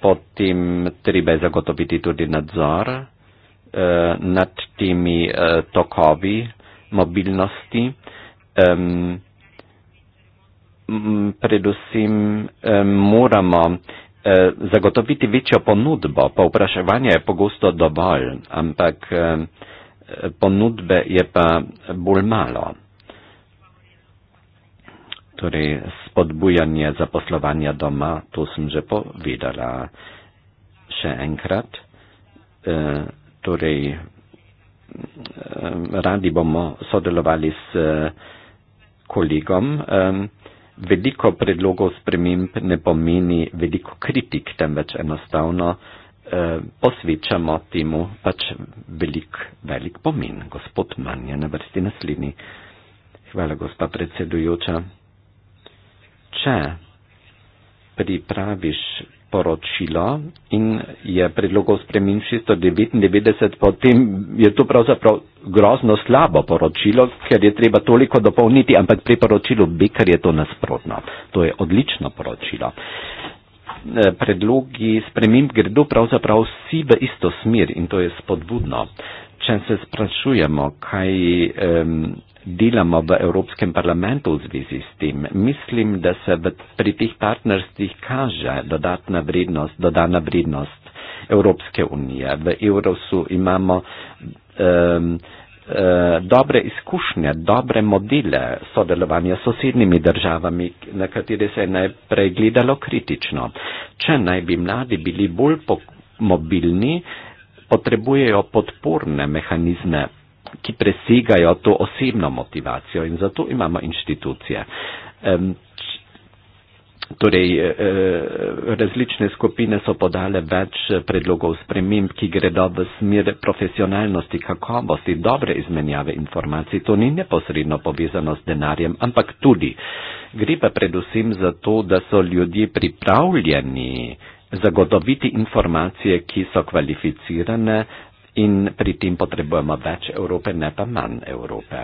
Potem treba je zagotoviti tudi nadzor eh, nad temi eh, tokovi mobilnosti. Um, predvsem um, moramo uh, zagotoviti večjo ponudbo. Povpraševanje je pogosto dovolj, ampak uh, ponudbe je pa bolj malo torej spodbujanje zaposlovanja doma, to sem že povedala še enkrat. E, torej, e, radi bomo sodelovali s e, kolegom. Veliko predlogov sprememb ne pomeni veliko kritik, temveč enostavno posvečamo temu pač velik, velik pomen. Gospod Manja, na vrsti naslednji. Hvala, gospa predsedujoča če pripraviš poročilo in je predlogov spremin 699, potem je to pravzaprav grozno slabo poročilo, ker je treba toliko dopolniti, ampak pri poročilu bi, ker je to nasprotno. To je odlično poročilo. E, predlogi sprememb gredo pravzaprav vsi v isto smer in to je spodbudno. Če se sprašujemo, kaj um, delamo v Evropskem parlamentu v zvezi s tem, mislim, da se pri teh partnerstvih kaže dodatna vrednost, dodana vrednost Evropske unije. V Eurosu imamo um, dobre izkušnje, dobre modele sodelovanja s sosednjimi državami, na katere se je najprej gledalo kritično. Če naj bi mladi bili bolj mobilni, potrebujejo podporne mehanizme ki presegajo to osebno motivacijo in zato imamo inštitucije. Um, Torej, e, e, različne skupine so podale več predlogov sprememb, ki gredo v smer profesionalnosti, kakovosti, dobre izmenjave informacij. To ni neposredno povezano s denarjem, ampak tudi gre pa predvsem za to, da so ljudje pripravljeni zagotoviti informacije, ki so kvalificirane, in pri tem potrebujemo več Evrope, ne pa manj Evrope.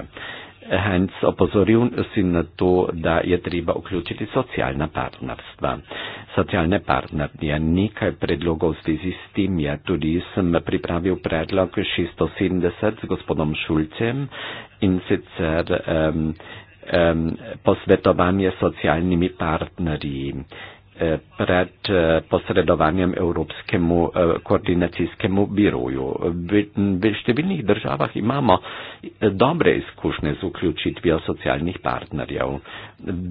Heinz opozoril si na to, da je treba vključiti socialna partnerstva. Socialne partnerje, nekaj predlogov v zvezi s tem je tudi, sem pripravil predlog 670 s gospodom Šulcem in sicer um, um, posvetovanje socialnimi partnerji pred eh, posredovanjem Evropskemu eh, koordinacijskemu biroju. V številnih državah imamo eh, dobre izkušnje z vključitvijo socialnih partnerjev.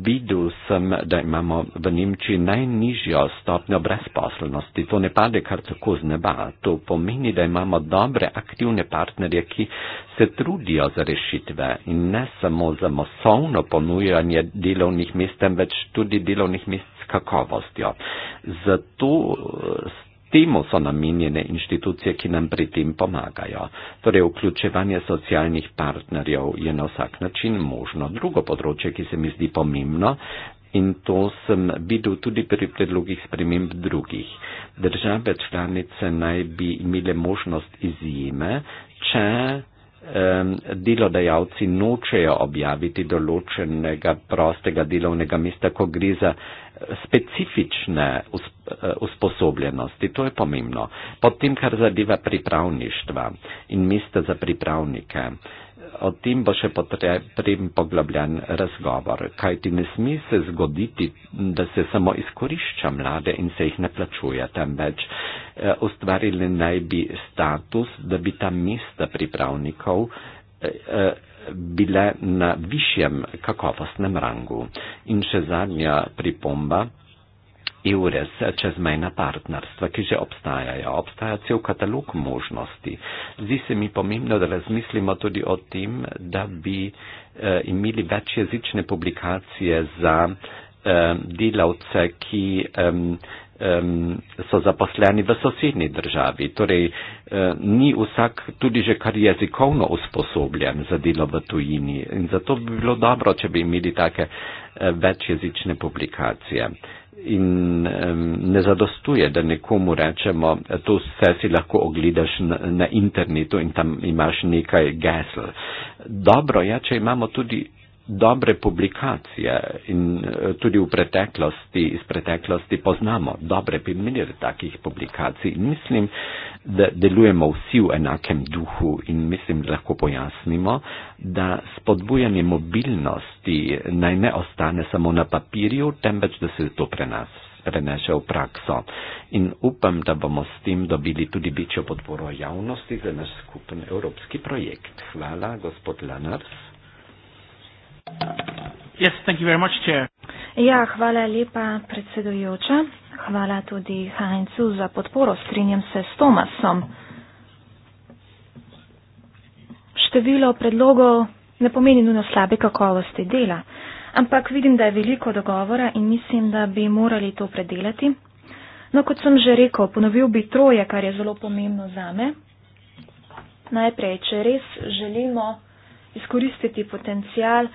Videl sem, da imamo v Nemčiji najnižjo stopnjo brezposelnosti. To ne pade kar tako z neba. To pomeni, da imamo dobre aktivne partnerje, ki se trudijo za rešitve in ne samo za masovno ponujanje delovnih mest, temveč tudi delovnih mest kakovostjo. Zato eh, temu so namenjene inštitucije, ki nam pri tem pomagajo. Torej, vključevanje socialnih partnerjev je na vsak način možno. Drugo področje, ki se mi zdi pomembno, In to sem videl tudi pri predlogih sprememb drugih. Države članice naj bi imele možnost izjeme, če delodajalci nočejo objaviti določenega prostega delovnega mesta, ko gre za specifične eh, usposobljenosti. To je pomembno. Potem, kar zadeva pripravništva in mesta za pripravnike o tem bo še potreben poglobljen razgovor, kaj ti ne sme se zgoditi, da se samo izkorišča mlade in se jih ne plačuje, temveč eh, ustvarili naj bi status, da bi ta mesta pripravnikov eh, eh, bile na višjem kakovostnem rangu. In še zadnja pripomba. EURES čezmejna partnerstva, ki že obstajajo. Obstaja cel katalog možnosti. Zdi se mi pomembno, da razmislimo tudi o tem, da bi eh, imeli večjezične publikacije za eh, delavce, ki eh, so zaposleni v sosednji državi. Torej, eh, ni vsak tudi že kar jezikovno usposobljen za delo v tujini in zato bi bilo dobro, če bi imeli take eh, večjezične publikacije in um, ne zadostuje, da nekomu rečemo, to vse si lahko ogledaš na, na internetu in tam imaš nekaj gesl. Dobro je, ja, če imamo tudi dobre publikacije in eh, tudi v preteklosti, iz preteklosti poznamo dobre primere takih publikacij. Mislim, da delujemo vsi v enakem duhu in mislim, da lahko pojasnimo, da spodbujanje mobilnosti naj ne ostane samo na papirju, temveč da se to prenas prenese v prakso. In upam, da bomo s tem dobili tudi večjo podporo javnosti za naš skupen evropski projekt. Hvala, gospod Lenars. Yes, much, ja, hvala lepa, predsedujoča. Hvala tudi Hainzu za podporo. Strinjam se s Tomasom. Število predlogov ne pomeni nujno slabe kakovosti dela, ampak vidim, da je veliko dogovora in mislim, da bi morali to predelati. No, kot sem že rekel, ponovil bi troje, kar je zelo pomembno za me. Najprej, če res želimo izkoristiti potencial,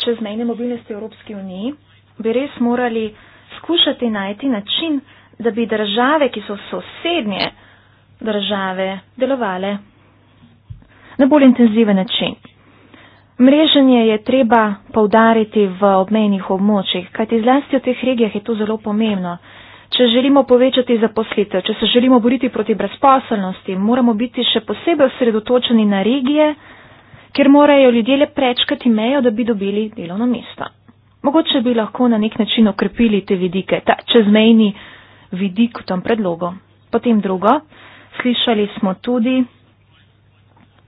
čezmejne mobilnosti v Evropski uniji, bi res morali skušati najti način, da bi države, ki so sosednje države, delovale na bolj intenziven način. Mreženje je treba povdariti v obmejnih območjih, kajti zlasti v teh regijah je to zelo pomembno. Če želimo povečati zaposlitev, če se želimo boriti proti brezposelnosti, moramo biti še posebej osredotočeni na regije, kjer morajo ljudje le prečkati mejo, da bi dobili delovno mesto. Mogoče bi lahko na nek način okrepili te vidike, ta čezmejni vidik v tem predlogu. Potem drugo, slišali smo tudi,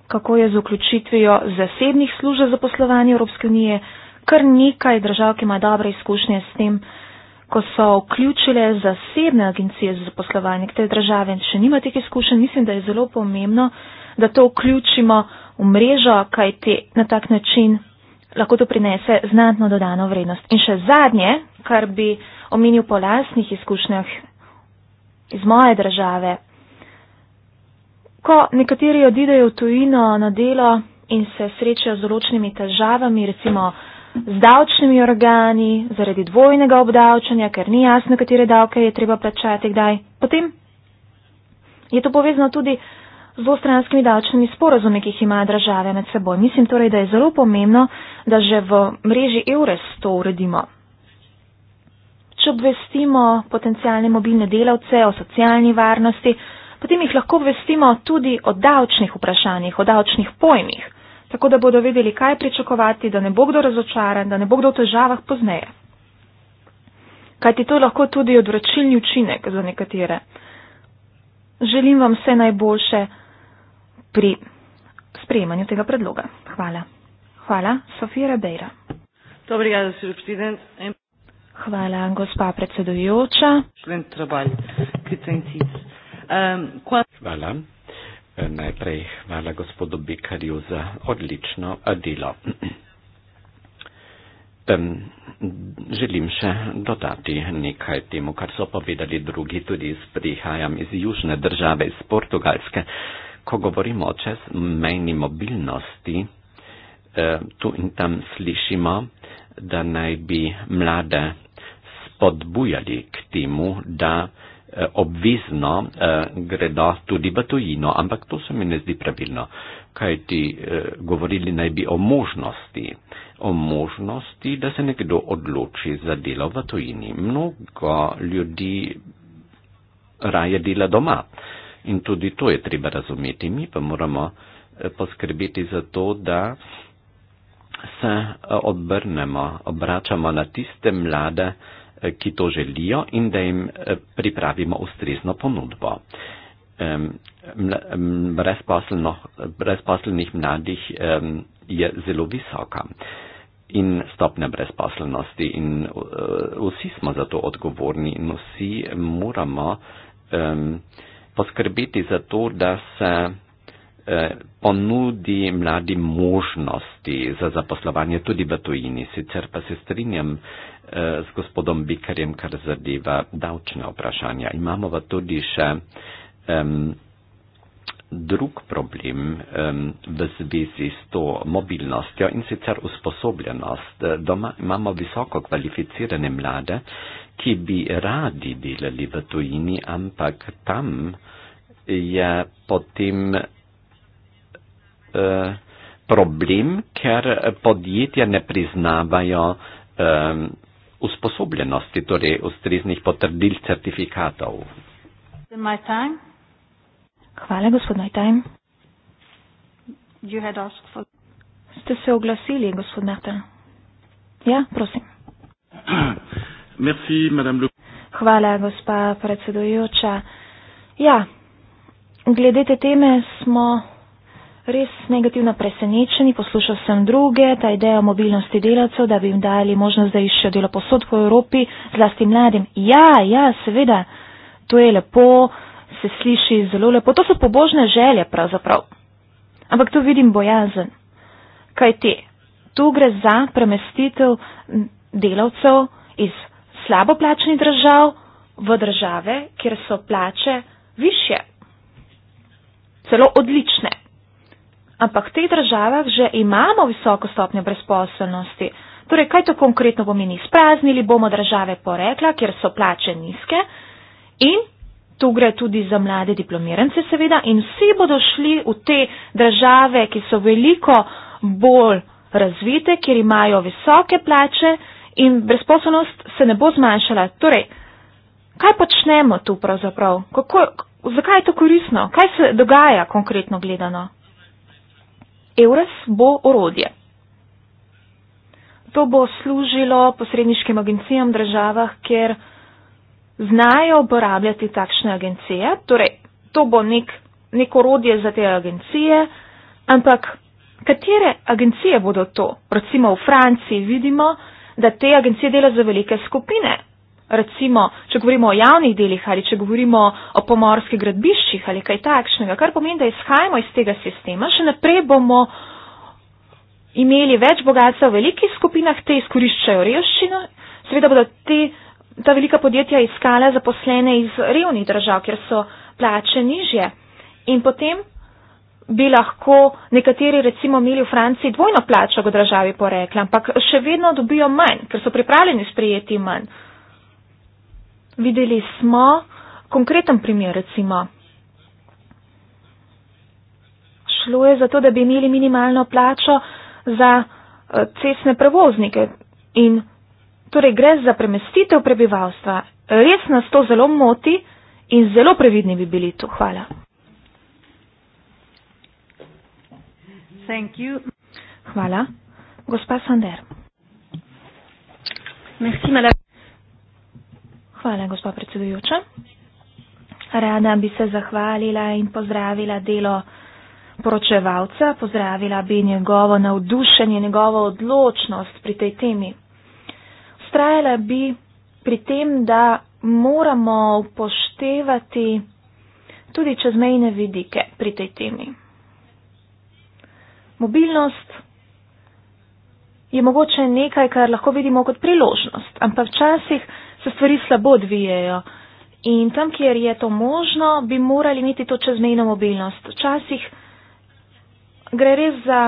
kako je z vključitvijo zasebnih služb za poslovanje Evropske unije, kar nekaj držav, ki ima dobre izkušnje s tem, ko so vključile zasebne agencije za poslovanje, te države še nima teh izkušenj, mislim, da je zelo pomembno, da to vključimo v mrežo, kaj ti na tak način lahko to prinese znatno dodano vrednost. In še zadnje, kar bi omenil po lasnih izkušnjah iz moje države. Ko nekateri odidejo v tujino na delo in se srečajo z določenimi težavami, recimo z davčnimi organi, zaradi dvojnega obdavčanja, ker ni jasno, katere davke je treba plačati kdaj, potem je to povezano tudi z ostranskimi davčnimi sporozumi, ki jih imajo države med seboj. Mislim torej, da je zelo pomembno, da že v mreži EURES to uredimo. Če obvestimo potencijalne mobilne delavce o socialni varnosti, potem jih lahko obvestimo tudi o davčnih vprašanjih, o davčnih pojmih, tako da bodo vedeli, kaj pričakovati, da ne bo kdo razočaran, da ne bo kdo v težavah pozneje. Kajti to lahko tudi odvračilni učinek za nekatere. Želim vam vse najboljše pri sprejemanju tega predloga. Hvala. Hvala, Sofija Rabeira. Hvala, gospa predsedujoča. Hvala. Najprej hvala gospodu Bikarju za odlično delo. Želim še dodati nekaj temu, kar so povedali drugi, tudi prihajam iz južne države, iz Portugalske. Ko govorimo o čezmejni mobilnosti, eh, tu in tam slišimo, da naj bi mlade spodbujali k temu, da eh, obvezno eh, gredo tudi v tujino, ampak to se mi ne zdi pravilno, kaj ti govorili naj bi o možnosti, o možnosti, da se nekdo odloči za delo v tujini. Mnogo ljudi raje dela doma. In tudi to je treba razumeti. Mi pa moramo eh, poskrbeti za to, da se eh, obrnemo, obračamo na tiste mlade, eh, ki to želijo in da jim pripravimo ustrezno ponudbo. Brezposelnih mladih je zelo visoka in stopnja brezposelnosti in vsi smo za to odgovorni in vsi moramo poskrbeti za to, da se eh, ponudi mladi možnosti za zaposlovanje tudi v tujini. Sicer pa se strinjam eh, z gospodom Bikarjem, kar zadeva davčne vprašanja. Imamo pa tudi še um, drug problem um, v zvezi s to mobilnostjo in sicer usposobljenost. Doma imamo visoko kvalificirane mlade, ki bi radi delali v tujini, ampak tam je potem uh, problem, ker podjetja ne priznavajo um, usposobljenosti, torej ustreznih potrdil certifikatov. Hvala, gospod Najtajn. For... Ste se oglasili, gospod Najtajn? Ja, prosim. Merci, Le... Hvala, gospa predsedujoča. Ja, glede te teme smo res negativno presenečeni. Poslušal sem druge, ta ideja o mobilnosti delavcev, da bi jim dali možnost, da iščejo delo posod po Evropi, zlasti mladim. Ja, ja, seveda, to je lepo, se sliši zelo lepo. To so pobožne želje pravzaprav. Ampak tu vidim bojazen. Kaj te? Tu gre za premestitev delavcev iz slabo plačnih držav v države, kjer so plače više, celo odlične. Ampak v teh državah že imamo visoko stopnjo brezposelnosti. Torej, kaj to konkretno pomeni? Spraznili bomo države porekla, kjer so plače nizke in tu gre tudi za mlade diplomirance seveda in vsi bodo šli v te države, ki so veliko bolj razvite, kjer imajo visoke plače, in brezposobnost se ne bo zmanjšala. Torej, kaj počnemo tu pravzaprav? Kako, zakaj je to korisno? Kaj se dogaja konkretno gledano? Eures bo orodje. To bo služilo posredniškim agencijam v državah, kjer znajo uporabljati takšne agencije. Torej, to bo nek, neko orodje za te agencije, ampak katere agencije bodo to? Recimo v Franciji vidimo, da te agencije dela za velike skupine. Recimo, če govorimo o javnih delih ali če govorimo o pomorskih gradbiščih ali kaj takšnega, kar pomeni, da izhajamo iz tega sistema, še naprej bomo imeli več bogatstva v velikih skupinah, te izkoriščajo revščino, seveda bodo te, ta velika podjetja iskala zaposlene iz revnih držav, kjer so plače nižje. In potem bi lahko nekateri recimo imeli v Franciji dvojno plačo kot državi porekla, ampak še vedno dobijo manj, ker so pripravljeni sprejeti manj. Videli smo konkreten primer recimo. Šlo je za to, da bi imeli minimalno plačo za eh, cestne prevoznike in torej gre za premestitev prebivalstva. Res nas to zelo moti in zelo previdni bi bili tu. Hvala. Thank you. Hvala. Gospa Sander. Merci, Hvala, gospa predsedujoča. Rada bi se zahvalila in pozdravila delo poročevalca, pozdravila bi njegovo navdušenje, njegovo odločnost pri tej temi. Ustrajala bi pri tem, da moramo upoštevati tudi čezmejne vidike pri tej temi. Mobilnost je mogoče nekaj, kar lahko vidimo kot priložnost, ampak včasih se stvari slabo odvijajo. In tam, kjer je to možno, bi morali imeti to čezmejno mobilnost. Včasih gre res za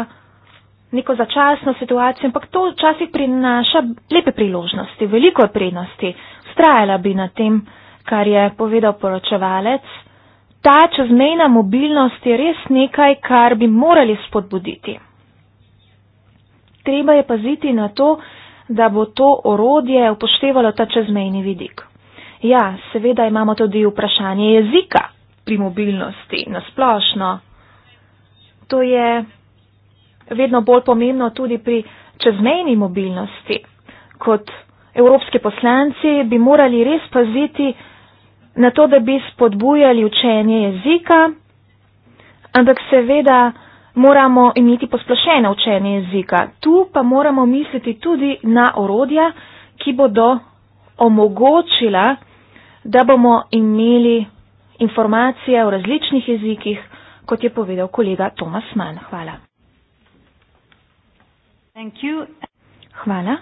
neko začasno situacijo, ampak to včasih prinaša lepe priložnosti, veliko prednosti. Strajala bi na tem, kar je povedal poročevalec, ta čezmejna mobilnost je res nekaj, kar bi morali spodbuditi. Treba je paziti na to, da bo to orodje upoštevalo ta čezmejni vidik. Ja, seveda imamo tudi vprašanje jezika pri mobilnosti na splošno. To je vedno bolj pomembno tudi pri čezmejni mobilnosti. Kot evropski poslanci bi morali res paziti, na to, da bi spodbujali učenje jezika, ampak seveda moramo imeti posplošeno učenje jezika. Tu pa moramo misliti tudi na orodja, ki bodo omogočila, da bomo imeli informacije o različnih jezikih, kot je povedal kolega Tomas Mann. Hvala. Hvala.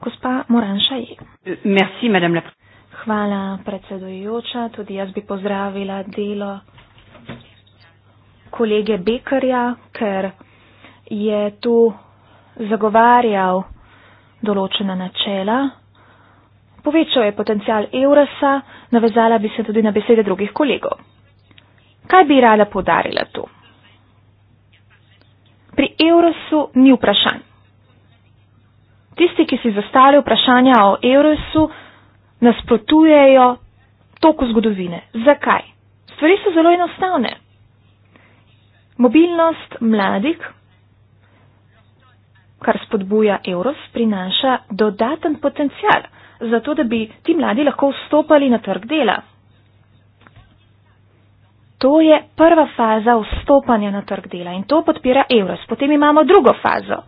Gospa Moranša je. Hvala, predsedujoča. Tudi jaz bi pozdravila delo kolege Bekarja, ker je tu zagovarjal določena načela. Povečal je potencial Eurasa, navezala bi se tudi na besede drugih kolegov. Kaj bi rada podarila tu? Pri Eurosu ni vprašanj. Tisti, ki si zastavljajo vprašanja o Eurosu, nasprotujejo toku zgodovine. Zakaj? Stvari so zelo enostavne. Mobilnost mladih, kar spodbuja Euros, prinaša dodaten potencial za to, da bi ti mladi lahko vstopali na trg dela. To je prva faza vstopanja na trg dela in to podpira Euros. Potem imamo drugo fazo.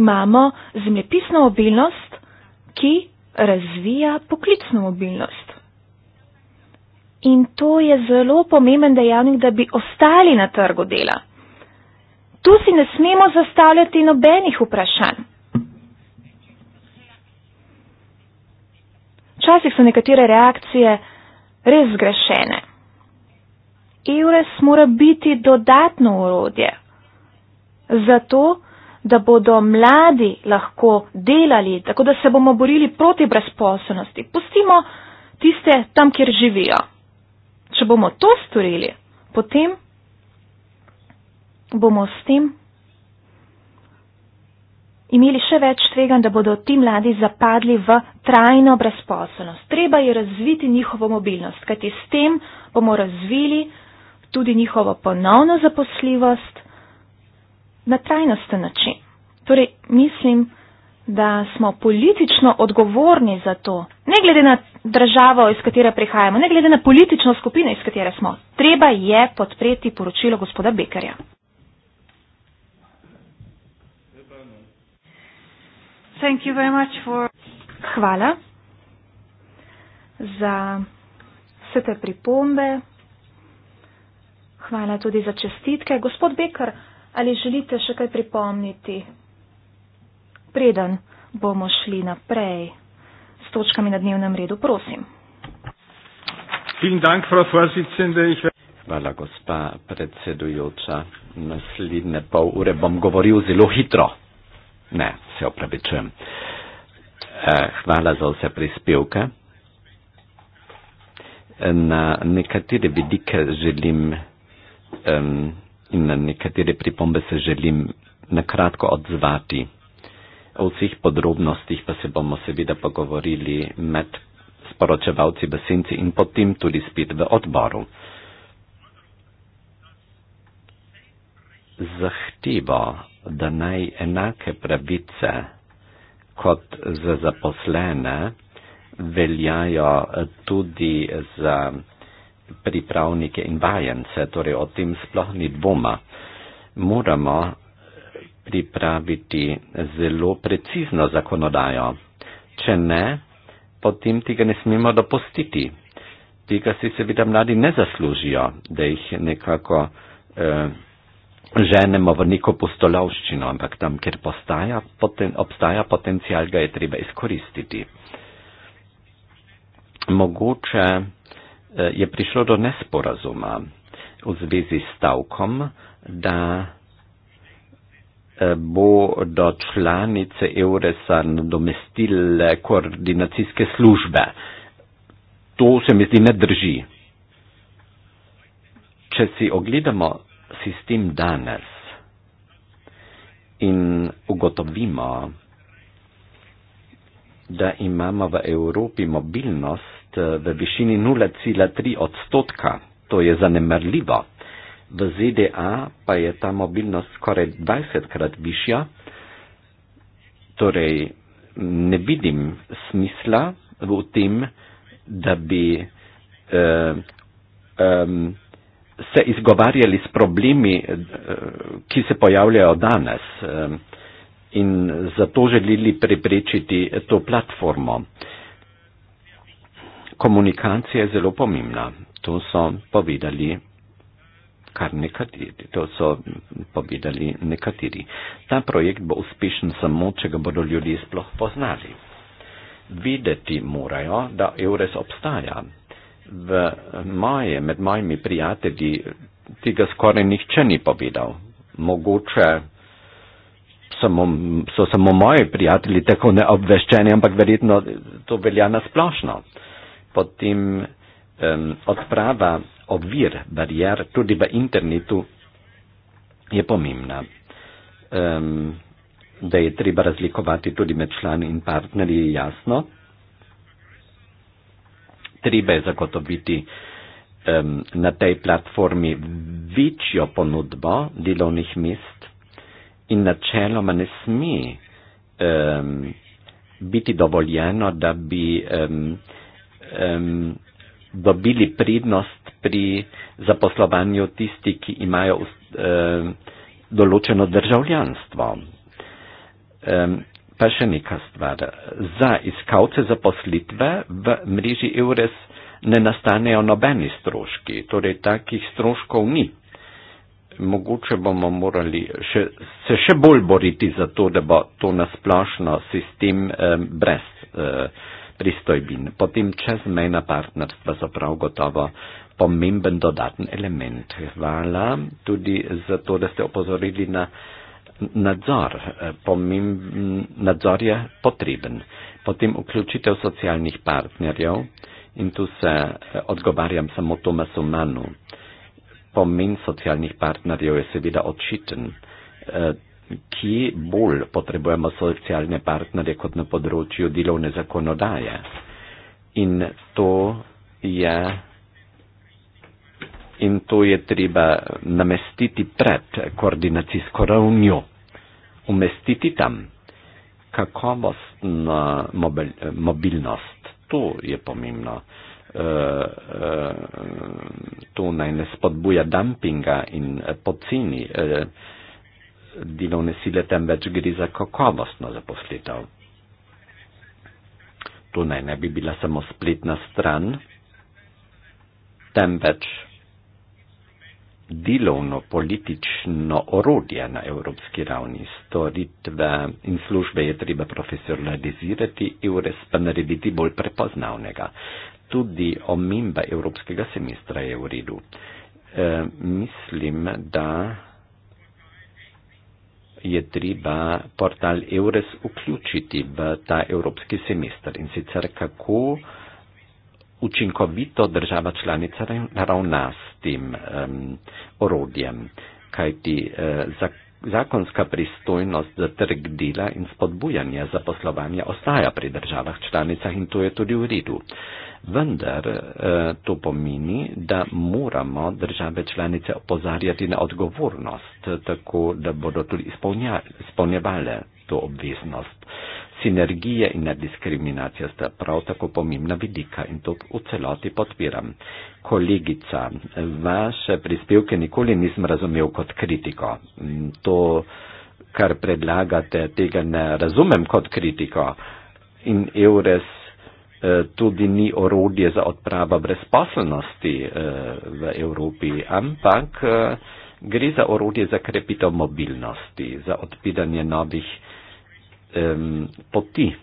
Imamo zemljepisno mobilnost, ki razvija poklicno mobilnost. In to je zelo pomemben dejavnik, da bi ostali na trgu dela. Tu si ne smemo zastavljati nobenih vprašanj. Včasih so nekatere reakcije res zgrešene. Eures mora biti dodatno urodje. Zato, da bodo mladi lahko delali, tako da se bomo borili proti brezposobnosti. Pustimo tiste tam, kjer živijo. Če bomo to storili, potem bomo s tem imeli še več tvegan, da bodo ti mladi zapadli v trajno brezposobnost. Treba je razviti njihovo mobilnost, kajti s tem bomo razvili tudi njihovo ponovno zaposljivost na trajnosten način. Torej, mislim, da smo politično odgovorni za to, ne glede na državo, iz katere prihajamo, ne glede na politično skupino, iz katere smo. Treba je podpreti poročilo gospoda Bekarja. Hvala za vse te pripombe. Hvala tudi za čestitke. Gospod Bekar, Ali želite še kaj pripomniti? Preden bomo šli naprej s točkami na dnevnem redu, prosim. Hvala, gospa predsedujoča. Naslednje pol ure bom govoril zelo hitro. Ne, se opravičujem. Eh, hvala za vse prispevke. Na nekatere vidike želim um, in na nekatere pripombe se želim na kratko odzvati. O vseh podrobnostih pa se bomo seveda pogovorili med sporočevalci v senci in potem tudi spet v odboru. Zahtevo, da naj enake pravice kot za zaposlene veljajo tudi za pripravnike in vajence, torej o tem sploh ni dvoma. Moramo pripraviti zelo precizno zakonodajo. Če ne, potem tega ne smemo dopustiti. Tega si seveda mladi ne zaslužijo, da jih nekako eh, ženemo v neko postolovščino, ampak tam, kjer postaja, poten, obstaja potencial, ga je treba izkoristiti. Mogoče Eh, je prišlo do nesporazuma v zvezi s stavkom, da eh, bo do članice Euresa nadomestile koordinacijske službe. To se mi zdi ne drži. Če si ogledamo sistem danes in ugotovimo, da imamo v Evropi mobilnost eh, v višini 0,3 odstotka. To je zanemrljivo. V ZDA pa je ta mobilnost skoraj 20 krat višja. Torej, ne vidim smisla v tem, da bi eh, eh, se izgovarjali s problemi, eh, ki se pojavljajo danes. Eh, in zato želeli preprečiti to platformo. Komunikacija je zelo pomembna. To so povedali kar nekateri. To so povedali nekateri. Ta projekt bo uspešen samo, če ga bodo ljudje sploh poznali. Videti morajo, da EURES obstaja. V moje, med mojimi prijatelji, tega skoraj nihče ni povedal. Mogoče samo, so samo moji prijatelji tako neobveščeni, ampak verjetno to velja nasplošno. Potem um, odprava ovir, barijer tudi v internetu je pomembna. Um, da je treba razlikovati tudi med člani in partnerji, je jasno. Treba je zagotoviti um, na tej platformi večjo ponudbo delovnih mest in načeloma ne sme um, biti dovoljeno, da bi um, um, dobili prednost pri zaposlovanju tisti, ki imajo um, določeno državljanstvo. Um, pa še neka stvar. Za iskalce zaposlitve v mreži EURES ne nastanejo nobeni stroški, torej takih stroškov ni mogoče bomo morali še, se še bolj boriti za to, da bo to nasplošno sistem eh, brez eh, pristojbin. Potem čezmejna partnerstva so prav gotovo pomemben dodaten element. Hvala tudi za to, da ste opozorili na nadzor. Eh, Pomembn, nadzor je potreben. Potem vključitev socialnih partnerjev in tu se eh, odgovarjam samo Tomasu Manu por min socialni partner io seveda odšiten. Eh, Ki bolj potrebujemo socialne partnerje kot na področju delovne zakonodaje. In to je, in to je treba namestiti pred koordinacijsko ravnjo, umestiti tam kakovostno mobilnost. To je pomembno. Uh, Eh, eh, to naj ne spodbuja dumpinga in eh, poceni delovne sile, temveč gre za kakovostno zaposlitev. To naj ne bi bila samo spletna stran, temveč delovno politično orodje na evropski ravni. Storitve in službe je treba profesionalizirati, EURES pa narediti bolj prepoznavnega tudi omimba evropskega semestra je v redu. E, mislim, da je treba portal EURES vključiti v ta evropski semester in sicer kako učinkovito država članica ravna s tem um, orodjem, kajti uh, za zakonska pristojnost za trg dela in spodbujanje zaposlovanja ostaja pri državah članicah in to je tudi v redu. Vendar eh, to pomeni, da moramo države članice opozarjati na odgovornost, tako da bodo tudi izpolnjevale to obveznost. Sinergije in nediskriminacija sta prav tako pomembna vidika in to v celoti podpiram. Kolegica, vaše prispevke nikoli nisem razumel kot kritiko. To, kar predlagate, tega ne razumem kot kritiko. In EURES eh, tudi ni orodje za odpravo brezposelnosti eh, v Evropi, ampak eh, gre za orodje za krepitev mobilnosti, za odpiranje novih um, poti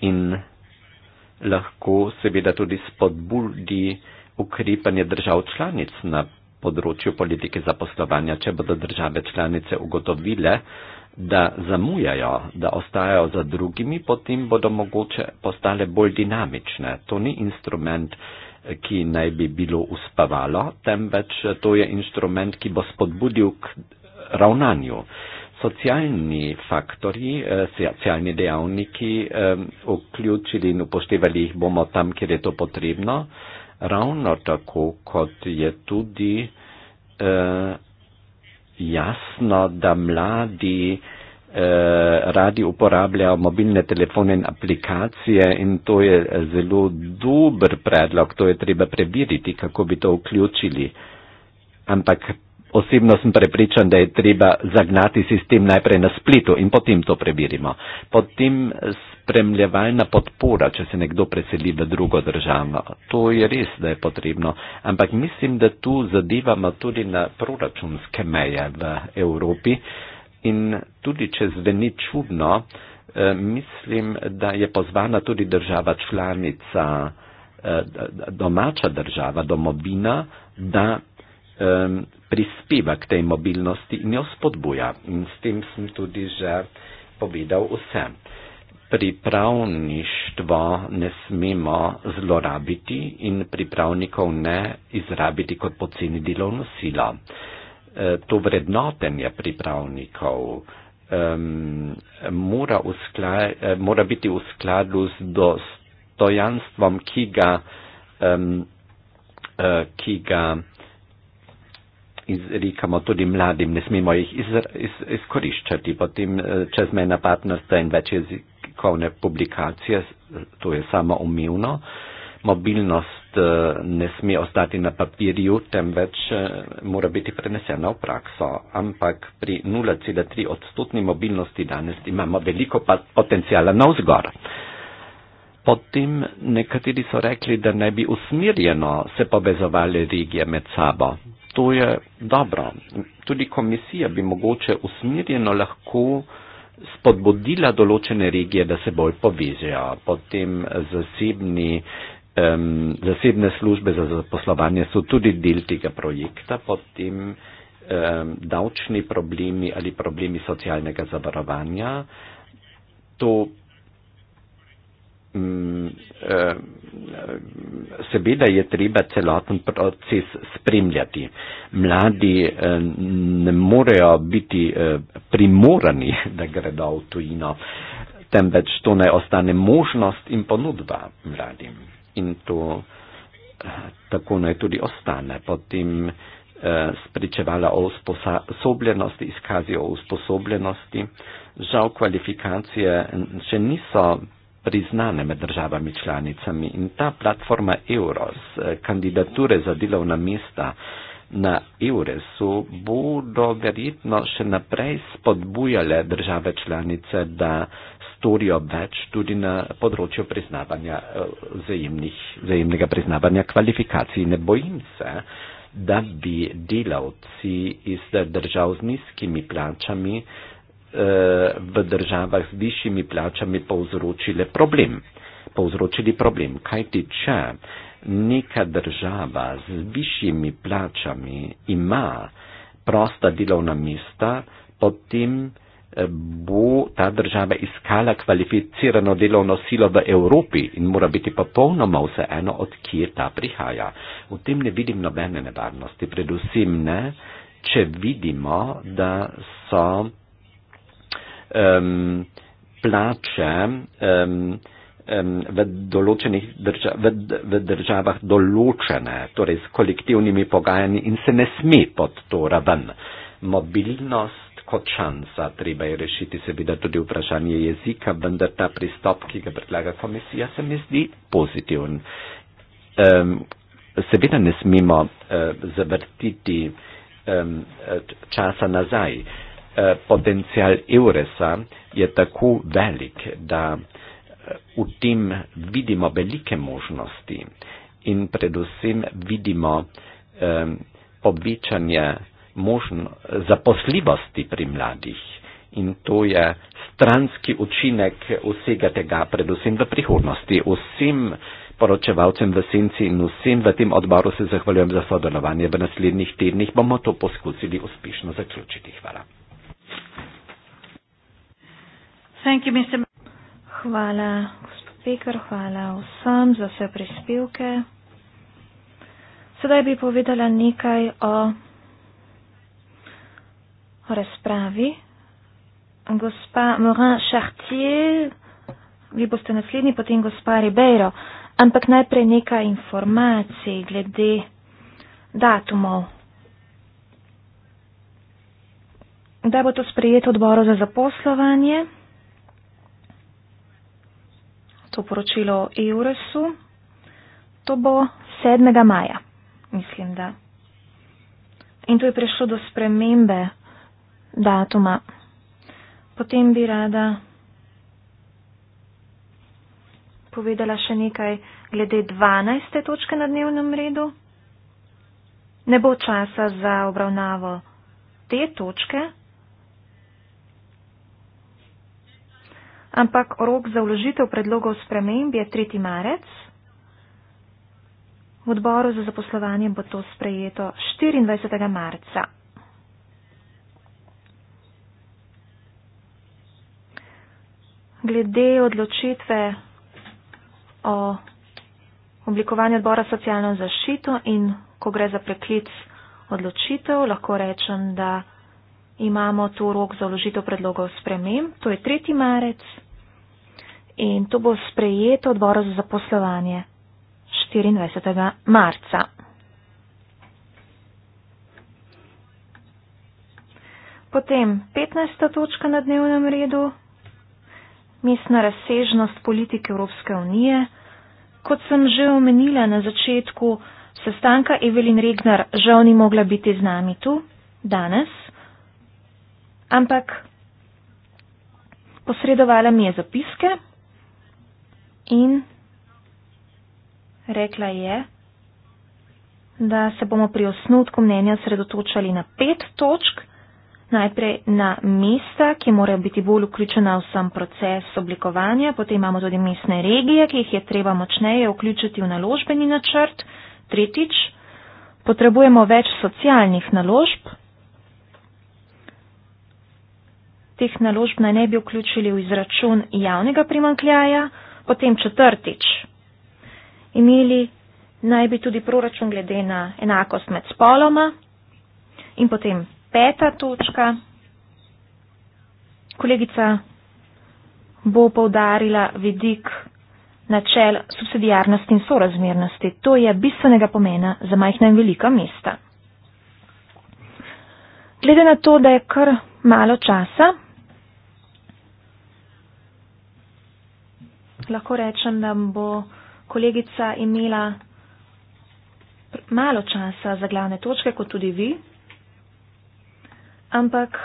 in lahko seveda tudi spodbudi ukrepanje držav članic na področju politike zaposlovanja, če bodo države članice ugotovile, da zamujajo, da ostajajo za drugimi, potem bodo mogoče postale bolj dinamične. To ni instrument, ki naj bi bilo uspavalo, temveč to je instrument, ki bo spodbudil k ravnanju. Uh, socialni faktori, eh, socialni dejavniki vključili in upoštevali jih bomo tam, kjer je to potrebno, ravno tako, kot je tudi eh, jasno, da mladi eh, radi uporabljajo mobilne telefone in aplikacije in to je zelo dober predlog, to je treba prebiriti, kako bi to vključili. Ampak Osebno sem prepričan, da je treba zagnati sistem najprej na splitu in potem to preverimo. Potem spremljevalna podpora, če se nekdo preseli v drugo državo. To je res, da je potrebno. Ampak mislim, da tu zadevamo tudi na proračunske meje v Evropi. In tudi, če zveni čudno, eh, mislim, da je pozvana tudi država članica eh, domača država, domovina, da prispeva k tej mobilnosti in jo spodbuja. In s tem sem tudi že povedal vse. Pripravništvo ne smemo zlorabiti in pripravnikov ne izrabiti kot poceni delovno silo. E, to vrednotenje pripravnikov um, mora, uskla, e, mora biti v skladu z dostojanstvom, ki ga, um, ki ga izrikamo tudi mladim, ne smemo jih izkoriščati. Potem eh, čezmena partnerstva in večjezikovne publikacije, to je samo umivno. Mobilnost eh, ne sme ostati na papirju, temveč eh, mora biti prenesena v prakso. Ampak pri 0,3 odstotni mobilnosti danes imamo veliko potencijala na vzgor. Potem nekateri so rekli, da naj bi usmirjeno se povezovali regije med sabo to je dobro. Tudi komisija bi mogoče usmirjeno lahko spodbudila določene regije, da se bolj povežejo, potem zasebni, um, zasebne službe za zaposlovanje so tudi del tega projekta, potem um, davčni problemi ali problemi socialnega zavarovanja. To seveda je treba celoten proces spremljati. Mladi eh, ne morejo biti eh, primorani, da gredo v tujino, temveč to naj ostane možnost in ponudba mladim. In to eh, tako naj tudi ostane. Potem spričevala o usposobljenosti, izkazi o usposobljenosti. Žal kvalifikacije še niso priznane med državami članicami in ta platforma EUROS, eh, kandidature za delovna mesta na EURES-u bodo verjetno še naprej spodbujale države članice, da storijo več tudi na področju priznavanja eh, vzajemnih, vzajemnega priznavanja kvalifikacij. Ne bojim se, da bi delavci iz držav z nizkimi plačami Eh, v državah z višjimi plačami povzročile problem. Povzročili problem, kaj ti če neka država z višjimi plačami ima prosta delovna mesta, potem eh, bo ta država iskala kvalificirano delovno silo v Evropi in mora biti popolnoma vseeno, od kje ta prihaja. V tem ne vidim nobene nevarnosti, predvsem ne, če vidimo, da so um, plače um, um, v, določenih držav, v, v državah določene, torej s kolektivnimi pogajanji in se ne sme pod to raven. Mobilnost kot šansa treba je rešiti, seveda tudi vprašanje jezika, vendar ta pristop, ki ga predlaga komisija, se mi zdi pozitiven. Um, seveda ne smemo uh, zavrtiti um, časa nazaj. Uh, Eh, potencial Euresa je tako velik, da eh, v tem vidimo velike možnosti in predvsem vidimo eh, povečanje zaposljivosti pri mladih. In to je stranski učinek vsega tega, predvsem v prihodnosti. Vsem poročevalcem v senci in vsem v tem odboru se zahvaljujem za sodelovanje. V naslednjih tednih bomo to poskusili uspešno zaključiti. Hvala. Hvala, gospod Pekar, hvala vsem za vse prispevke. Sedaj bi povedala nekaj o razpravi. Gospa Morin Chartier, vi boste naslednji, potem gospa Ribeiro. Ampak najprej nekaj informacij glede datumov da bo to sprejeto odboru za zaposlovanje, to poročilo EURES-u, to bo 7. maja, mislim da. In tu je prišlo do spremembe datuma. Potem bi rada povedala še nekaj glede 12. točke na dnevnem redu. Ne bo časa za obravnavo te točke. ampak rok za vložitev predlogov sprememb je 3. marec. V odboru za zaposlovanje bo to sprejeto 24. marca. Glede odločitve o oblikovanju odbora socialno zašito in ko gre za preklic odločitev, lahko rečem, da imamo tu rok za vložitev predlogov sprememb, to je 3. marec in to bo sprejeto odboru za zaposlovanje 24. marca. Potem 15. točka na dnevnem redu, mestna razsežnost politike Evropske unije. Kot sem že omenila na začetku sestanka, Evelin Regnar žal ni mogla biti z nami tu danes, ampak posredovala mi je zapiske in rekla je, da se bomo pri osnutku mnenja sredotočali na pet točk. Najprej na mesta, ki morajo biti bolj vključena v sam proces oblikovanja, potem imamo tudi mestne regije, ki jih je treba močneje vključiti v naložbeni načrt. Tretjič, potrebujemo več socialnih naložb. Teh naložb naj ne bi vključili v izračun javnega primankljaja potem četrtič imeli naj bi tudi proračun glede na enakost med spoloma in potem peta točka. Kolegica bo povdarila vidik načel subsidijarnosti in sorazmernosti. To je bistvenega pomena za majhna in velika mesta. Glede na to, da je kar malo časa, lahko rečem, da bo kolegica imela malo časa za glavne točke, kot tudi vi, ampak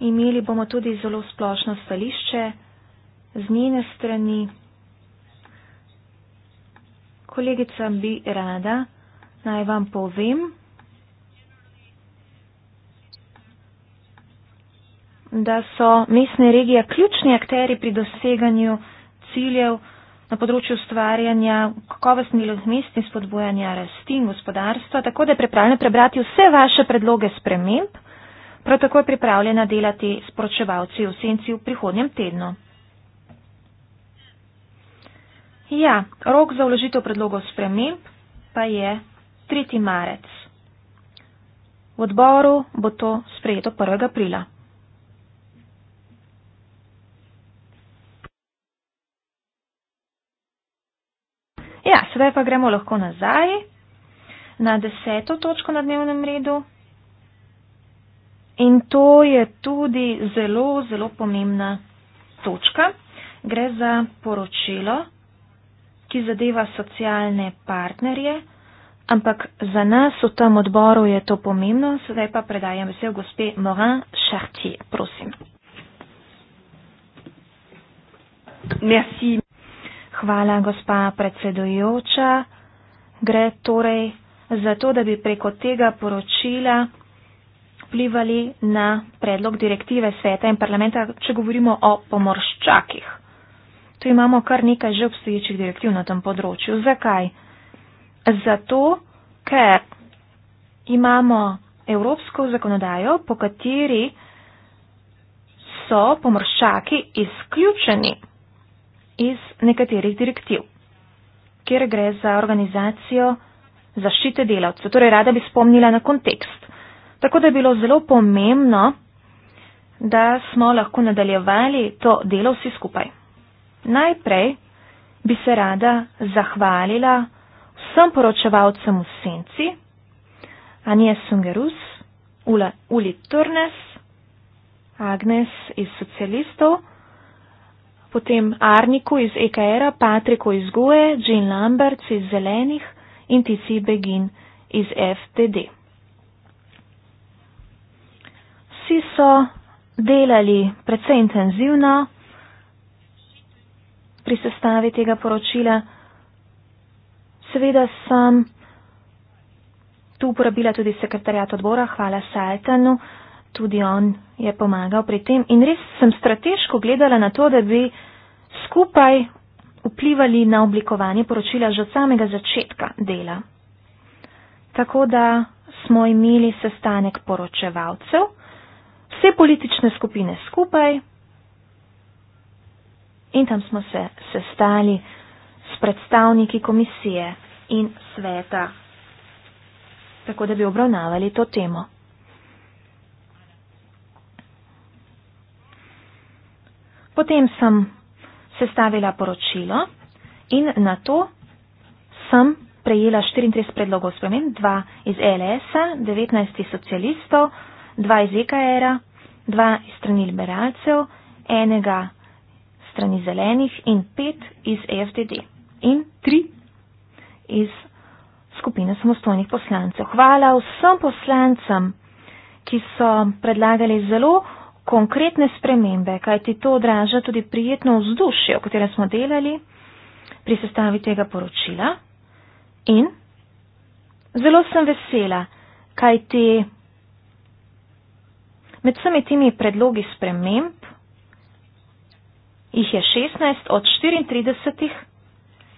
imeli bomo tudi zelo splošno stališče z njene strani. Kolegica bi rada, naj vam povem, da so mestne regije ključni akteri pri doseganju ciljev na področju ustvarjanja kakovostnih delovnih mest in spodbujanja rasti in gospodarstva, tako da je pripravljena prebrati vse vaše predloge sprememb, prav tako je pripravljena delati s poročevalci v senci v prihodnjem tednu. Ja, rok za vložitev predlogov sprememb pa je 3. marec. V odboru bo to sprejeto 1. aprila. Zdaj pa gremo lahko nazaj na deseto točko na dnevnem redu. In to je tudi zelo, zelo pomembna točka. Gre za poročilo, ki zadeva socialne partnerje, ampak za nas v tem odboru je to pomembno. Sedaj pa predajam besedo gospe Morin Chartier. Prosim. Merci. Hvala, gospa predsedujoča. Gre torej za to, da bi preko tega poročila vplivali na predlog direktive sveta in parlamenta, če govorimo o pomorščakih. Tu imamo kar nekaj že obstoječih direktiv na tem področju. Zakaj? Zato, ker imamo evropsko zakonodajo, po kateri so pomorščaki izključeni iz nekaterih direktiv, kjer gre za organizacijo zaščite delavcev. Torej, rada bi spomnila na kontekst. Tako da je bilo zelo pomembno, da smo lahko nadaljevali to delo vsi skupaj. Najprej bi se rada zahvalila vsem poročevalcem v senci, Anije Sungerus, Ula, Uli Turnes, Agnes iz socialistov, potem Arniku iz EKR-a, Patriku iz Goje, Jean Lamberts iz Zelenih in Tici Begin iz FTD. Vsi so delali precej intenzivno pri sestavi tega poročila. Seveda sem tu uporabila tudi sekretarjat odbora, hvala Sajtanu tudi on je pomagal pri tem in res sem strateško gledala na to, da bi skupaj vplivali na oblikovanje poročila že od samega začetka dela. Tako da smo imeli sestanek poročevalcev, vse politične skupine skupaj in tam smo se sestali s predstavniki komisije in sveta, tako da bi obravnavali to temo. Potem sem sestavila poročilo in na to sem prejela 34 predlogov sprememb, 2 iz LS-a, 19 iz socialistov, 2 iz EKR-a, 2 iz strani liberalcev, enega strani zelenih in 5 iz e FDD in 3 iz skupine samostojnih poslancev. Hvala vsem poslancem, ki so predlagali zelo konkretne spremembe, kaj ti to odraža tudi prijetno vzdušje, o katerem smo delali pri sestavi tega poročila. In zelo sem vesela, kaj ti med vsemi temi predlogi sprememb, jih je 16 od 34,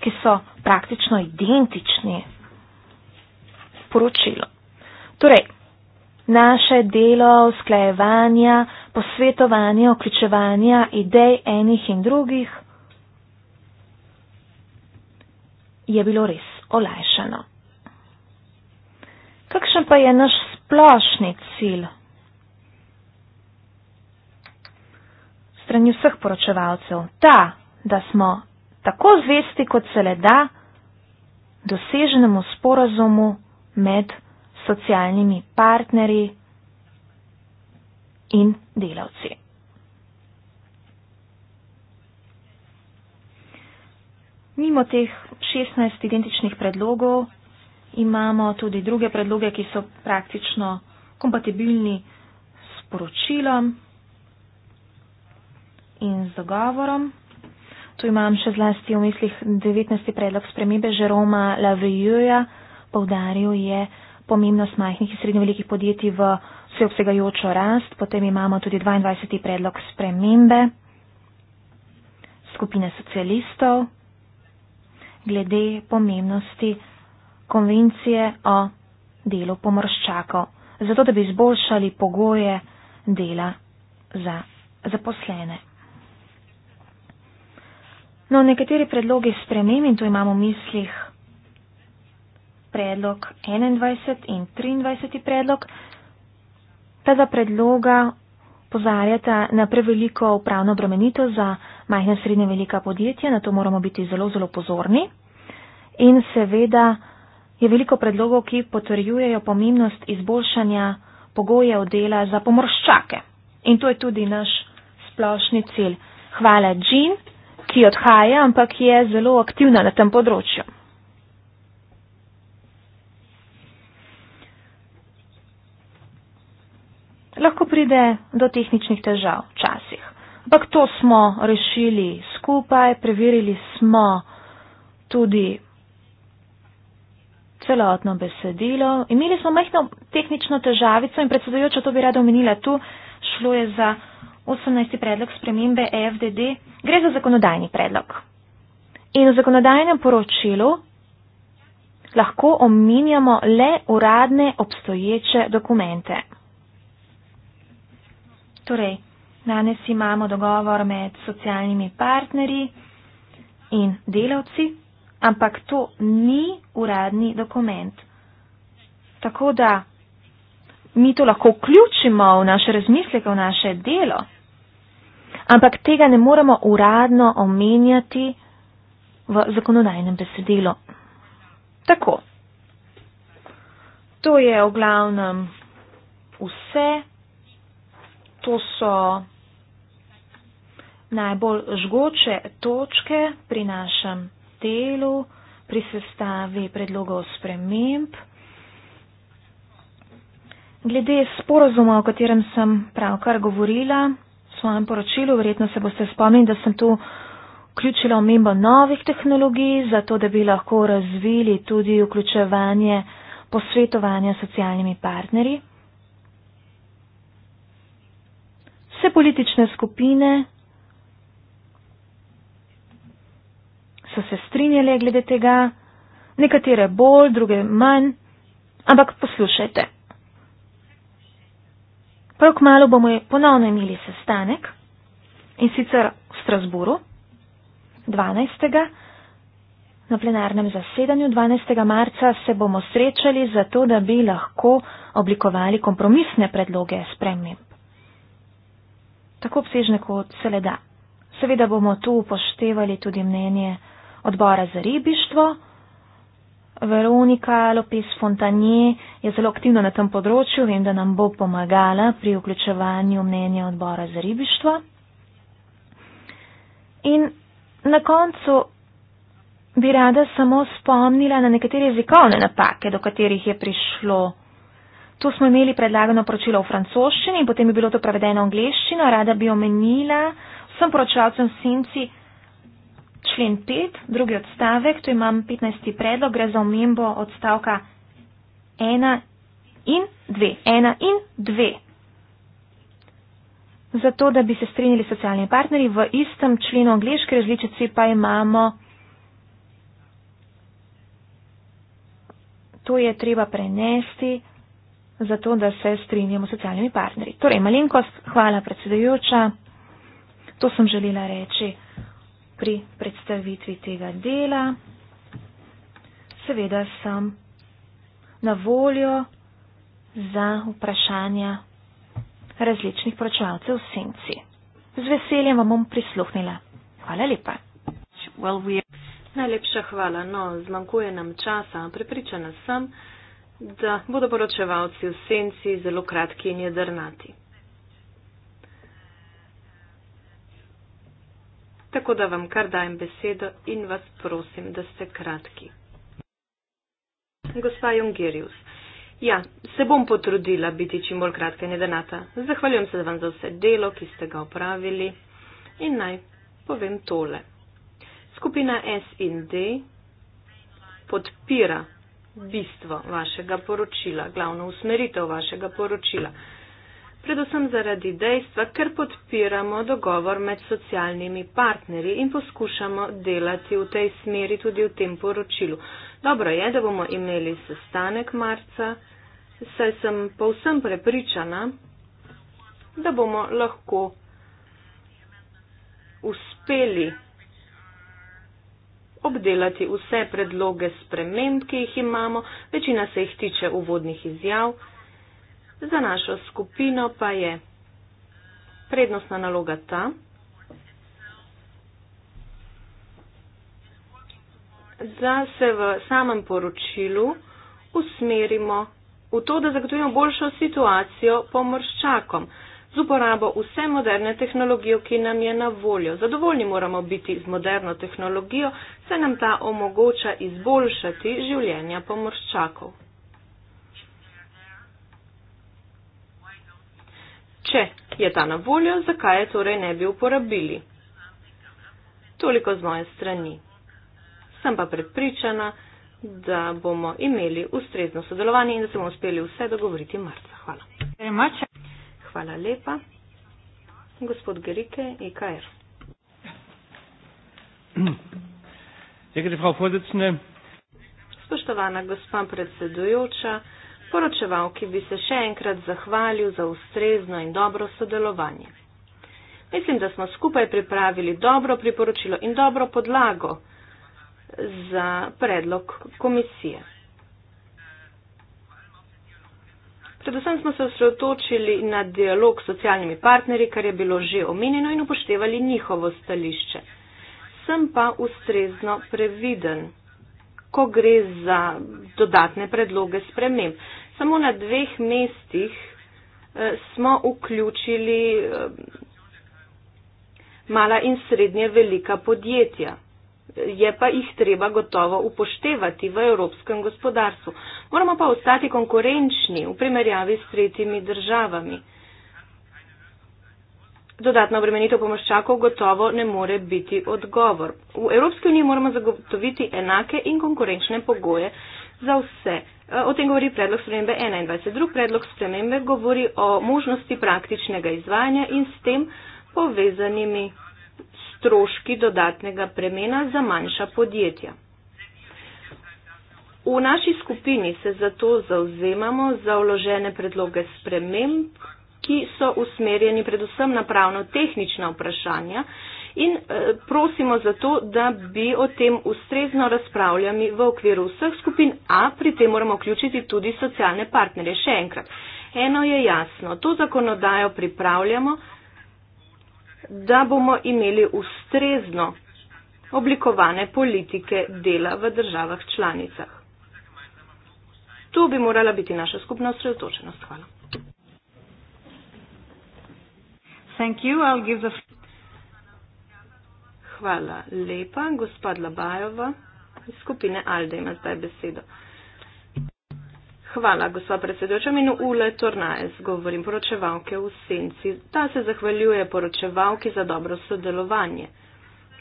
ki so praktično identični poročilo. Torej, Naše delo usklajevanja, posvetovanja, vključevanja idej enih in drugih je bilo res olajšano. Kakšen pa je naš splošni cilj? Strani vseh poročevalcev ta, da smo tako zvesti, kot se le da, doseženemu sporazumu med državami socialnimi partnerji in delavci. Mimo teh 16 identičnih predlogov imamo tudi druge predloge, ki so praktično kompatibilni s poročilom in z dogovorom. Tu imam še zlasti v mislih 19. predlog spremembe Žeroma Lavrijuja. Povdaril je, pomembnost majhnih in srednje velikih podjetij v vseobsegajočo rast. Potem imamo tudi 22. predlog spremembe skupine socialistov glede pomembnosti konvencije o delu pomorščakov, zato da bi izboljšali pogoje dela za zaposlene. No, nekateri predlogi spremem in to imamo v mislih predlog 21 in 23 predlog. Ta dva predloga pozarjata na preveliko upravno obremenitev za majhne srednje velika podjetja, na to moramo biti zelo, zelo pozorni. In seveda je veliko predlogov, ki potrjujejo pomembnost izboljšanja pogojev dela za pomorščake. In to je tudi naš splošni cilj. Hvala Jean, ki odhaja, ampak je zelo aktivna na tem področju. lahko pride do tehničnih težav včasih. Ampak to smo rešili skupaj, preverili smo tudi celotno besedilo. Imeli smo majhno tehnično težavico in predsedujoča to bi rada omenila tu. Šlo je za 18. predlog spremembe EFDD. Gre za zakonodajni predlog. In v zakonodajnem poročilu lahko omenjamo le uradne obstoječe dokumente. Torej, danes imamo dogovor med socialnimi partnerji in delavci, ampak to ni uradni dokument. Tako da mi to lahko vključimo v naše razmisleke, v naše delo, ampak tega ne moremo uradno omenjati v zakonodajnem besedilu. Tako. To je v glavnem vse to so najbolj žgoče točke pri našem delu, pri sestavi predlogov sprememb. Glede sporozuma, o katerem sem pravkar govorila v svojem poročilu, verjetno se boste spomnili, da sem tu vključila omembo novih tehnologij, zato da bi lahko razvili tudi vključevanje posvetovanja s socialnimi partnerji. Vse politične skupine so se strinjale glede tega, nekatere bolj, druge manj, ampak poslušajte. Prav kmalo bomo ponovno imeli sestanek in sicer v Strasburu 12. na plenarnem zasedanju 12. marca se bomo srečali zato, da bi lahko oblikovali kompromisne predloge sprememb tako obsežne, kot se le da. Seveda bomo tu upoštevali tudi mnenje odbora za ribištvo. Veronika Lopez Fontanje je zelo aktivna na tem področju, vem, da nam bo pomagala pri vključevanju mnenja odbora za ribištvo. In na koncu bi rada samo spomnila na nekatere jezikovne napake, do katerih je prišlo. To smo imeli predlagano poročilo v francoščini in potem je bilo to prevedeno v angliščino. Rada bi omenila vsem poročalcem senci člen 5, drugi odstavek. Tu imam 15. predlog, gre za omembo odstavka 1 in 2. 1 in 2. Zato, da bi se strinjali socialni partnerji v istem členu angliške različici, pa imamo. To je treba prenesti za to, da se strinjamo s socialnimi partnerji. Torej, malenkost, hvala predsedujoča. To sem želela reči pri predstavitvi tega dela. Seveda sem na voljo za vprašanja različnih pročevalcev v senci. Z veseljem vam bom prisluhnila. Hvala lepa. Well, we... Najlepša hvala. No, zmanjkuje nam časa. Pripričana sem da bodo poročevalci v senci zelo kratki in jedrnati. Tako da vam kar dajem besedo in vas prosim, da ste kratki. Gospa Jungirius, ja, se bom potrudila biti čim bolj kratka in jedrnata. Zahvaljujem se vam za vse delo, ki ste ga opravili in naj povem tole. Skupina S in D podpira bistvo vašega poročila, glavno usmeritev vašega poročila. Predvsem zaradi dejstva, ker podpiramo dogovor med socialnimi partnerji in poskušamo delati v tej smeri tudi v tem poročilu. Dobro je, da bomo imeli sestanek marca, saj sem povsem prepričana, da bomo lahko uspeli obdelati vse predloge sprememb, ki jih imamo, večina se jih tiče uvodnih izjav. Za našo skupino pa je prednostna naloga ta, da se v samem poročilu usmerimo v to, da zagotovimo boljšo situacijo pomorščakom z uporabo vse moderne tehnologije, ki nam je na voljo. Zadovoljni moramo biti z moderno tehnologijo, saj nam ta omogoča izboljšati življenja pomorščakov. Če je ta na voljo, zakaj je torej ne bi uporabili? Toliko z moje strani. Sem pa prepričana, da bomo imeli ustrezno sodelovanje in da se bomo uspeli vse dogovoriti marca. Hvala. Hvala lepa. Gospod Gerike, IKR. E Spoštovana gospa predsedujoča, poročevalki bi se še enkrat zahvalil za ustrezno in dobro sodelovanje. Mislim, da smo skupaj pripravili dobro priporočilo in dobro podlago za predlog komisije. Predvsem smo se osredotočili na dialog s socialnimi partnerji, kar je bilo že omenjeno in upoštevali njihovo stališče. Sem pa ustrezno previden, ko gre za dodatne predloge sprememb. Samo na dveh mestih eh, smo vključili eh, mala in srednje velika podjetja je pa jih treba gotovo upoštevati v evropskem gospodarstvu. Moramo pa ostati konkurenčni v primerjavi s tretjimi državami. Dodatna obremenitev pomoščakov gotovo ne more biti odgovor. V Evropski uniji moramo zagotoviti enake in konkurenčne pogoje za vse. E, o tem govori predlog spremembe 21. Drugi predlog spremembe govori o možnosti praktičnega izvajanja in s tem povezanimi stroški dodatnega premena za manjša podjetja. V naši skupini se zato zauzemamo za vložene predloge sprememb, ki so usmerjeni predvsem na pravno-tehnična vprašanja in eh, prosimo zato, da bi o tem ustrezno razpravljali v okviru vseh skupin, a pri tem moramo vključiti tudi socialne partnere. Še enkrat, eno je jasno, to zakonodajo pripravljamo da bomo imeli ustrezno oblikovane politike dela v državah članicah. Tu bi morala biti naša skupna osredotočenost. Hvala. Hvala lepa. Gospod Labajova iz skupine Alde ima zdaj besedo. Hvala, gospod predsedujoč. Minu Ule Tornajez, govorim poročevalke v Senci. Ta se zahvaljuje poročevalki za dobro sodelovanje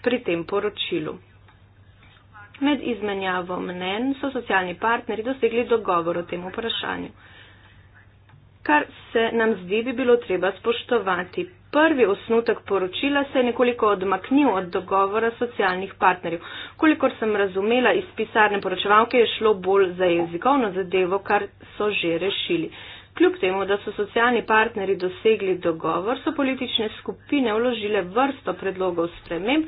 pri tem poročilu. Med izmenjavo mnen so socialni partneri dosegli dogovor o tem vprašanju kar se nam zdi bi bilo treba spoštovati. Prvi osnutek poročila se je nekoliko odmaknil od dogovora socialnih partnerjev. Kolikor sem razumela iz pisarne poročevalke, je šlo bolj za jezikovno zadevo, kar so že rešili. Kljub temu, da so socialni partnerji dosegli dogovor, so politične skupine vložile vrsto predlogov sprememb,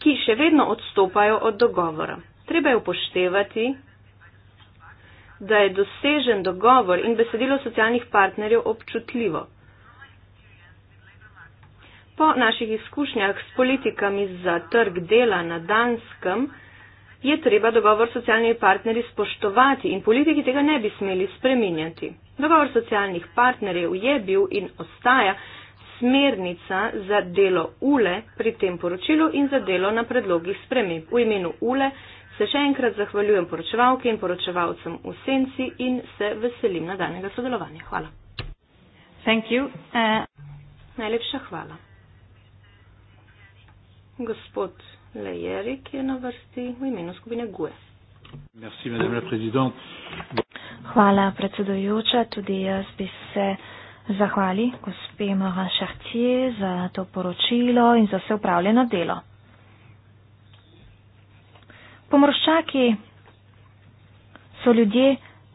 ki še vedno odstopajo od dogovora. Treba je upoštevati, da je dosežen dogovor in besedilo socialnih partnerjev občutljivo. Po naših izkušnjah s politikami za trg dela na Danskem je treba dogovor s socialnimi partnerji spoštovati in politiki tega ne bi smeli spreminjati. Dogovor socialnih partnerjev je bil in ostaja smernica za delo ULE pri tem poročilu in za delo na predlogih sprememb. V imenu ULE Se še enkrat zahvaljujem poročevalki in poročevalcem v senci in se veselim nadaljnega sodelovanja. Hvala. Thank you. Uh... Najlepša hvala. Gospod Lejerik je na vrsti v imenu skupine GUE. Merci, hvala, predsedujoča. Tudi jaz bi se zahvali gospe Mara Šartje za to poročilo in za vse upravljeno delo. Pomorščaki so ljudje,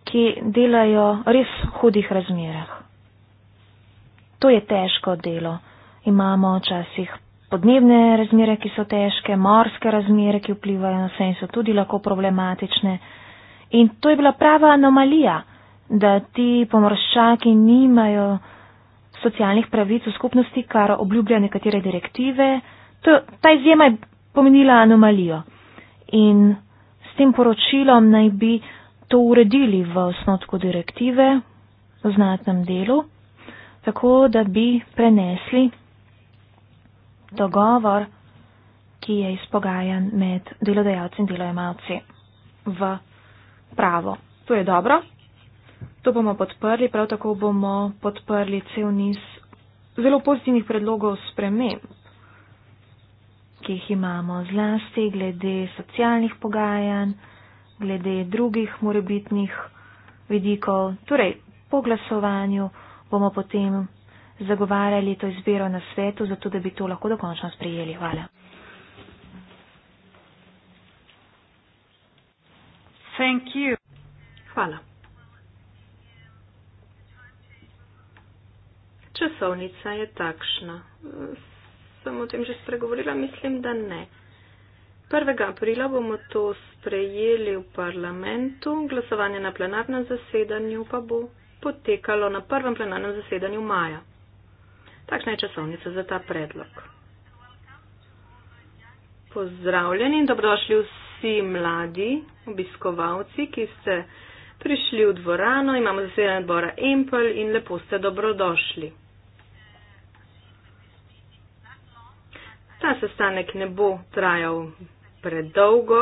ki delajo res v hudih razmerah. To je težko delo. Imamo včasih podnebne razmere, ki so težke, morske razmere, ki vplivajo na vse in so tudi lahko problematične. In to je bila prava anomalija, da ti pomorščaki nimajo socialnih pravic v skupnosti, kar obljubljajo nekatere direktive. To, ta izjema je pomenila anomalijo in s tem poročilom naj bi to uredili v osnotku direktive v znatnem delu, tako da bi prenesli dogovor, ki je izpogajan med delodajalci in delojemalci v pravo. To je dobro. To bomo podprli, prav tako bomo podprli cel niz zelo pozitivnih predlogov sprememb ki jih imamo zlasti glede socialnih pogajanj, glede drugih morebitnih vidikov. Torej, po glasovanju bomo potem zagovarjali to izbiro na svetu, zato da bi to lahko dokončno sprejeli. Hvala. Thank you. Hvala. Časovnica je takšna sem o tem že spregovorila, mislim, da ne. 1. aprila bomo to sprejeli v parlamentu, glasovanje na plenarnem zasedanju pa bo potekalo na prvem plenarnem zasedanju maja. Takšna je časovnica za ta predlog. Pozdravljeni in dobrodošli vsi mladi obiskovalci, ki ste prišli v dvorano, imamo zasedanje odbora Empel in lepo ste dobrodošli. Ta sestanek ne bo trajal predolgo,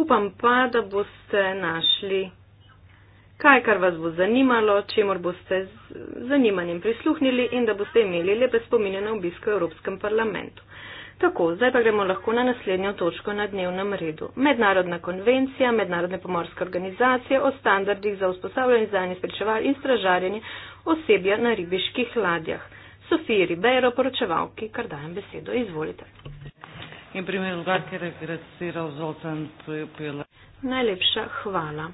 upam pa, da boste našli kaj, kar vas bo zanimalo, čemor boste z zanimanjem prisluhnili in da boste imeli lepe spominje na obisk v Evropskem parlamentu. Tako, zdaj pa gremo lahko na naslednjo točko na dnevnem redu. Mednarodna konvencija, Mednarodne pomorske organizacije o standardih za vzpostavljanje zanje sprečeval in stražarjenje osebja na ribiških ladjah. Sofiji Ribeiro, poročevalki, kar dajem besedo. Izvolite. In primer Lugarke regresira v Zoltan Pujopila. Najlepša hvala.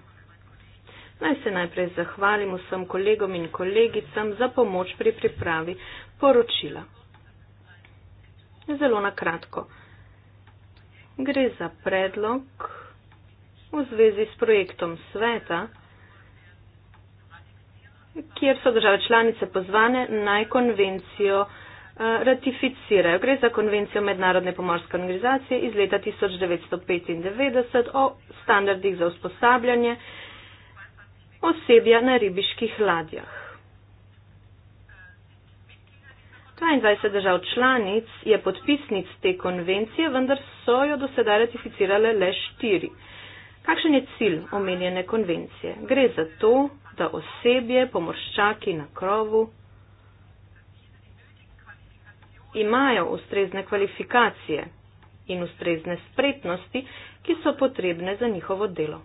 Naj se najprej zahvalim vsem kolegom in kolegicam za pomoč pri pripravi poročila. Zelo na kratko. Gre za predlog v zvezi s projektom sveta, kjer so države članice pozvane naj konvencijo eh, ratificirajo. Gre za konvencijo Mednarodne pomorske organizacije iz leta 1995 o standardih za usposabljanje osebja na ribiških ladjah. 22 držav članic je podpisnic te konvencije, vendar so jo do sedaj ratificirale le štiri. Kakšen je cilj omenjene konvencije? Gre za to, vrhta osebje, pomorščaki na krovu, imajo ustrezne kvalifikacije in ustrezne spretnosti, ki so potrebne za njihovo delo.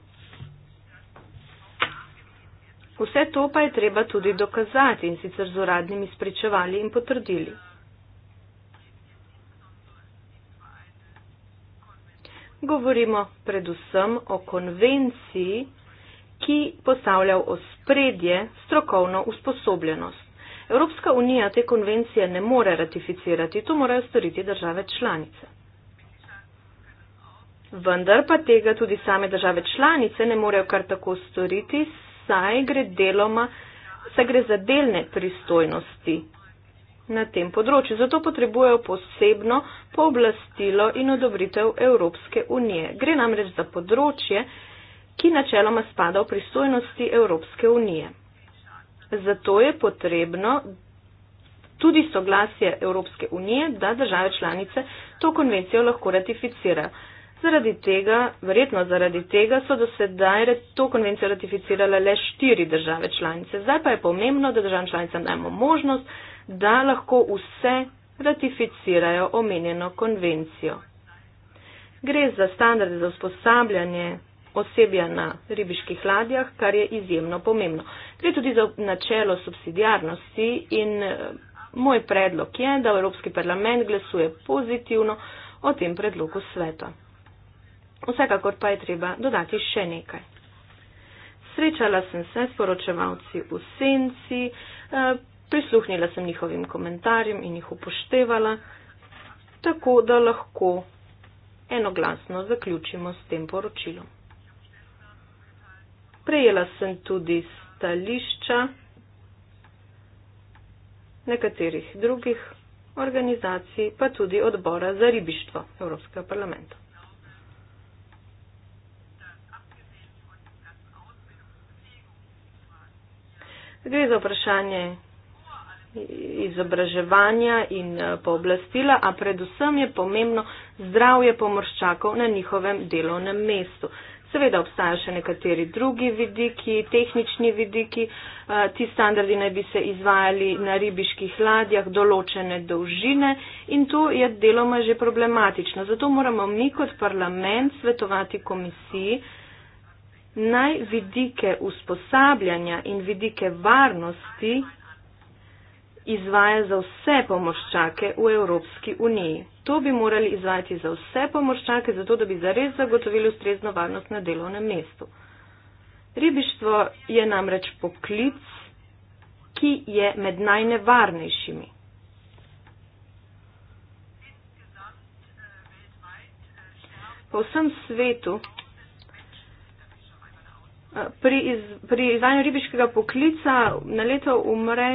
Vse to pa je treba tudi dokazati in sicer z uradnimi spričevali in potrdili. Govorimo predvsem o konvenciji ki postavlja v spredje strokovno usposobljenost. Evropska unija te konvencije ne more ratificirati, to morajo storiti države članice. Vendar pa tega tudi same države članice ne morejo kar tako storiti, saj gre, deloma, saj gre za delne pristojnosti na tem področju. Zato potrebujejo posebno pooblastilo in odobritev Evropske unije. Gre namreč za področje, ki načeloma spada v pristojnosti Evropske unije. Zato je potrebno tudi soglasje Evropske unije, da države članice to konvencijo lahko ratificirajo. Zaradi tega, verjetno zaradi tega, so do sedaj to konvencijo ratificirale le štiri države članice. Zdaj pa je pomembno, da državam članicam dajemo možnost, da lahko vse ratificirajo omenjeno konvencijo. Gre za standarde za usposabljanje osebja na ribiških ladjah, kar je izjemno pomembno. Gre tudi za načelo subsidijarnosti in eh, moj predlog je, da Evropski parlament glasuje pozitivno o tem predlogu sveta. Vsekakor pa je treba dodati še nekaj. Srečala sem se s poročevalci v senci, eh, prisluhnila sem njihovim komentarjem in jih upoštevala, tako da lahko enoglasno zaključimo s tem poročilom prejela sem tudi stališča nekaterih drugih organizacij, pa tudi odbora za ribištvo Evropskega parlamenta. Gre za vprašanje izobraževanja in eh, pooblastila, a predvsem je pomembno zdravje pomorščakov na njihovem delovnem mestu. Seveda obstajajo še nekateri drugi vidiki, tehnični vidiki. Eh, ti standardi naj bi se izvajali na ribiških ladjah določene dolžine in to je deloma že problematično. Zato moramo mi kot parlament svetovati komisiji naj vidike usposabljanja in vidike varnosti izvaja za vse pomoščake v Evropski uniji. To bi morali izvajati za vse pomoščake, zato da bi zares zagotovili ustrezno varnost na delovnem mestu. Ribištvo je namreč poklic, ki je med najnevarnejšimi. Po vsem svetu eh, pri, iz, pri izvajanju ribiškega poklica na leto umre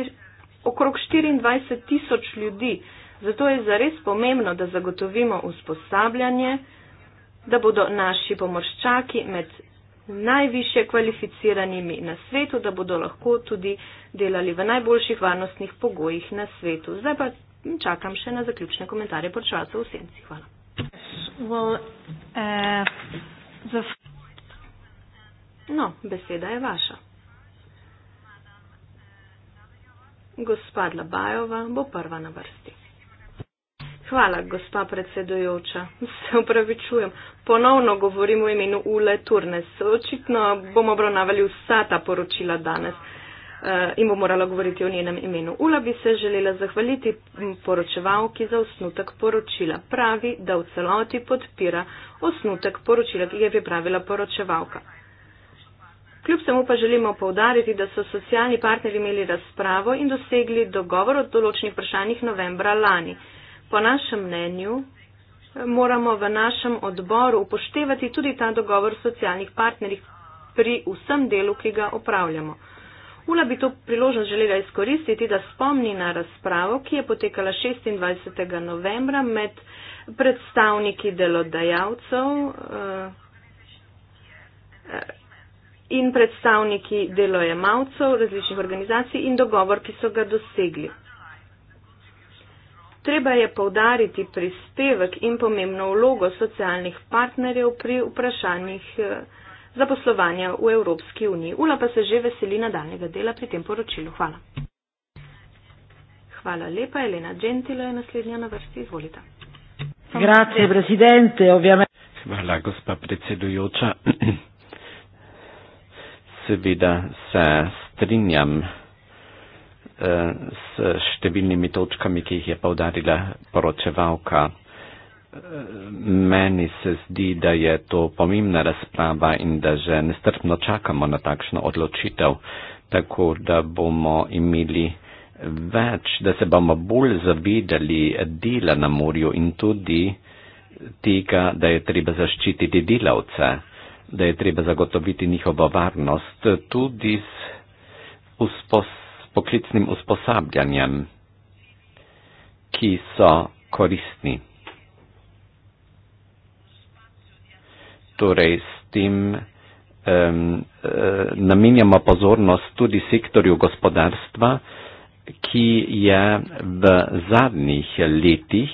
okrog 24 tisoč ljudi, zato je zares pomembno, da zagotovimo usposabljanje, da bodo naši pomorščaki med najviše kvalificiranimi na svetu, da bodo lahko tudi delali v najboljših varnostnih pogojih na svetu. Zdaj pa čakam še na zaključne komentarje počasov v senci. Hvala. Well, uh, the... No, beseda je vaša. Gospa Dlabajova bo prva na vrsti. Hvala, gospa predsedujoča. Se upravičujem. Ponovno govorim v imenu Ule Turnes. Očitno bomo obravnavali vsa ta poročila danes eh, in bo morala govoriti o njenem imenu. Ula bi se želela zahvaliti poročevalki za osnutek poročila. Pravi, da v celoti podpira osnutek poročila, ki je pripravila poročevalka. Kljub temu pa želimo povdariti, da so socialni partneri imeli razpravo in dosegli dogovor o določenih vprašanjih novembra lani. Po našem mnenju eh, moramo v našem odboru upoštevati tudi ta dogovor socialnih partnerjih pri vsem delu, ki ga opravljamo. Ula bi to priložnost želela izkoristiti, da spomni na razpravo, ki je potekala 26. novembra med predstavniki delodajalcev, eh, eh, in predstavniki delojemalcev različnih organizacij in dogovor, ki so ga dosegli. Treba je povdariti prispevek in pomembno vlogo socialnih partnerjev pri vprašanjih eh, zaposlovanja v Evropski uniji. Ula pa se že veseli nadaljnega dela pri tem poročilu. Hvala. Hvala lepa. Elena Gentilo je naslednja na vrsti. Izvolite. Grazie, Presidente. Ovviamente. Hvala, gospa predsedujoča. seveda se strinjam eh, s številnimi točkami, ki jih je povdarila poročevalka. Eh, meni se zdi, da je to pomembna razprava in da že nestrpno čakamo na takšno odločitev, tako da bomo imeli več, da se bomo bolj zavedali dela na morju in tudi tega, da je treba zaščititi delavce da je treba zagotoviti njihovo varnost tudi s uspos, poklicnim usposabljanjem, ki so koristni. Torej, s tem um, uh, namenjamo pozornost tudi sektorju gospodarstva, ki je v zadnjih letih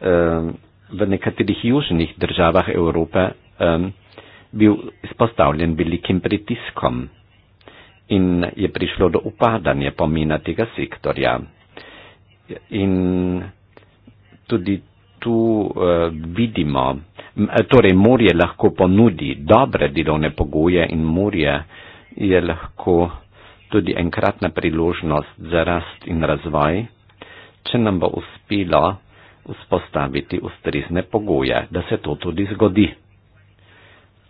um, v nekaterih južnih državah Evrope bil izpostavljen velikim pritiskom in je prišlo do upadanja pomina tega sektorja. In tudi tu eh, vidimo, eh, torej morje lahko ponudi dobre delovne pogoje in morje je lahko tudi enkratna priložnost za rast in razvoj, če nam bo uspelo vzpostaviti ustrezne pogoje, da se to tudi zgodi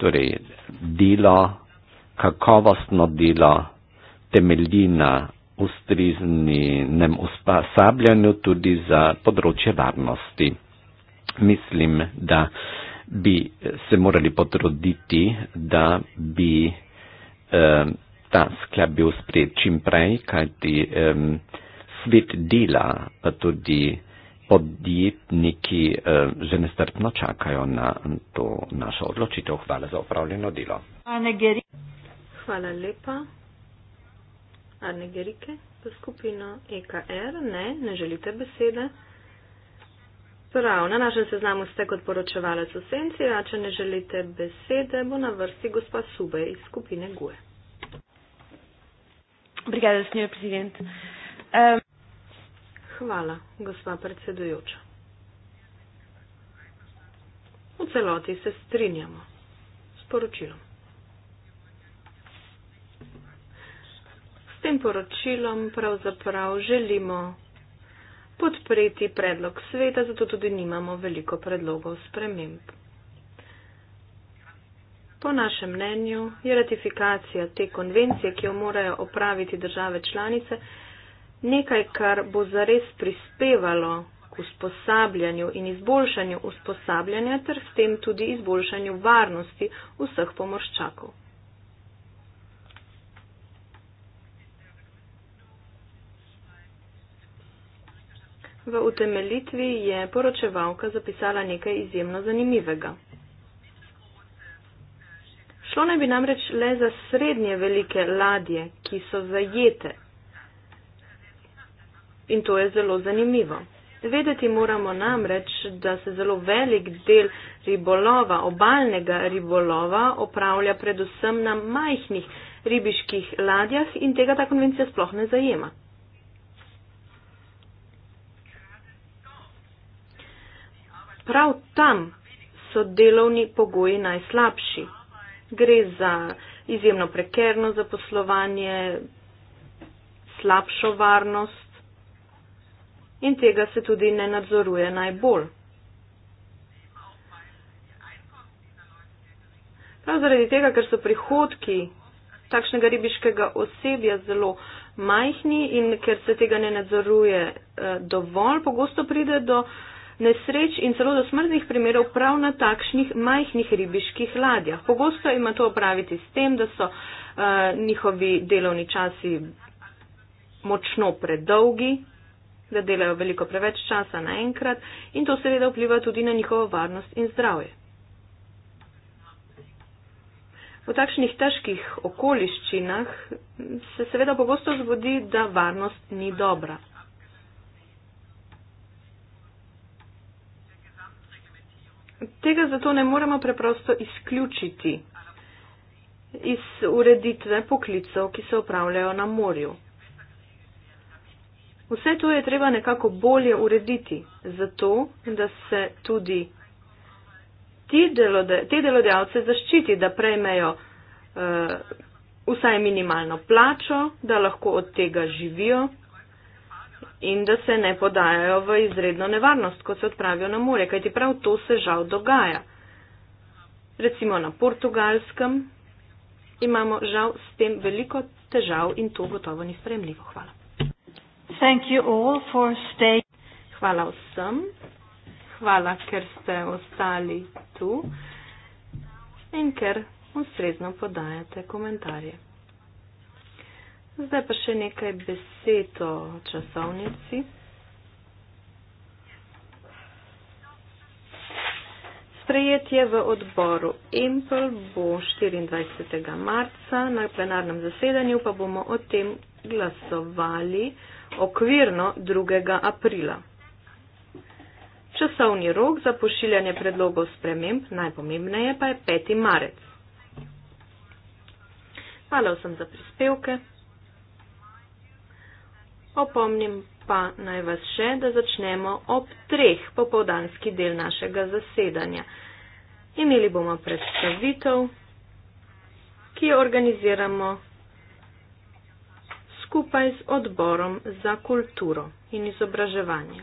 torej dela, kakovostno dela, temelji na ustriznem usposabljanju tudi za področje varnosti. Mislim, da bi se morali potruditi, da bi eh, ta sklep bil sprejet čim prej, kajti eh, svet dela pa tudi eh, podjetniki eh, že nestrpno čakajo na to našo odločitev. Hvala za opravljeno delo. Hvala lepa. Arne Gerike za skupino EKR. Ne, ne želite besede. Prav, na našem seznamu ste kot poročevalec v senci, a če ne želite besede, bo na vrsti gospa Sube iz skupine GUE. Obrigada, gospod predsednik. Um, Hvala, gospa predsedujoča. V celoti se strinjamo s poročilom. S tem poročilom pravzaprav želimo podpreti predlog sveta, zato tudi nimamo veliko predlogov sprememb. Po našem mnenju je ratifikacija te konvencije, ki jo morajo opraviti države članice, nekaj, kar bo zares prispevalo k usposabljanju in izboljšanju usposabljanja ter s tem tudi izboljšanju varnosti vseh pomorščakov. V utemelitvi je poročevalka zapisala nekaj izjemno zanimivega. Šlo naj bi namreč le za srednje velike ladje, ki so zajete in to je zelo zanimivo. Vedeti moramo namreč, da se zelo velik del ribolova, obalnega ribolova, opravlja predvsem na majhnih ribiških ladjah in tega ta konvencija sploh ne zajema. Prav tam so delovni pogoji najslabši. Gre za izjemno prekerno zaposlovanje, slabšo varnost in tega se tudi ne nadzoruje najbolj. Prav zaradi tega, ker so prihodki takšnega ribiškega osebja zelo majhni in ker se tega ne nadzoruje eh, dovolj, pogosto pride do nesreč in celo do smrtnih primerov prav na takšnih majhnih ribiških ladjah. Pogosto ima to opraviti s tem, da so uh, njihovi delovni časi močno predolgi, da delajo veliko preveč časa naenkrat in to seveda vpliva tudi na njihovo varnost in zdravje. V takšnih težkih okoliščinah se seveda pogosto zgodi, da varnost ni dobra. Tega zato ne moremo preprosto izključiti iz ureditve poklicov, ki se upravljajo na morju. Vse to je treba nekako bolje urediti, zato da se tudi te delodajalce zaščiti, da prejmejo uh, vsaj minimalno plačo, da lahko od tega živijo in da se ne podajajo v izredno nevarnost, ko se odpravijo na more, kajti prav to se žal dogaja. Recimo na portugalskem imamo žal s tem veliko težav in to gotovo ni spremljivo. Hvala. Thank you all for staying. Hvala vsem. Hvala, ker ste ostali tu in ker ustrezno podajate komentarje. Zdaj pa še nekaj besed o časovnici. Sprejetje v odboru EMPL bo 24. marca, na plenarnem zasedanju pa bomo o tem glasovali okvirno 2. aprila. Časovni rok za pošiljanje predlogov sprememb, najpomembneje pa je 5. marec. Hvala vsem za prispevke. Opomnim pa naj vas še, da začnemo ob treh popovdanski del našega zasedanja. Imeli bomo predstavitev, ki jo organiziramo skupaj z odborom za kulturo in izobraževanje.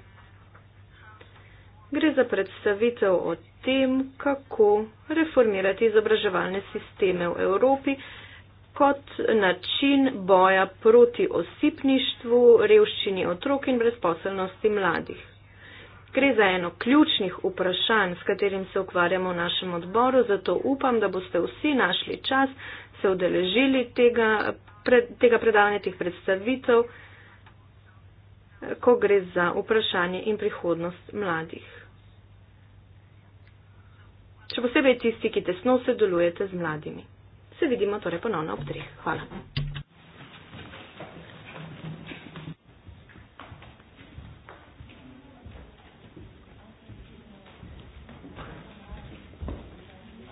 Gre za predstavitev o tem, kako reformirati izobraževalne sisteme v Evropi kot način boja proti osipništvu, revščini otrok in brezposelnosti mladih. Gre za eno ključnih vprašanj, s katerim se ukvarjamo v našem odboru, zato upam, da boste vsi našli čas, se udeležili tega pred, tega predavanja, teh predstavitev, ko gre za vprašanje in prihodnost mladih. Še posebej tisti, ki tesno sodelujete z mladimi. Se vidimo torej ponovno ob treh. Hvala.